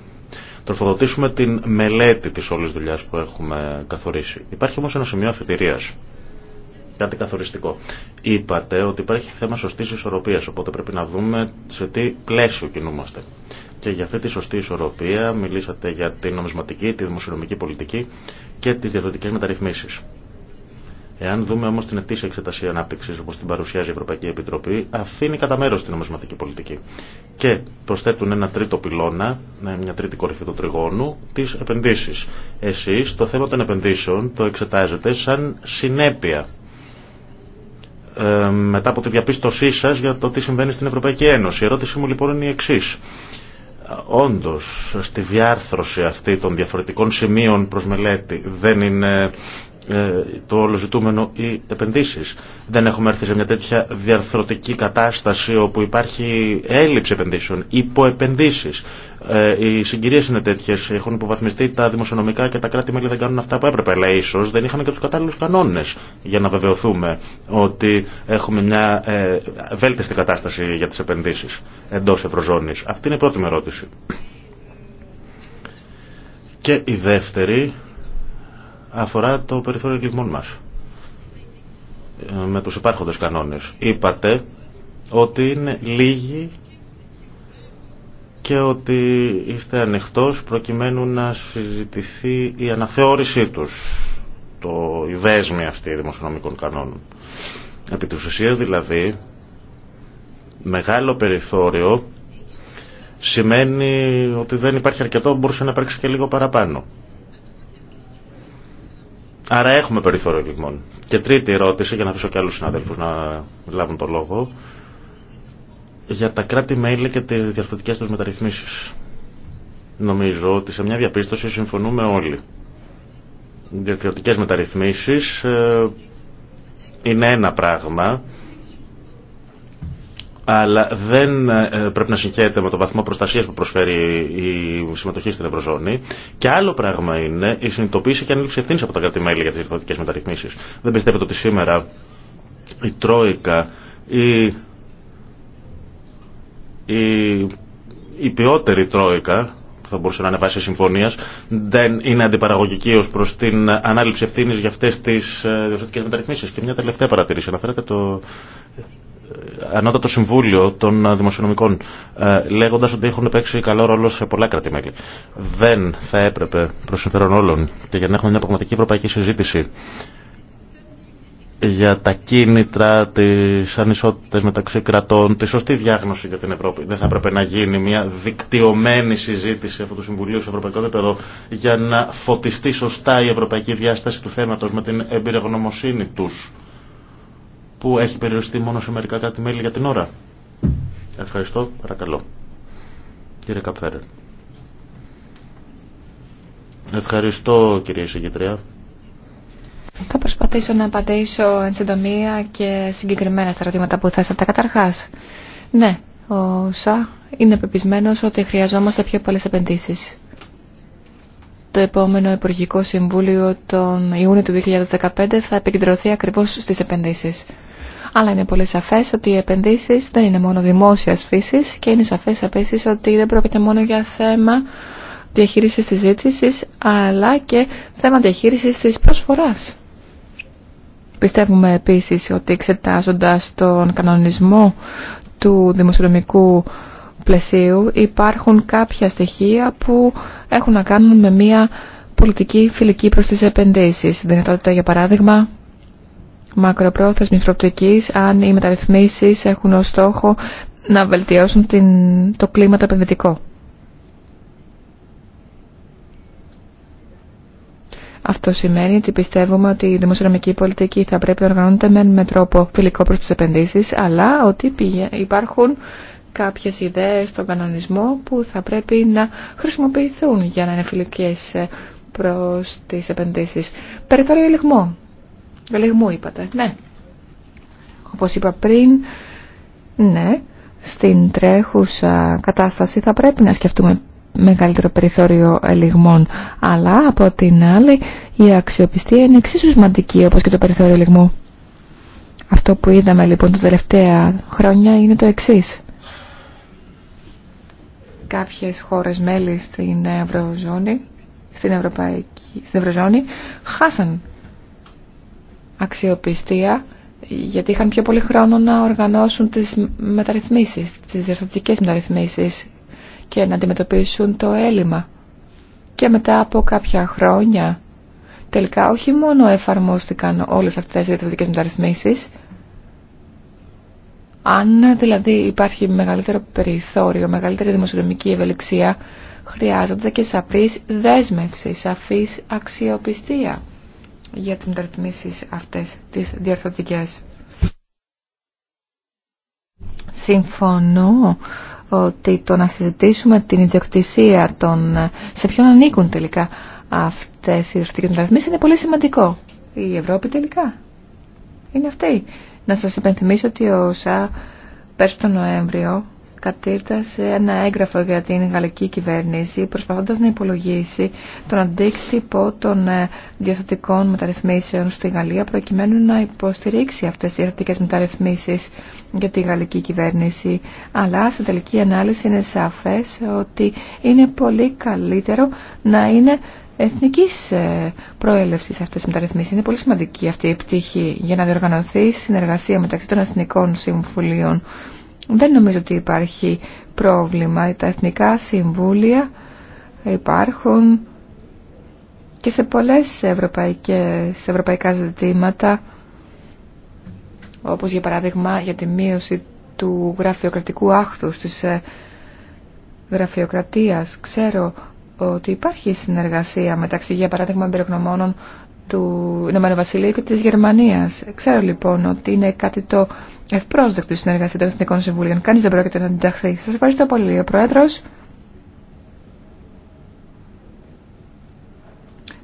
τροφοδοτήσουμε την μελέτη της όλης δουλειάς που έχουμε καθορίσει. Υπάρχει όμως ένα σημείο αφετηρίας. Κάτι καθοριστικό. Είπατε ότι υπάρχει θέμα σωστής ισορροπίας, οπότε πρέπει να δούμε σε τι πλαίσιο κινούμαστε. Και για αυτή τη σωστή ισορροπία μιλήσατε για την νομισματική, τη δημοσιονομική πολιτική και τις διαδοτικές μεταρρυθμίσεις. Εάν δούμε όμω την ετήσια εξετασία ανάπτυξη όπω την παρουσιάζει η Ευρωπαϊκή Επιτροπή, αφήνει κατά μέρο την νομισματική πολιτική. Και προσθέτουν ένα τρίτο πυλώνα, ε, μια τρίτη κορυφή του τριγώνου, τι επενδύσει. Εσεί το θέμα των επενδύσεων το εξετάζετε σαν συνέπεια ε, μετά από τη διαπίστωσή σα για το τι συμβαίνει στην Ευρωπαϊκή Ένωση. Η ερώτησή μου λοιπόν είναι η εξή Όντω στη διάρθρωση αυτή των διαφορετικών σημείων προ μελέτη δεν είναι ε, το όλο ζητούμενο οι επενδύσεις. Δεν έχουμε έρθει σε μια τέτοια διαρθρωτική κατάσταση όπου υπάρχει έλλειψη επενδύσεων, υποεπενδύσεις. Ε, οι συγκυρίες είναι τέτοιες, έχουν υποβαθμιστεί τα δημοσιονομικά και τα κράτη-μέλη δεν κάνουν αυτά που έπρεπε. Αλλά ίσως δεν είχαμε και τους κατάλληλους κανόνες για να βεβαιωθούμε ότι έχουμε μια ε, βέλτιστη κατάσταση για τις επενδύσεις εντός Ευρωζώνης. Αυτή είναι η πρώτη μου ερώτηση. Και η δεύτερη αφορά το περιθώριο εγκλημών μας ε, με τους υπάρχοντες κανόνες. Είπατε ότι είναι λίγοι και ότι είστε ανοιχτός προκειμένου να συζητηθεί η αναθεώρησή τους, το, η δέσμη αυτή δημοσιονομικών κανόνων. Επί της ουσίας δηλαδή, μεγάλο περιθώριο σημαίνει ότι δεν υπάρχει αρκετό, μπορούσε να υπάρξει και λίγο παραπάνω. Άρα έχουμε περιθώριο λοιπόν. Και τρίτη ερώτηση, για να αφήσω και άλλους συνάδελφους να λάβουν το λόγο, για τα κράτη-μέλη και τις διαρθρωτικές τους μεταρρυθμίσεις. Νομίζω ότι σε μια διαπίστωση συμφωνούμε όλοι. Οι μεταρρυθμίσεις ε, είναι ένα πράγμα αλλά δεν ε, πρέπει να συγχαίρεται με το βαθμό προστασία που προσφέρει η συμμετοχή στην Ευρωζώνη. Και άλλο πράγμα είναι η συνειδητοποίηση και ανήλυψη ευθύνη από τα κράτη-μέλη για τι διεθνωτικέ μεταρρυθμίσει. Δεν πιστεύετε ότι σήμερα η Τρόικα, η, η, η ποιότερη Τρόικα, που θα μπορούσε να είναι βάση συμφωνία, δεν είναι αντιπαραγωγική ω προ την ανάληψη ευθύνη για αυτέ τι ε, διορθωτικέ μεταρρυθμίσει. Και μια τελευταία παρατήρηση. Αναφέρατε το Ανώτατο Συμβούλιο των Δημοσιονομικών, ε, λέγοντας ότι έχουν παίξει καλό ρόλο σε πολλά Δεν θα έπρεπε προς συμφέρον όλων και για να έχουμε μια πραγματική ευρωπαϊκή συζήτηση για τα κίνητρα, τις ανισότητες μεταξύ κρατών, τη σωστή διάγνωση για την Ευρώπη. Δεν θα έπρεπε να γίνει μια δικτυωμένη συζήτηση αυτού του Συμβουλίου σε ευρωπαϊκό επίπεδο για να φωτιστεί σωστά η ευρωπαϊκή διάσταση του θέματος με την εμπειρογνωμοσύνη τους που έχει περιοριστεί μόνο σε μερικα κάτι κράτη-μέλη για την ώρα. Ευχαριστώ, παρακαλώ. Κύριε Καπφέρε. Ευχαριστώ, κύριε Συγγετρία. Θα προσπαθήσω να απαντήσω εν συντομία και συγκεκριμένα στα ερωτήματα που θέσατε. Καταρχάς, ναι, ο ΣΑ είναι πεπισμένος ότι χρειαζόμαστε πιο πολλές επενδύσεις. Το επόμενο Υπουργικό Συμβούλιο τον Ιούνιο του 2015 θα επικεντρωθεί ακριβώς στις επενδύσεις. Αλλά είναι πολύ σαφέ ότι οι επενδύσει δεν είναι μόνο δημόσια φύση και είναι σαφέ επίση ότι δεν πρόκειται μόνο για θέμα διαχείριση τη ζήτηση, αλλά και θέμα διαχείριση τη προσφορά. Πιστεύουμε επίσης ότι εξετάζοντα τον κανονισμό του δημοσιονομικού πλαισίου υπάρχουν κάποια στοιχεία που έχουν να κάνουν με μια πολιτική φιλική προς τις επενδύσεις. Δυνατότητα για παράδειγμα μακροπρόθεσμης προοπτικής αν οι μεταρρυθμίσεις έχουν ως στόχο να βελτιώσουν την, το κλίμα το επενδυτικό. Αυτό σημαίνει ότι πιστεύουμε ότι η δημοσιονομική πολιτική θα πρέπει να οργανώνεται με, τρόπο φιλικό προς τις επενδύσεις, αλλά ότι υπάρχουν κάποιες ιδέες στον κανονισμό που θα πρέπει να χρησιμοποιηθούν για να είναι φιλικές προς τις επενδύσεις. Περιθώριο ελιγμό. Ελιγμού είπατε, ναι. Όπως είπα πριν, ναι, στην τρέχουσα κατάσταση θα πρέπει να σκεφτούμε μεγαλύτερο περιθώριο ελιγμών. Αλλά από την άλλη η αξιοπιστία είναι εξίσου σημαντική όπως και το περιθώριο ελιγμού. Αυτό που είδαμε λοιπόν τα τελευταία χρόνια είναι το εξή. Κάποιες χώρες μέλη στην Ευρωζώνη, στην, Ευρωπαϊκή, στην Ευρωζώνη χάσαν αξιοπιστία γιατί είχαν πιο πολύ χρόνο να οργανώσουν τις μεταρρυθμίσεις, τις διαστατικές μεταρρυθμίσεις και να αντιμετωπίσουν το έλλειμμα. Και μετά από κάποια χρόνια τελικά όχι μόνο εφαρμόστηκαν όλες αυτές οι διαστατικές μεταρρυθμίσεις, αν δηλαδή υπάρχει μεγαλύτερο περιθώριο, μεγαλύτερη δημοσιονομική ευελιξία, χρειάζονται και σαφής δέσμευση, σαφής αξιοπιστία για τις μεταρρυθμίσεις αυτές τις διαρθωτικές. Συμφωνώ ότι το να συζητήσουμε την ιδιοκτησία των... σε ποιον ανήκουν τελικά αυτές οι διαρθωτικές μεταρρυθμίσεις είναι πολύ σημαντικό. Η Ευρώπη τελικά είναι αυτή. Να σας υπενθυμίσω ότι ο ΣΑ πέρσι τον Νοέμβριο κατήρτασε ένα έγγραφο για την γαλλική κυβέρνηση προσπαθώντας να υπολογίσει τον αντίκτυπο των ε, διαθετικών μεταρρυθμίσεων στη Γαλλία προκειμένου να υποστηρίξει αυτές τις διαθετικές μεταρρυθμίσεις για τη γαλλική κυβέρνηση. Αλλά στην τελική ανάλυση είναι σαφές ότι είναι πολύ καλύτερο να είναι εθνικής ε, προέλευσης αυτές οι μεταρρυθμίσεις. Είναι πολύ σημαντική αυτή η πτυχή για να διοργανωθεί συνεργασία μεταξύ των εθνικών συμβουλίων δεν νομίζω ότι υπάρχει πρόβλημα. Τα εθνικά συμβούλια υπάρχουν και σε πολλές ευρωπαϊκές, ευρωπαϊκά ζητήματα, όπως για παράδειγμα για τη μείωση του γραφειοκρατικού άχθους, της ε, γραφειοκρατίας. Ξέρω ότι υπάρχει συνεργασία μεταξύ, για παράδειγμα, εμπειρογνωμόνων του Ηνωμένου Βασιλείου και της Γερμανίας. Ξέρω λοιπόν ότι είναι κάτι το ευπρόσδεκτο η συνεργασία των Εθνικών Συμβουλίων. Κανείς δεν πρόκειται να αντιταχθεί. Σας ευχαριστώ πολύ, ο Πρόεδρος.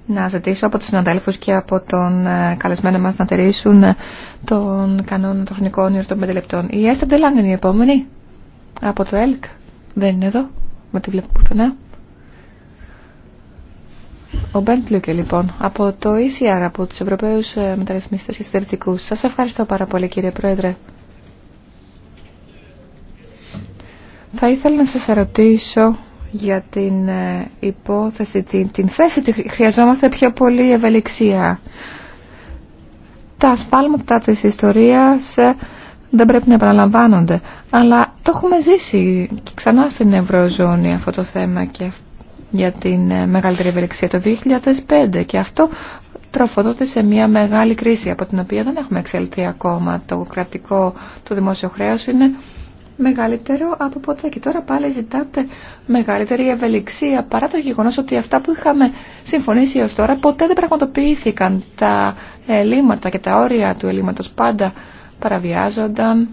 Να ζητήσω από τους συναδέλφους και από τον ε, καλεσμένο μας να τηρήσουν ε, τον κανόνα των χρονικών ήρων των 5 λεπτών. Η Έστα Ντελάν είναι η επόμενη από το ΕΛΚ. Δεν είναι εδώ. Μα τη βλέπω πουθενά. Ο Μπέντ Λούκε λοιπόν από το ECR, από τους Ευρωπαίους ε, Μεταρρυθμιστές και Συντηρητικούς. Σας ευχαριστώ πάρα πολύ κύριε Πρόεδρε. Θα ήθελα να σας ερωτήσω για την ε, υπόθεση, την, θέση ότι χρειαζόμαστε πιο πολύ ευελιξία. Τα ασφάλματα της ιστορίας ε, δεν πρέπει να επαναλαμβάνονται. Αλλά το έχουμε ζήσει ξανά στην Ευρωζώνη αυτό το θέμα και για την ε, μεγαλύτερη ευελιξία το 2005 και αυτό τροφοδότησε σε μια μεγάλη κρίση από την οποία δεν έχουμε εξελθεί ακόμα. Το κρατικό, το δημόσιο χρέο είναι μεγαλύτερο από ποτέ και τώρα πάλι ζητάτε μεγαλύτερη ευελιξία παρά το γεγονός ότι αυτά που είχαμε συμφωνήσει ως τώρα ποτέ δεν πραγματοποιήθηκαν. Τα ελλείμματα και τα όρια του ελλείμματος πάντα παραβιάζονταν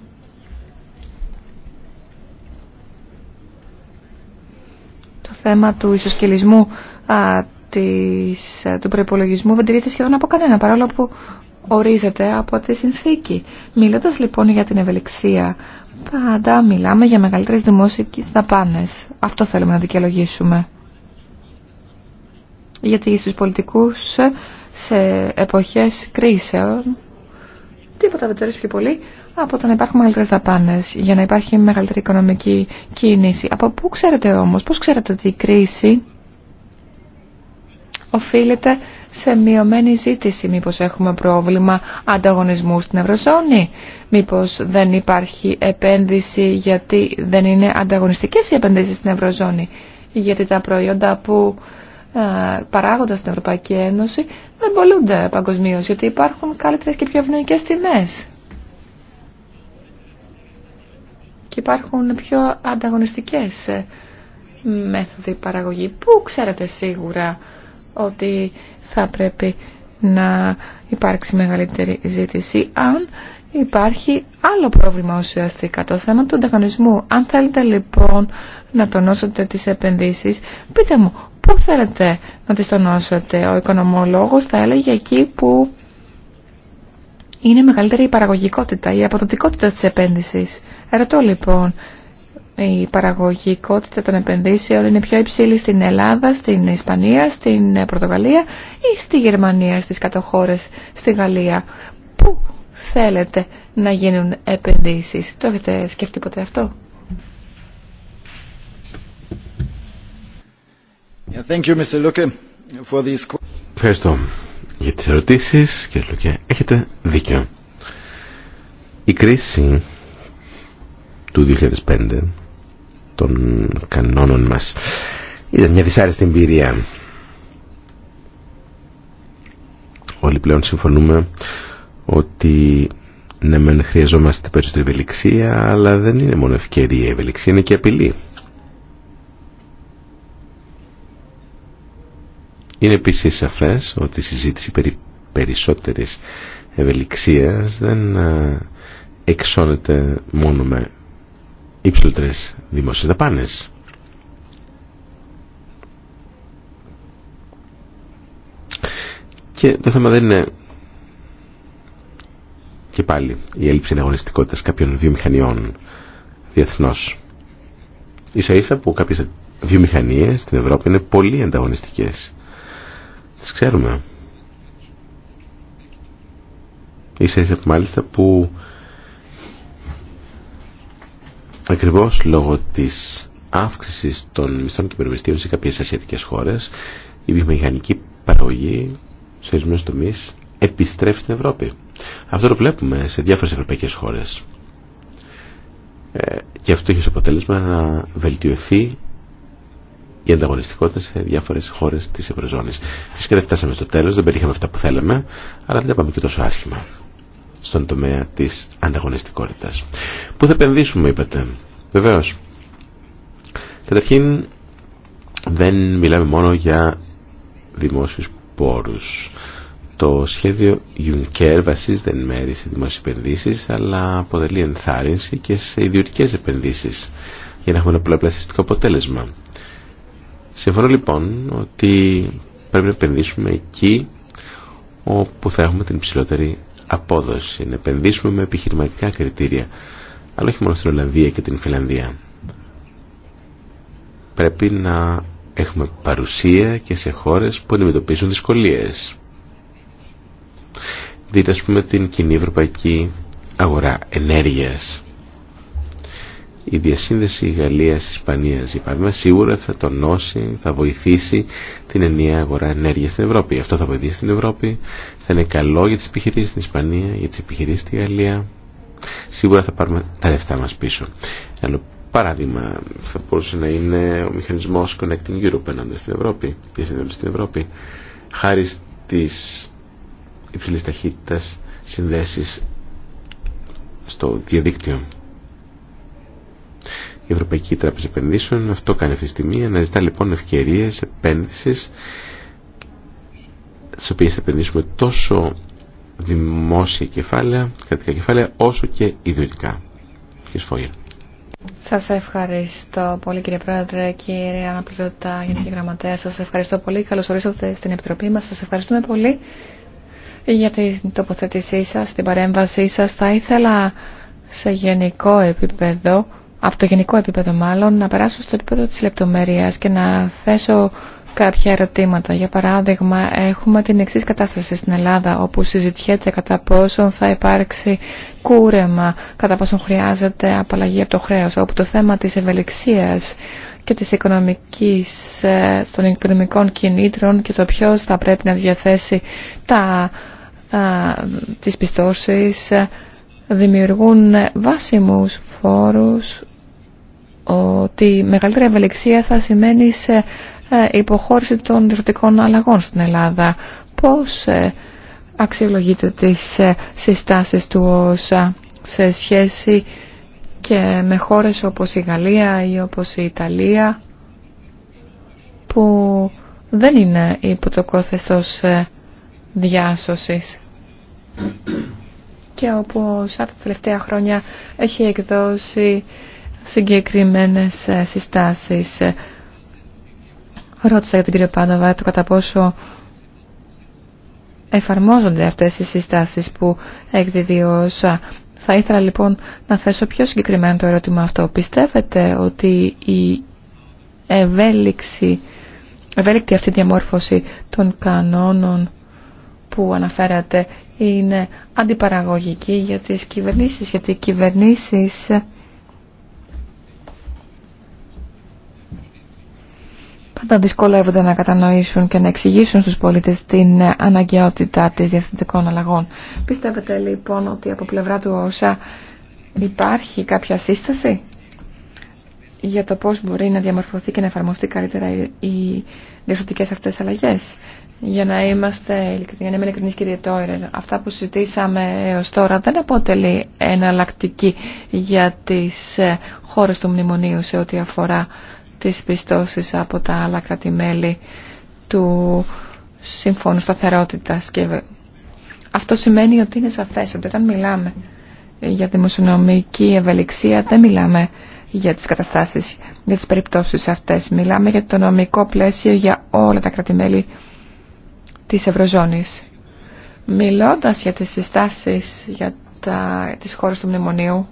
θέμα του ισοσκελισμού της, ε, του προπολογισμού δεν τηρείται σχεδόν από κανένα, παρόλο που ορίζεται από τη συνθήκη. Μιλώντας λοιπόν για την ευελιξία, πάντα μιλάμε για μεγαλύτερες δημόσιες δαπάνες. Αυτό θέλουμε να δικαιολογήσουμε. Γιατί στους πολιτικούς σε εποχές κρίσεων, τίποτα δεν το πιο πολύ από το να υπάρχουν μεγαλύτερε δαπάνε, για να υπάρχει μεγαλύτερη οικονομική κίνηση. Από πού ξέρετε όμως, πώς ξέρετε ότι η κρίση οφείλεται σε μειωμένη ζήτηση. Μήπως έχουμε πρόβλημα ανταγωνισμού στην Ευρωζώνη. Μήπως δεν υπάρχει επένδυση γιατί δεν είναι ανταγωνιστικές οι επενδύσεις στην Ευρωζώνη. Γιατί τα προϊόντα που ξερετε ομω πω ξερετε οτι η κριση οφειλεται σε μειωμενη ζητηση μηπως εχουμε προβλημα ανταγωνισμου στην Ευρωπαϊκή Ένωση δεν πολλούνται παγκοσμίω γιατι τα προιοντα που παραγονται υπάρχουν καλύτερε και πιο ευνοϊκέ τιμέ. υπάρχουν πιο ανταγωνιστικές ε, μέθοδοι παραγωγή. Πού ξέρετε σίγουρα ότι θα πρέπει να υπάρξει μεγαλύτερη ζήτηση αν υπάρχει άλλο πρόβλημα ουσιαστικά, το θέμα του ανταγωνισμού. Αν θέλετε λοιπόν να τονώσετε τις επενδύσεις, πείτε μου πού θέλετε να τις τονώσετε. Ο οικονομολόγος θα έλεγε εκεί που είναι μεγαλύτερη η παραγωγικότητα, η αποδοτικότητα της επένδυσης. Ρωτώ λοιπόν, η παραγωγικότητα των επενδύσεων είναι πιο υψηλή στην Ελλάδα, στην Ισπανία, στην Πορτογαλία ή στη Γερμανία, στις κατοχώρες, στη Γαλλία. Πού θέλετε να γίνουν επενδύσεις. Το έχετε σκεφτεί ποτέ αυτό. thank you, Mr. for Ευχαριστώ για τις ερωτήσεις, κύριε Λουκέ. Έχετε δίκιο. Η κρίση του 2005 των κανόνων μας. Ήταν μια δυσάρεστη εμπειρία. Όλοι πλέον συμφωνούμε ότι ναι μεν χρειαζόμαστε περισσότερη ευελιξία αλλά δεν είναι μόνο ευκαιρία η ευελιξία είναι και απειλή. Είναι επίσης σαφές ότι η συζήτηση περί περισσότερης ευελιξίας δεν ε, εξώνεται μόνο με υψηλότερες δημόσιες δαπάνες. Και το θέμα δεν είναι και πάλι η έλλειψη εναγωνιστικότητας κάποιων βιομηχανιών διεθνώς. Ίσα ίσα που κάποιες βιομηχανίες στην Ευρώπη είναι πολύ ανταγωνιστικές. Τις ξέρουμε. Ίσα ίσα μάλιστα που ακριβώς λόγω της αύξησης των μισθών και περιοριστήρων σε κάποιες ασιατικές χώρες η βιομηχανική παραγωγή σε ορισμένους τομείς επιστρέφει στην Ευρώπη. Αυτό το βλέπουμε σε διάφορες ευρωπαϊκές χώρες. Ε, και αυτό έχει ως αποτέλεσμα να βελτιωθεί η ανταγωνιστικότητα σε διάφορες χώρες της Ευρωζώνης. Φυσικά δεν φτάσαμε στο τέλος, δεν πετύχαμε αυτά που θέλαμε, αλλά δεν τα πάμε και τόσο άσχημα στον τομέα της ανταγωνιστικότητας. Πού θα επενδύσουμε, είπατε. Βεβαίω. Καταρχήν, δεν μιλάμε μόνο για δημόσιου πόρους. Το σχέδιο Juncker βασίζεται εν μέρη σε δημόσιε επενδύσει, αλλά αποτελεί ενθάρρυνση και σε ιδιωτικές επενδύσεις για να έχουμε ένα πολλαπλασιαστικό αποτέλεσμα. Συμφωνώ λοιπόν ότι πρέπει να επενδύσουμε εκεί όπου θα έχουμε την υψηλότερη απόδοση, να επενδύσουμε με επιχειρηματικά κριτήρια αλλά όχι μόνο στην Ολλανδία και την Φιλανδία. Πρέπει να έχουμε παρουσία και σε χώρες που αντιμετωπίζουν δυσκολίες. Δείτε ας πούμε την κοινή ευρωπαϊκή αγορά ενέργειας. Η διασύνδεση Γαλλίας-Ισπανίας είπαμε σίγουρα θα τονώσει, θα βοηθήσει την ενιαία αγορά ενέργειας στην Ευρώπη. Αυτό θα βοηθήσει την Ευρώπη, θα είναι καλό για τις επιχειρήσεις στην Ισπανία, για τις επιχειρήσεις στη Γαλλία σίγουρα θα πάρουμε τα λεφτά μας πίσω. Ένα παράδειγμα θα μπορούσε να είναι ο μηχανισμός Connecting Europe ενάντια στην Ευρώπη, διασύνδεση στην Ευρώπη, χάρη στις υψηλής ταχύτητας συνδέσεις στο διαδίκτυο. Η Ευρωπαϊκή Τράπεζα Επενδύσεων αυτό κάνει αυτή τη στιγμή, αναζητά λοιπόν ευκαιρίες επένδυσης στις οποίες θα επενδύσουμε τόσο δημόσια κεφάλαια, κρατικά κεφάλαια, όσο και ιδιωτικά. Κύριε Σας ευχαριστώ πολύ κύριε Πρόεδρε, κύριε Αναπληρωτά, Γενική Γραμματέα. Σας ευχαριστώ πολύ. Καλώς ορίσατε στην Επιτροπή μας. Σας ευχαριστούμε πολύ για την τοποθέτησή σας, την παρέμβασή σας. Θα ήθελα σε γενικό επίπεδο, από το γενικό επίπεδο μάλλον, να περάσω στο επίπεδο της λεπτομέρειας και να θέσω κάποια ερωτήματα. Για παράδειγμα, έχουμε την εξής κατάσταση στην Ελλάδα, όπου συζητιέται κατά πόσον θα υπάρξει κούρεμα, κατά πόσον χρειάζεται απαλλαγή από το χρέος, όπου το θέμα της ευελιξίας και της οικονομικής, ε, των οικονομικών κινήτρων και το ποιος θα πρέπει να διαθέσει τα, α, τις πιστώσεις, ε, δημιουργούν βάσιμους φόρους ότι μεγαλύτερη ευελιξία θα σημαίνει σε ε, υποχώρηση των διευθυντικών αλλαγών στην Ελλάδα. Πώς ε, αξιολογείται τις ε, συστάσεις του ΩΣΑ σε σχέση και με χώρες όπως η Γαλλία ή όπως η Ιταλία που δεν είναι υπό το κόθεστος διάσωσης και όπου ο τα τελευταία χρόνια έχει εκδώσει συγκεκριμένες συστάσεις Ρώτησα για την κυρία Πάντοβα το κατά πόσο εφαρμόζονται αυτές οι συστάσεις που εκδίδει ο Θα ήθελα λοιπόν να θέσω πιο συγκεκριμένο το ερώτημα αυτό. Πιστεύετε ότι η ευέλιξη, ευέλικτη αυτή διαμόρφωση των κανόνων που αναφέρατε είναι αντιπαραγωγική για τις κυβερνήσεις, γιατί οι κυβερνήσεις πάντα δυσκολεύονται να κατανοήσουν και να εξηγήσουν στους πολίτες την αναγκαιότητα της διευθυντικών αλλαγών. Πιστεύετε λοιπόν ότι από πλευρά του ΩΣΑ υπάρχει κάποια σύσταση για το πώς μπορεί να διαμορφωθεί και να εφαρμοστεί καλύτερα οι διευθυντικές αυτές αλλαγές. Για να είμαστε, για να είμαι κύριε αυτά που συζητήσαμε έως τώρα δεν αποτελεί εναλλακτική για τις ε, χώρες του μνημονίου σε ό,τι αφορά τις πιστώσεις από τα άλλα κρατημέλη του Συμφώνου σταθερότητα. Και αυτό σημαίνει ότι είναι σαφές ότι όταν μιλάμε για δημοσιονομική ευελιξία δεν μιλάμε για τις καταστάσεις, για τις περιπτώσεις αυτές. Μιλάμε για το νομικό πλαίσιο για όλα τα κρατημέλη της Ευρωζώνης. Μιλώντας για τις συστάσεις για τα, τις χώρες του Μνημονίου,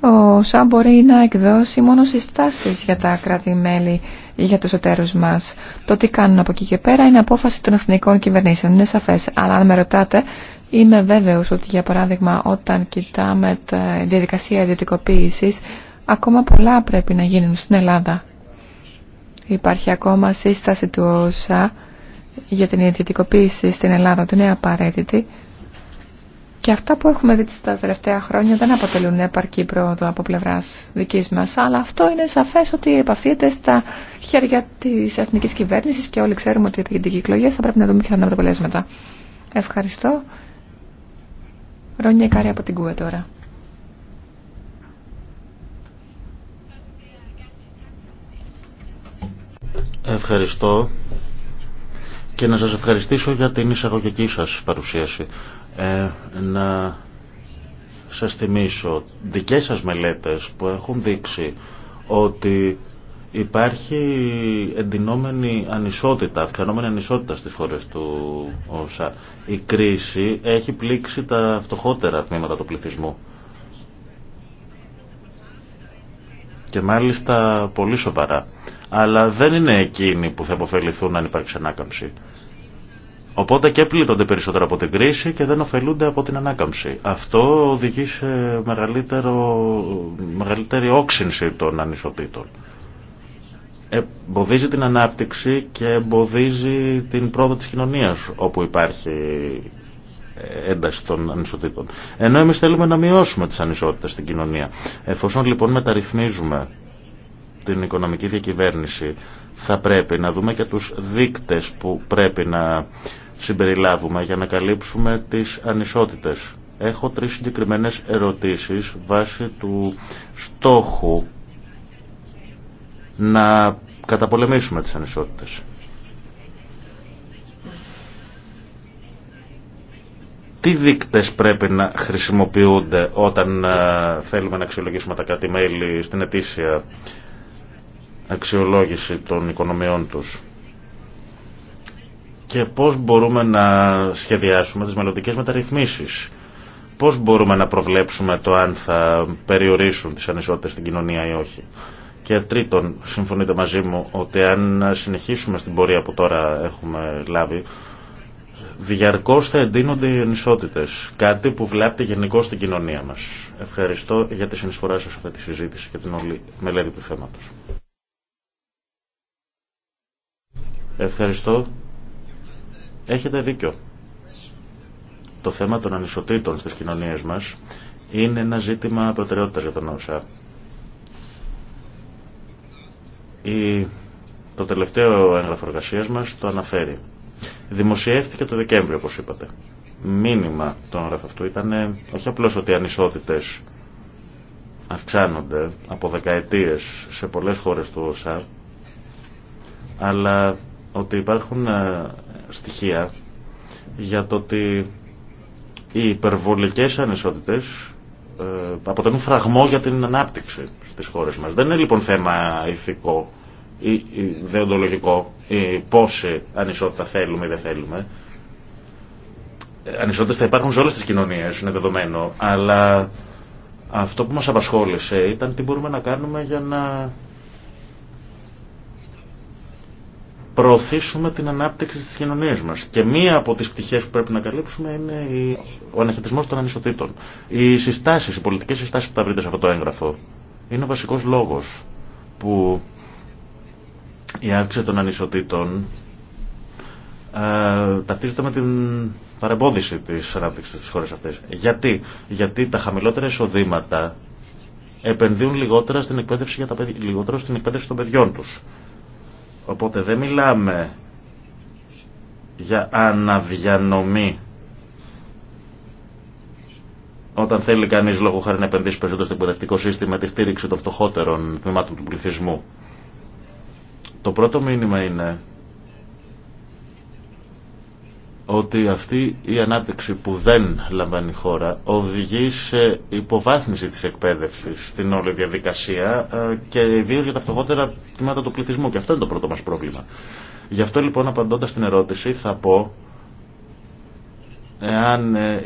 ο ΣΑ μπορεί να εκδώσει μόνο συστάσεις για τα κράτη-μέλη ή για τους εταίρους μας. Το τι κάνουν από εκεί και πέρα είναι απόφαση των εθνικών κυβερνήσεων, είναι σαφές. Αλλά αν με ρωτάτε, είμαι βέβαιος ότι για παράδειγμα όταν κοιτάμε τη διαδικασία ιδιωτικοποίηση, ακόμα πολλά πρέπει να γίνουν στην Ελλάδα. Υπάρχει ακόμα σύσταση του ΟΣΑ για την ιδιωτικοποίηση στην Ελλάδα, την είναι απαραίτητη και αυτά που έχουμε δει τα τελευταία χρόνια δεν αποτελούν επαρκή πρόοδο από πλευρά δική μα, αλλά αυτό είναι σαφέ ότι επαφείται στα χέρια τη εθνική κυβέρνηση και όλοι ξέρουμε ότι οι εκλογέ θα πρέπει να δούμε ποια θα είναι αποτελέσματα. Ευχαριστώ. Ρόνια Ικάρη από την ΚΟΕ τώρα. Ευχαριστώ και να σας ευχαριστήσω για την εισαγωγική σας παρουσίαση. Ε, να σας θυμίσω δικές σας μελέτες που έχουν δείξει ότι υπάρχει εντυνόμενη ανισότητα, αυξανόμενη ανισότητα στις χώρες του ΩΣΑ. Η κρίση έχει πλήξει τα φτωχότερα τμήματα του πληθυσμού. Και μάλιστα πολύ σοβαρά. Αλλά δεν είναι εκείνοι που θα αποφεληθούν αν υπάρξει ανάκαμψη. Οπότε και πλήττονται περισσότερο από την κρίση και δεν ωφελούνται από την ανάκαμψη. Αυτό οδηγεί σε μεγαλύτερη όξυνση των ανισοτήτων. Εμποδίζει την ανάπτυξη και εμποδίζει την πρόοδο της κοινωνίας όπου υπάρχει ένταση των ανισοτήτων. Ενώ εμείς θέλουμε να μειώσουμε τις ανισότητες στην κοινωνία. Εφόσον λοιπόν μεταρρυθμίζουμε την οικονομική διακυβέρνηση θα πρέπει να δούμε και τους δείκτες που πρέπει να συμπεριλάβουμε για να καλύψουμε τις ανισότητες. Έχω τρεις συγκεκριμένες ερωτήσεις βάσει του στόχου να καταπολεμήσουμε τις ανισότητες. Τι δείκτες πρέπει να χρησιμοποιούνται όταν ε, θέλουμε να αξιολογήσουμε τα κάτι μέλη στην ετήσια αξιολόγηση των οικονομιών τους και πώς μπορούμε να σχεδιάσουμε τις μελλοντικές μεταρρυθμίσεις. Πώς μπορούμε να προβλέψουμε το αν θα περιορίσουν τις ανισότητες στην κοινωνία ή όχι. Και τρίτον, συμφωνείτε μαζί μου ότι αν συνεχίσουμε στην πορεία που τώρα έχουμε λάβει, διαρκώς θα εντείνονται οι ανισότητες. Κάτι που βλάπτει γενικώ στην κοινωνία μας. Ευχαριστώ για τη συνεισφορά σας σε αυτή τη συζήτηση και την όλη μελέτη του θέματος. Ευχαριστώ. Έχετε δίκιο. Το θέμα των ανισοτήτων στις κοινωνίες μας είναι ένα ζήτημα προτεραιότητας για τον ΩΣΑ. Η... Το τελευταίο έγγραφο εργασία μας το αναφέρει. Δημοσιεύτηκε το Δεκέμβριο, όπως είπατε. Μήνυμα των έγγραφου αυτού ήταν ε, όχι απλώς ότι οι ανισότητες αυξάνονται από δεκαετίες σε πολλές χώρες του ΩΣΑ, αλλά ότι υπάρχουν ε, στοιχεία για το ότι οι υπερβολικές ανισότητες ε, αποτελούν φραγμό για την ανάπτυξη στις χώρες μας. Δεν είναι λοιπόν θέμα ηθικό ή δεοντολογικό ή πόση ανισότητα θέλουμε ή δεν θέλουμε. Ε, ανισότητες θα υπάρχουν σε όλες τις κοινωνίες, είναι δεδομένο, αλλά αυτό που μας απασχόλησε ήταν τι μπορούμε να κάνουμε για να προωθήσουμε την ανάπτυξη τη κοινωνία μας. Και μία από τις πτυχές που πρέπει να καλύψουμε είναι η... ο αναχαιτισμός των ανισοτήτων. Οι συστάσεις, οι πολιτικές συστάσεις που θα βρείτε σε αυτό το έγγραφο είναι ο βασικός λόγος που η αύξηση των ανισοτήτων ε, ταυτίζεται με την παρεμπόδιση της ανάπτυξης τη χώρα αυτές. Γιατί, Γιατί τα χαμηλότερα εισοδήματα επενδύουν λιγότερα στην εκπαίδευση, για τα, λιγότερο στην εκπαίδευση των παιδιών τους. Οπότε δεν μιλάμε για αναδιανομή όταν θέλει κανείς λόγω χάρη να επενδύσει περισσότερο στο εκπαιδευτικό σύστημα τη στήριξη των φτωχότερων τμήματων του πληθυσμού. Το πρώτο μήνυμα είναι ότι αυτή η ανάπτυξη που δεν λαμβάνει η χώρα οδηγεί σε υποβάθμιση της εκπαίδευσης στην όλη διαδικασία ε, και ιδίω για τα φτωχότερα τμήματα του πληθυσμού και αυτό είναι το πρώτο μας πρόβλημα. Γι' αυτό λοιπόν απαντώντας την ερώτηση θα πω εάν, ε,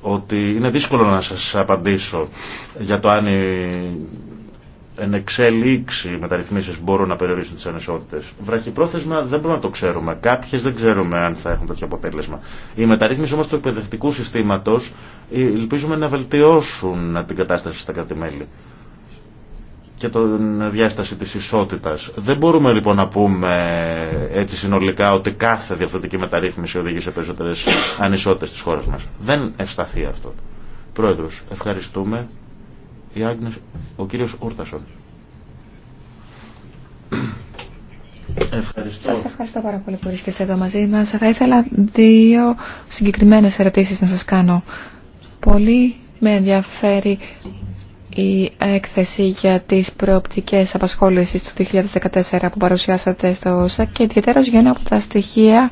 ότι είναι δύσκολο να σας απαντήσω για το αν η εν εξέλιξη μεταρρυθμίσει μπορούν να περιορίσουν τι ανισότητε. Βραχυπρόθεσμα δεν μπορούμε να το ξέρουμε. Κάποιε δεν ξέρουμε αν θα έχουν τέτοιο αποτέλεσμα. Η μεταρρύθμιση όμω του εκπαιδευτικού συστήματο ε, ελπίζουμε να βελτιώσουν την κατάσταση στα κρατη και την διάσταση της ισότητας. Δεν μπορούμε λοιπόν να πούμε έτσι συνολικά ότι κάθε διαφορετική μεταρρύθμιση οδηγεί σε περισσότερες ανισότητες της χώρας μας. Δεν ευσταθεί αυτό. Πρόεδρος, ευχαριστούμε η ο κύριος Ούρτασον. Ευχαριστώ. Σας ευχαριστώ πάρα πολύ που βρίσκεστε εδώ μαζί μας. Θα ήθελα δύο συγκεκριμένες ερωτήσεις να σας κάνω. Πολύ με ενδιαφέρει η έκθεση για τις προοπτικές απασχόλησης του 2014 που παρουσιάσατε στο ΩΣΑ και ιδιαίτερα για ένα από τα στοιχεία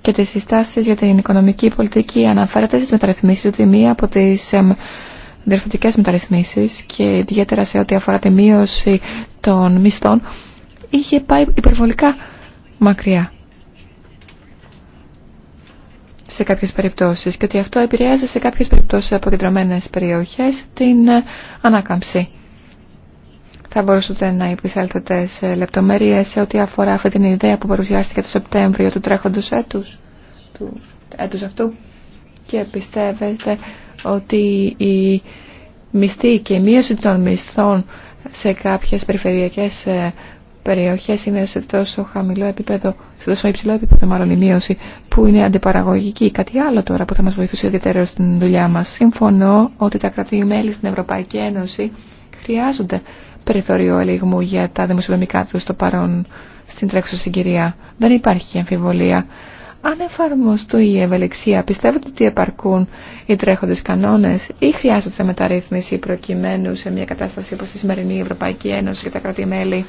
και τις συστάσεις για την οικονομική πολιτική αναφέρατε στις μεταρρυθμίσεις ότι μία από τις διορθωτικές μεταρρυθμίσεις και ιδιαίτερα σε ό,τι αφορά τη μείωση των μισθών είχε πάει υπερβολικά μακριά σε κάποιες περιπτώσεις και ότι αυτό επηρεάζει σε κάποιες περιπτώσεις κεντρωμένες περιοχές την ε, ανάκαμψη. Θα μπορούσατε να υπησέλθετε σε λεπτομέρειες σε ό,τι αφορά αυτή την ιδέα που παρουσιάστηκε το Σεπτέμβριο του τρέχοντος έτους, έτους αυτού και πιστεύετε ότι η μισθή και η μείωση των μισθών σε κάποιες περιφερειακές ε, περιοχές είναι σε τόσο χαμηλό επίπεδο, σε τόσο υψηλό επίπεδο μάλλον η μείωση που είναι αντιπαραγωγική. Κάτι άλλο τώρα που θα μας βοηθούσε ιδιαίτερα στην δουλειά μας. Συμφωνώ ότι τα κρατή-μέλη στην Ευρωπαϊκή Ένωση χρειάζονται περιθώριο ελιγμού για τα δημοσιονομικά του στο παρόν στην τρέξουσα συγκυρία. Δεν υπάρχει αμφιβολία. Αν εφαρμοστού η ευελιξία, πιστεύετε ότι επαρκούν οι τρέχοντες κανόνες ή χρειάζεται μεταρρύθμιση προκειμένου σε μια κατάσταση όπως η σημερινή Ευρωπαϊκή Ένωση και τα κράτη-μέλη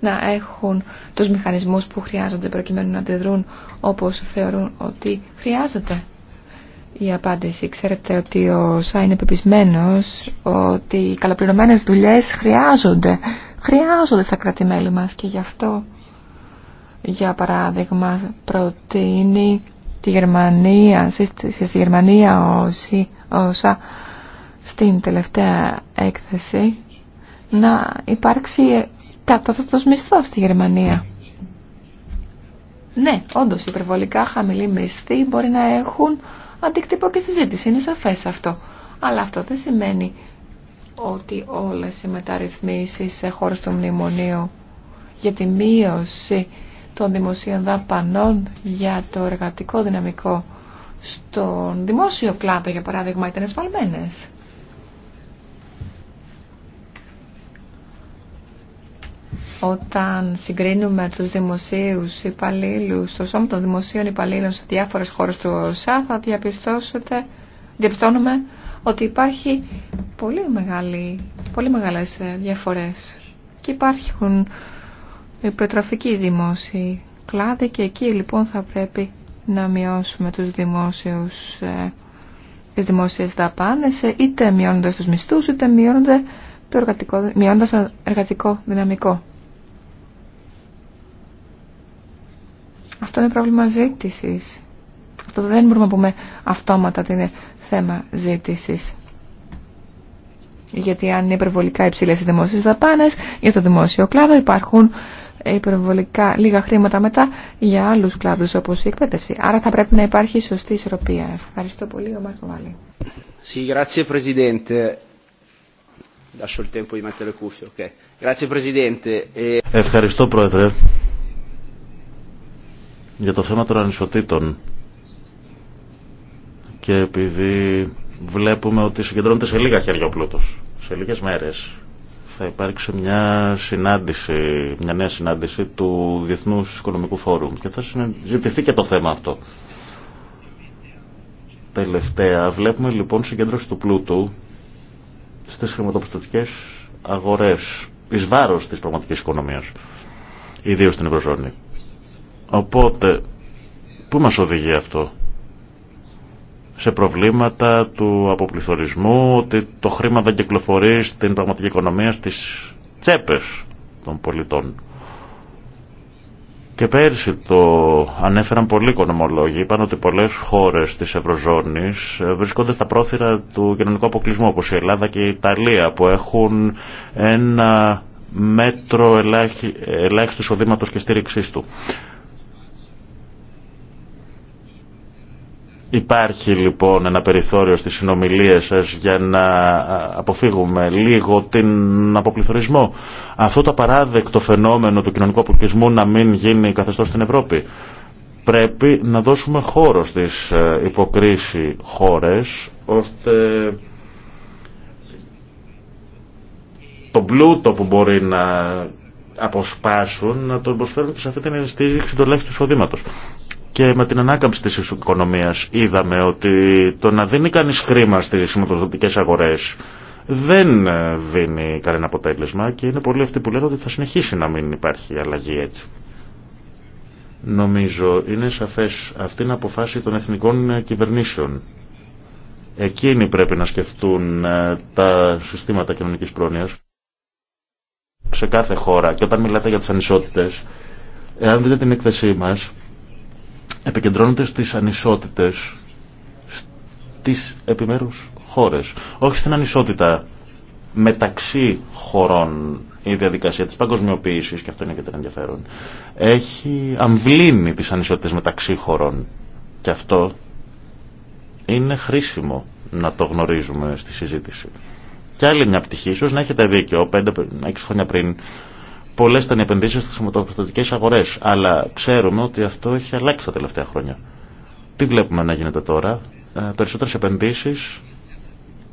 να έχουν τους μηχανισμούς που χρειάζονται προκειμένου να αντιδρούν όπως θεωρούν ότι χρειάζεται. Η απάντηση. Ξέρετε ότι ο Σά είναι πεπισμένος ότι οι καλοπληρωμένες δουλειές χρειάζονται. Χρειάζονται στα κράτη-μέλη μας και γι' αυτό για παράδειγμα, προτείνει τη Γερμανία, στη Γερμανία όσοι, όσα στην τελευταία έκθεση να υπάρξει κατώτατος μισθός στη Γερμανία. Ναι, όντως υπερβολικά χαμηλοί μισθή μπορεί να έχουν αντίκτυπο και στη ζήτηση. Είναι σαφές αυτό. Αλλά αυτό δεν σημαίνει ότι όλες οι μεταρρυθμίσεις σε χώρες του μνημονίου για τη μείωση των δημοσίων δαπανών για το εργατικό δυναμικό στον δημόσιο κλάδο, για παράδειγμα, ήταν εσφαλμένες. Όταν συγκρίνουμε τους δημοσίους υπαλλήλου, το σώμα των δημοσίων υπαλλήλων σε διάφορες χώρες του ΩΣΑ, θα διαπιστώσετε, διαπιστώνουμε ότι υπάρχει πολύ, μεγάλη, πολύ μεγάλες ε, διαφορές και υπάρχουν υπερτροφική δημόσιοι κλάδη και εκεί λοιπόν θα πρέπει να μειώσουμε τους δημόσιους, ε, τις δημόσιες δαπάνες ε, είτε μειώνοντας τους μισθούς είτε μειώνοντας το εργατικό, μειώνοντας το εργατικό δυναμικό. Αυτό είναι πρόβλημα ζήτησης. Αυτό δεν μπορούμε να πούμε αυτόματα ότι είναι θέμα ζήτησης. Γιατί αν είναι υπερβολικά υψηλές οι δημόσιες δαπάνες για το δημόσιο κλάδο υπάρχουν υπερβολικά λίγα χρήματα μετά για άλλους κλάδους όπως η εκπαίδευση. Άρα θα πρέπει να υπάρχει σωστή ισορροπία. Ευχαριστώ πολύ ο Μάρκο Βάλλη. Ευχαριστώ Πρόεδρε για το θέμα των ανισοτήτων και επειδή βλέπουμε ότι συγκεντρώνεται σε λίγα χέρια ο πλούτος, σε λίγες μέρες θα υπάρξει μια συνάντηση, μια νέα συνάντηση του Διεθνούς Οικονομικού Φόρουμ και θα συζητηθεί και το θέμα αυτό. Τελευταία, βλέπουμε λοιπόν συγκέντρωση του πλούτου στις χρηματοπιστωτικές αγορές, εις βάρος της πραγματικής οικονομίας, ιδίως στην Ευρωζώνη. Οπότε, πού μας οδηγεί αυτό σε προβλήματα του αποπληθωρισμού, ότι το χρήμα δεν κυκλοφορεί στην πραγματική οικονομία, στις τσέπες των πολιτών. Και πέρσι το ανέφεραν πολλοί οικονομολόγοι, είπαν ότι πολλές χώρες της Ευρωζώνης ε, βρισκόνται στα πρόθυρα του κοινωνικού αποκλεισμού, όπως η Ελλάδα και η Ιταλία, που έχουν ένα μέτρο ελάχι, ελάχιστου εισοδήματο και στήριξής του. Υπάρχει λοιπόν ένα περιθώριο στις συνομιλίες σας για να αποφύγουμε λίγο την αποπληθωρισμό. Αυτό το παράδεκτο φαινόμενο του κοινωνικού αποκλεισμού να μην γίνει καθεστώς στην Ευρώπη. Πρέπει να δώσουμε χώρο στις ε, υποκρίσεις χώρες ώστε το πλούτο που μπορεί να αποσπάσουν να τον προσφέρουν σε αυτή την στήριξη του του εισοδήματος και με την ανάκαμψη της οικονομίας είδαμε ότι το να δίνει κανείς χρήμα στις χρηματοδοτικές αγορές δεν ε, δίνει κανένα αποτέλεσμα και είναι πολλοί αυτοί που λένε ότι θα συνεχίσει να μην υπάρχει αλλαγή έτσι. Νομίζω είναι σαφές αυτή την αποφάση των εθνικών ε, κυβερνήσεων. Εκείνοι πρέπει να σκεφτούν ε, τα συστήματα κοινωνικής πρόνοιας σε κάθε χώρα και όταν μιλάτε για τις ανισότητες, εάν δείτε την έκθεσή μας, Επικεντρώνονται στις ανισότητες στις επιμέρους χώρες. Όχι στην ανισότητα μεταξύ χωρών η διαδικασία της παγκοσμιοποίησης, και αυτό είναι και το ενδιαφέρον, έχει αμβλύνει τις ανισότητες μεταξύ χωρών. Και αυτό είναι χρήσιμο να το γνωρίζουμε στη συζήτηση. Και άλλη μια πτυχή, ίσως να έχετε δίκιο, 5-6 χρόνια πριν, Πολλέ ήταν οι επενδύσει στι χρηματοπιστωτικέ αγορέ, αλλά ξέρουμε ότι αυτό έχει αλλάξει τα τελευταία χρόνια. Τι βλέπουμε να γίνεται τώρα, ε, περισσότερε επενδύσει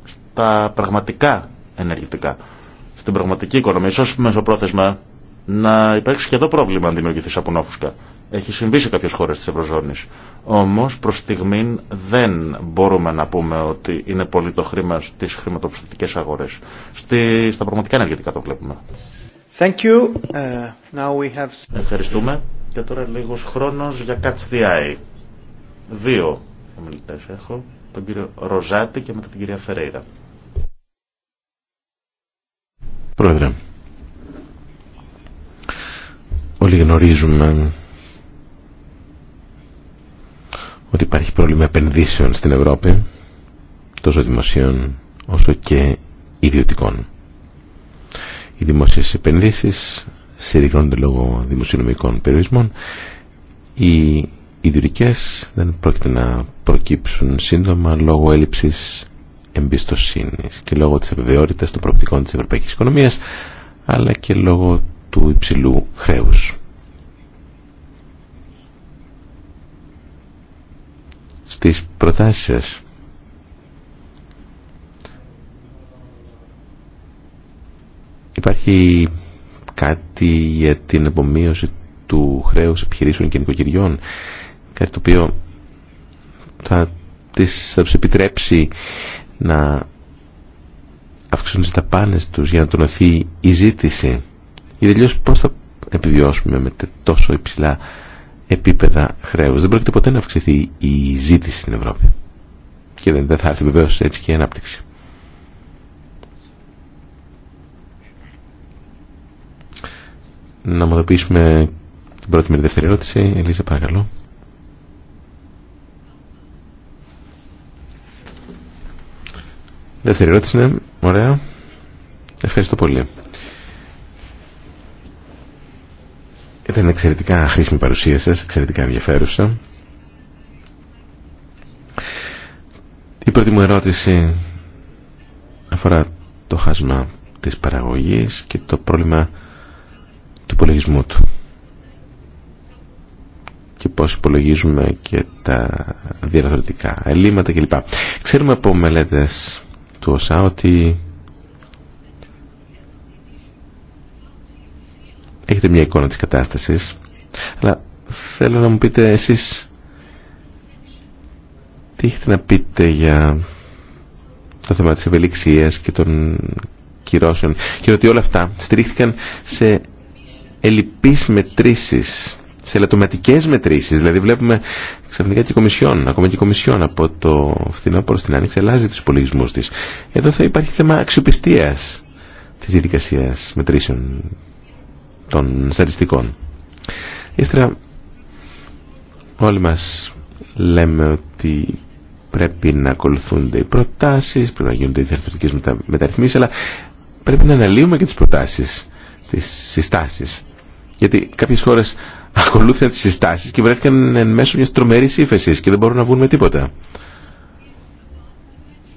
στα πραγματικά ενεργητικά, στην πραγματική οικονομία. σω μεσοπρόθεσμα να υπάρξει και εδώ πρόβλημα αν δημιουργηθεί σαπουνόφουσκα. Έχει συμβεί σε κάποιε χώρε τη Ευρωζώνη. Όμω προ στιγμή δεν μπορούμε να πούμε ότι είναι πολύ το χρήμα στι χρηματοπιστωτικέ αγορέ. Στα πραγματικά ενεργητικά το βλέπουμε. Uh, Ευχαριστούμε. Και τώρα λίγος χρόνος για Catch the Eye. Δύο ομιλητές έχω. Τον κύριο Ροζάτη και μετά την κυρία Φερέιρα. Πρόεδρε, όλοι γνωρίζουμε ότι υπάρχει πρόβλημα επενδύσεων στην Ευρώπη, τόσο δημοσίων όσο και ιδιωτικών. Οι δημόσιες επενδύσεις συρρυκνώνονται λόγω δημοσιονομικών περιορισμών. Οι ιδιωτικές δεν πρόκειται να προκύψουν σύντομα λόγω έλλειψης εμπιστοσύνης και λόγω της αβεβαιότητα των προοπτικών της ευρωπαϊκής οικονομίας αλλά και λόγω του υψηλού χρέους. Στις προτάσεις Υπάρχει κάτι για την απομείωση του χρέους επιχειρήσεων και νοικοκυριών, κάτι το οποίο θα, τις, θα τους επιτρέψει να αυξήσουν τις ταπάνες τους για να τονωθεί η ζήτηση. Ή τελειώς πώς θα επιβιώσουμε με τόσο υψηλά επίπεδα χρέους. Δεν πρόκειται ποτέ να αυξηθεί η ζήτηση στην Ευρώπη. Και δεν, δεν θα έρθει βεβαίως έτσι και η ανάπτυξη. Να ομοδοποιήσουμε την πρώτη με τη δεύτερη ερώτηση. Ελίζα, παρακαλώ. Δεύτερη ερώτηση, ναι. Ωραία. Ευχαριστώ πολύ. Ήταν εξαιρετικά χρήσιμη παρουσία σας, εξαιρετικά ενδιαφέρουσα. Η πρώτη μου ερώτηση αφορά το χάσμα της παραγωγής και το πρόβλημα του υπολογισμού του και πώς υπολογίζουμε και τα διαρθρωτικά ελλείμματα κλπ. Ξέρουμε από μελέτες του ΩΣΑ ότι έχετε μια εικόνα της κατάστασης αλλά θέλω να μου πείτε εσείς τι έχετε να πείτε για το θέμα της ευελιξίας και των κυρώσεων και ότι όλα αυτά στηρίχθηκαν σε ελλειπείς μετρήσεις, σε ελαττωματικές μετρήσεις. Δηλαδή βλέπουμε ξαφνικά και η Κομισιόν, ακόμα και Κομισιόν από το προς στην Άνοιξη αλλάζει τους υπολογισμούς της. Εδώ θα υπάρχει θέμα αξιοπιστίας της διαδικασίας μετρήσεων των στατιστικών. Ύστερα όλοι μας λέμε ότι πρέπει να ακολουθούνται οι προτάσεις, πρέπει να γίνονται οι διαρθρωτικές μεταρρυθμίσεις, αλλά πρέπει να αναλύουμε και τις προτάσεις τις συστάσεις. Γιατί κάποιες χώρες ακολούθησαν τις συστάσεις και βρέθηκαν εν μέσω μιας τρομερής ύφεσης και δεν μπορούν να βγουν με τίποτα.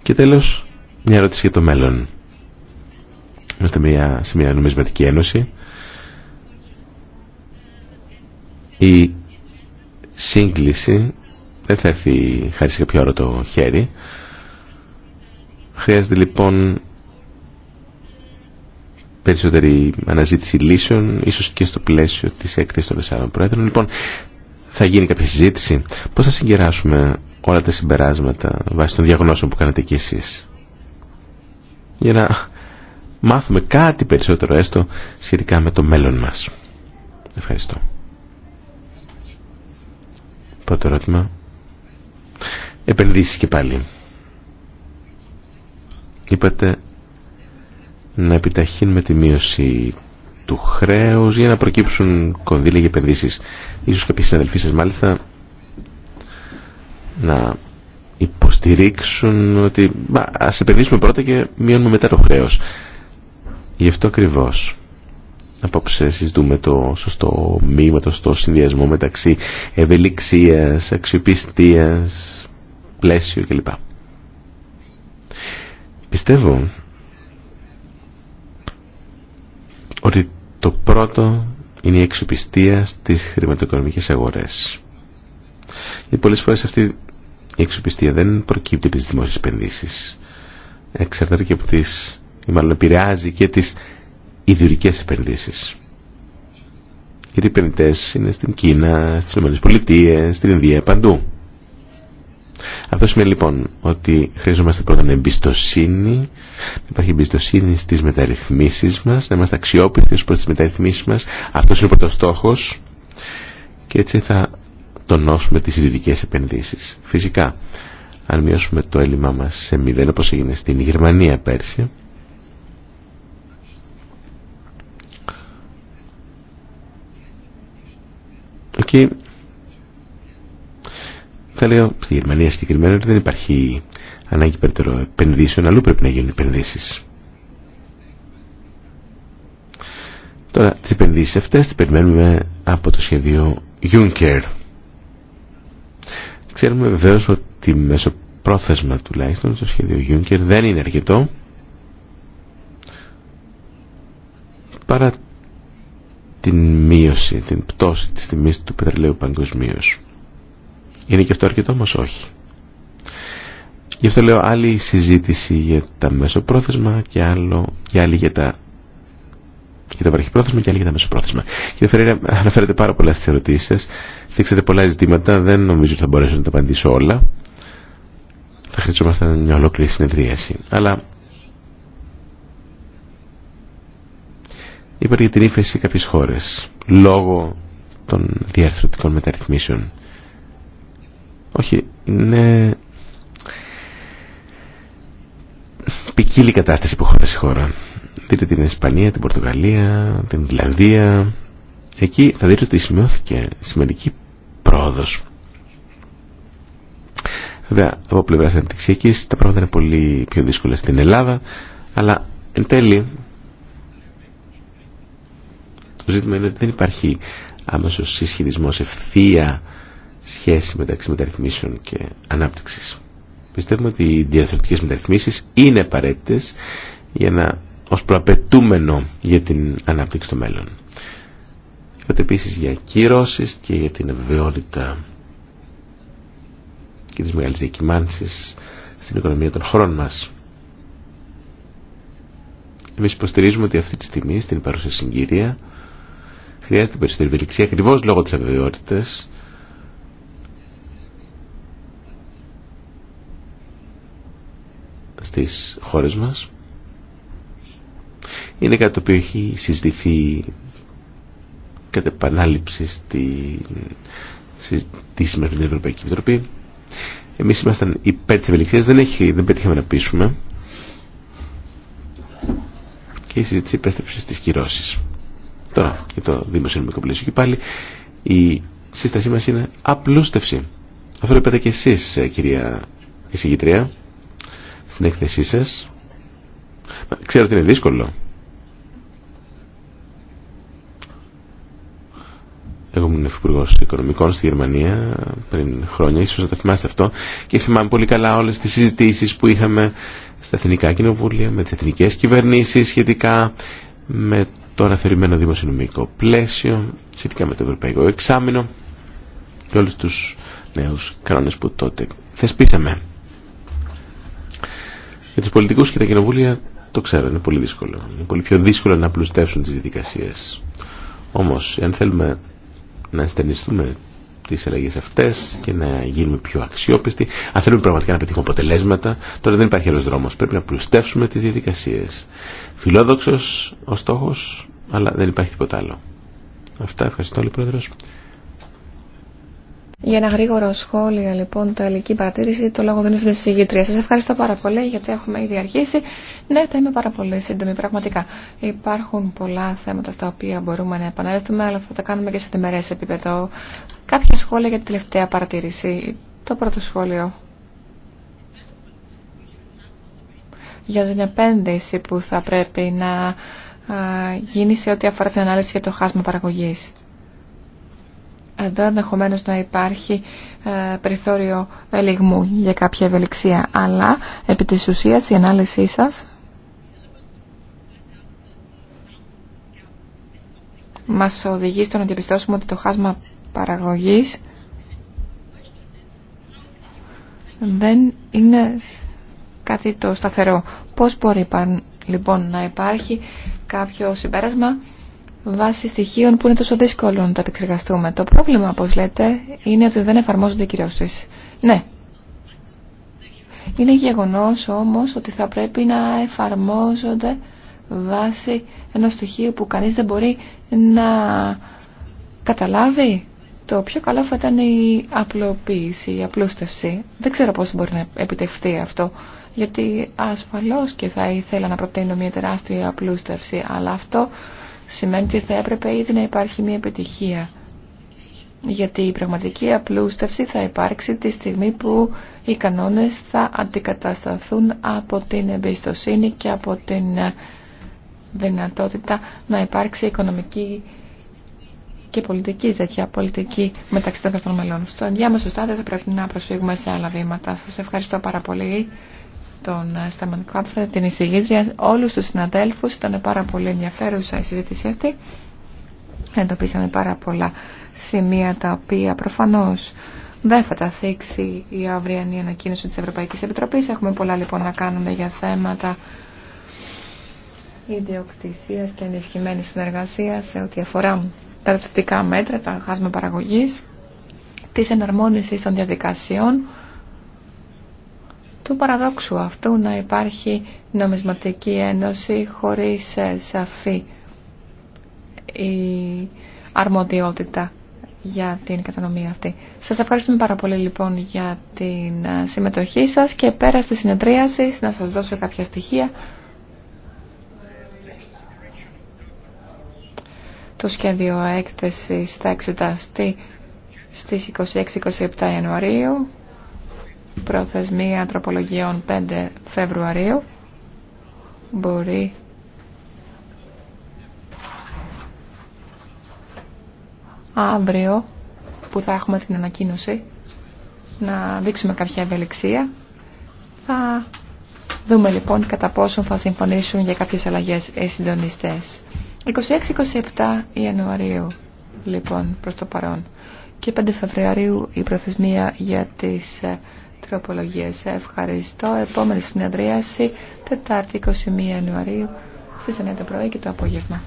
Και τέλος, μια ερώτηση για το μέλλον. Είμαστε μια, σε μια νομισματική ένωση. Η σύγκληση δεν θα έρθει χάρη σε κάποιο το χέρι. Χρειάζεται λοιπόν περισσότερη αναζήτηση λύσεων, ίσως και στο πλαίσιο της έκθεσης των τεσσάρων πρόεδρων. Λοιπόν, θα γίνει κάποια συζήτηση. Πώς θα συγκεράσουμε όλα τα συμπεράσματα βάσει των διαγνώσεων που κάνετε κι εσείς. Για να μάθουμε κάτι περισσότερο έστω σχετικά με το μέλλον μας. Ευχαριστώ. Πρώτο ερώτημα. Επενδύσεις και πάλι. Είπατε να επιταχύνουμε τη μείωση του χρέους για να προκύψουν κονδύλια και επενδύσεις. Ίσως κάποιοι συναδελφοί σας μάλιστα να υποστηρίξουν ότι α ας επενδύσουμε πρώτα και μειώνουμε μετά το χρέος. Γι' αυτό ακριβώ. Απόψε συζητούμε το σωστό μήμα, το σωστό συνδυασμό μεταξύ ευελιξίας, αξιοπιστίας, πλαίσιο κλπ. Πιστεύω ότι το πρώτο είναι η εξουπιστία στις χρηματοοικονομικές αγορές. Γιατί πολλές φορές αυτή η εξοπιστία δεν προκύπτει από τις δημόσιες επενδύσεις. Εξαρτάται και από τις, ή μάλλον επηρεάζει και τις ιδιωτικές επενδύσεις. Γιατί οι επενδυτές είναι στην Κίνα, στις ΗΠΑ, στην Ινδία, παντού. Αυτό σημαίνει λοιπόν ότι χρειαζόμαστε πρώτα εμπιστοσύνη, να υπάρχει εμπιστοσύνη στις μεταρρυθμίσεις μας, να είμαστε αξιόπιστοι ω προς τις μεταρρυθμίσεις μας. Αυτός είναι ο πρώτος στόχος και έτσι θα τονώσουμε τις ιδιωτικές επενδύσεις. Φυσικά, αν μειώσουμε το έλλειμμα μας σε μηδέν όπω έγινε στην Γερμανία πέρσι, θα λέω στη Γερμανία συγκεκριμένα ότι δεν υπάρχει ανάγκη περαιτέρω επενδύσεων, αλλού πρέπει να γίνουν επενδύσει. Τώρα, τι επενδύσει αυτέ τι περιμένουμε από το σχέδιο Juncker. Ξέρουμε βεβαίω ότι μέσω πρόθεσμα τουλάχιστον το σχέδιο Juncker δεν είναι αρκετό παρά την μείωση, την πτώση της τιμής του πετρελαίου παγκοσμίως. Είναι και αυτό αρκετό όμως όχι. Γι' αυτό λέω άλλη συζήτηση για τα μεσοπρόθεσμα και, άλλο, και άλλη για τα, για τα βραχυπρόθεσμα και άλλη για τα μεσοπρόθεσμα. Κύριε Φεραίρα, αναφέρετε πάρα πολλά στις ερωτήσεις σας. Θίξατε πολλά ζητήματα, δεν νομίζω ότι θα μπορέσω να τα απαντήσω όλα. Θα χρειαζόμαστε μια ολόκληρη συνεδρίαση. Αλλά είπατε για την ύφεση σε κάποιες χώρες λόγω των διαρθρωτικών μεταρρυθμίσεων. Όχι, είναι ποικίλη κατάσταση που χώρα σε χώρα. Δείτε την Ισπανία, την Πορτογαλία, την Ιρλανδία. Εκεί θα δείτε ότι σημειώθηκε σημαντική πρόοδος. Βέβαια, από πλευρά αναπτυξιακή τα πράγματα είναι πολύ πιο δύσκολα στην Ελλάδα, αλλά εν τέλει το ζήτημα είναι ότι δεν υπάρχει άμεσο συσχετισμό ευθεία σχέση μεταξύ μεταρρυθμίσεων και ανάπτυξης. Πιστεύουμε ότι οι διαθροτικές μεταρρυθμίσεις είναι απαραίτητε για να, ως προαπαιτούμενο για την ανάπτυξη στο μέλλον. Είπατε επίσης για κυρώσεις και για την βεβαιότητα και τις μεγάλες διακυμάνσει στην οικονομία των χωρών μας. Εμείς υποστηρίζουμε ότι αυτή τη στιγμή στην παρούσα συγκύρια χρειάζεται περισσότερη ευελιξία ακριβώ λόγω της αβεβαιότητας στις χώρες μας. Είναι κάτι το οποίο έχει συζητηθεί κατά επανάληψη στη στη, Ευρωπαϊκή Επιτροπή. Εμείς ήμασταν υπέρ της ευελιξίας, δεν, έχει, δεν πέτυχαμε να πείσουμε. Και η συζήτηση υπέστρεψε στις κυρώσεις. Τώρα, για το δημοσιονομικό πλαίσιο και πάλι, η σύστασή μας είναι απλούστευση. Αυτό το είπατε και εσείς, ε, κυρία εισηγητρία στην έκθεσή σας. Ξέρω ότι είναι δύσκολο. Εγώ ήμουν Υφυπουργό Οικονομικών στη Γερμανία πριν χρόνια, ίσως να το θυμάστε αυτό, και θυμάμαι πολύ καλά όλε τι συζητήσει που είχαμε στα εθνικά κοινοβούλια, με τι εθνικέ κυβερνήσει σχετικά με το αναθεωρημένο δημοσιονομικό πλαίσιο, σχετικά με το ευρωπαϊκό εξάμεινο και όλου του νέου κανόνε που τότε θεσπίσαμε. Για του πολιτικούς και τα κοινοβούλια το ξέρω, είναι πολύ δύσκολο. Είναι πολύ πιο δύσκολο να πλουστεύσουν τις διαδικασίε. Όμω, αν θέλουμε να ενστερνιστούμε τις αλλαγέ αυτές και να γίνουμε πιο αξιόπιστοι, αν θέλουμε πραγματικά να πετύχουμε αποτελέσματα, τώρα δεν υπάρχει άλλο δρόμος. Πρέπει να πλουστεύσουμε τι διαδικασίε. Φιλόδοξο ο στόχο, αλλά δεν υπάρχει τίποτα άλλο. Αυτά, ευχαριστώ όλοι πρόεδρο. Για ένα γρήγορο σχόλιο, λοιπόν, τελική παρατήρηση, το λόγο δεν είναι στην εισηγήτρια. Σα ευχαριστώ πάρα πολύ γιατί έχουμε ήδη αρχίσει. Ναι, θα είμαι πάρα πολύ σύντομη, πραγματικά. Υπάρχουν πολλά θέματα στα οποία μπορούμε να επανέλθουμε, αλλά θα τα κάνουμε και σε τεμερέ επίπεδο. Κάποια σχόλια για την τελευταία παρατήρηση. Το πρώτο σχόλιο. Για την επένδυση που θα πρέπει να γίνει σε ό,τι αφορά την ανάλυση για το χάσμα παραγωγής. Εδώ ενδεχομένω να υπάρχει ε, περιθώριο ελιγμού για κάποια ευελιξία. Αλλά επί της ουσίας η ανάλυση σας μας οδηγεί στο να διαπιστώσουμε ότι το χάσμα παραγωγής δεν είναι κάτι το σταθερό. Πώς μπορεί λοιπόν να υπάρχει κάποιο συμπέρασμα βάσει στοιχείων που είναι τόσο δύσκολο να τα επεξεργαστούμε. Το πρόβλημα, όπως λέτε, είναι ότι δεν εφαρμόζονται οι κυρώσεις. Ναι. Είναι γεγονός όμως ότι θα πρέπει να εφαρμόζονται βάσει ενός στοιχείου που κανείς δεν μπορεί να καταλάβει. Το πιο καλό θα ήταν η απλοποίηση, η απλούστευση. Δεν ξέρω πώς μπορεί να επιτευχθεί αυτό, γιατί ασφαλώς και θα ήθελα να προτείνω μια τεράστια απλούστευση, αλλά αυτό Σημαίνει ότι θα έπρεπε ήδη να υπάρχει μια επιτυχία. Γιατί η πραγματική απλούστευση θα υπάρξει τη στιγμή που οι κανόνες θα αντικατασταθούν από την εμπιστοσύνη και από την δυνατότητα να υπάρξει οικονομική και πολιτική τέτοια πολιτική μεταξύ των κρατών μελών. Στο ενδιάμεσο στάδιο θα πρέπει να προσφύγουμε σε άλλα βήματα. Σας ευχαριστώ πάρα πολύ τον ε, Σταμαν Κάμφρα, την εισηγήτρια, όλους τους συναδέλφους. Ήταν πάρα πολύ ενδιαφέρουσα η συζήτηση αυτή. Εντοπίσαμε πάρα πολλά σημεία τα οποία προφανώς δεν θα τα θίξει η αυριανή ανακοίνωση της Ευρωπαϊκής Επιτροπής. Έχουμε πολλά λοιπόν να κάνουμε για θέματα ιδιοκτησίας και ενισχυμένη συνεργασία σε ό,τι αφορά τα μέτρα, τα χάσμα παραγωγής, της εναρμόνισης των διαδικασιών του παραδόξου αυτού να υπάρχει νομισματική ένωση χωρίς ε, σαφή ε, η αρμοδιότητα για την κατανομή αυτή. Σας ευχαριστούμε πάρα πολύ λοιπόν για την ε, συμμετοχή σας και πέρα στη συνεδρίαση να σας δώσω κάποια στοιχεία. Το σχέδιο έκθεσης θα εξεταστεί στις 26-27 Ιανουαρίου. Προθεσμία τροπολογιών 5 Φεβρουαρίου. Μπορεί αύριο που θα έχουμε την ανακοίνωση να δείξουμε κάποια ευελιξία. Θα δούμε λοιπόν κατά πόσο θα συμφωνήσουν για κάποιες αλλαγές οι συντονιστές. 26-27 Ιανουαρίου λοιπόν προς το παρόν και 5 Φεβρουαρίου η προθεσμία για τις ε, Ευχαριστώ. Επόμενη συνεδρίαση, Τετάρτη 21 Ιανουαρίου, στις 9 το πρωί και το απόγευμα.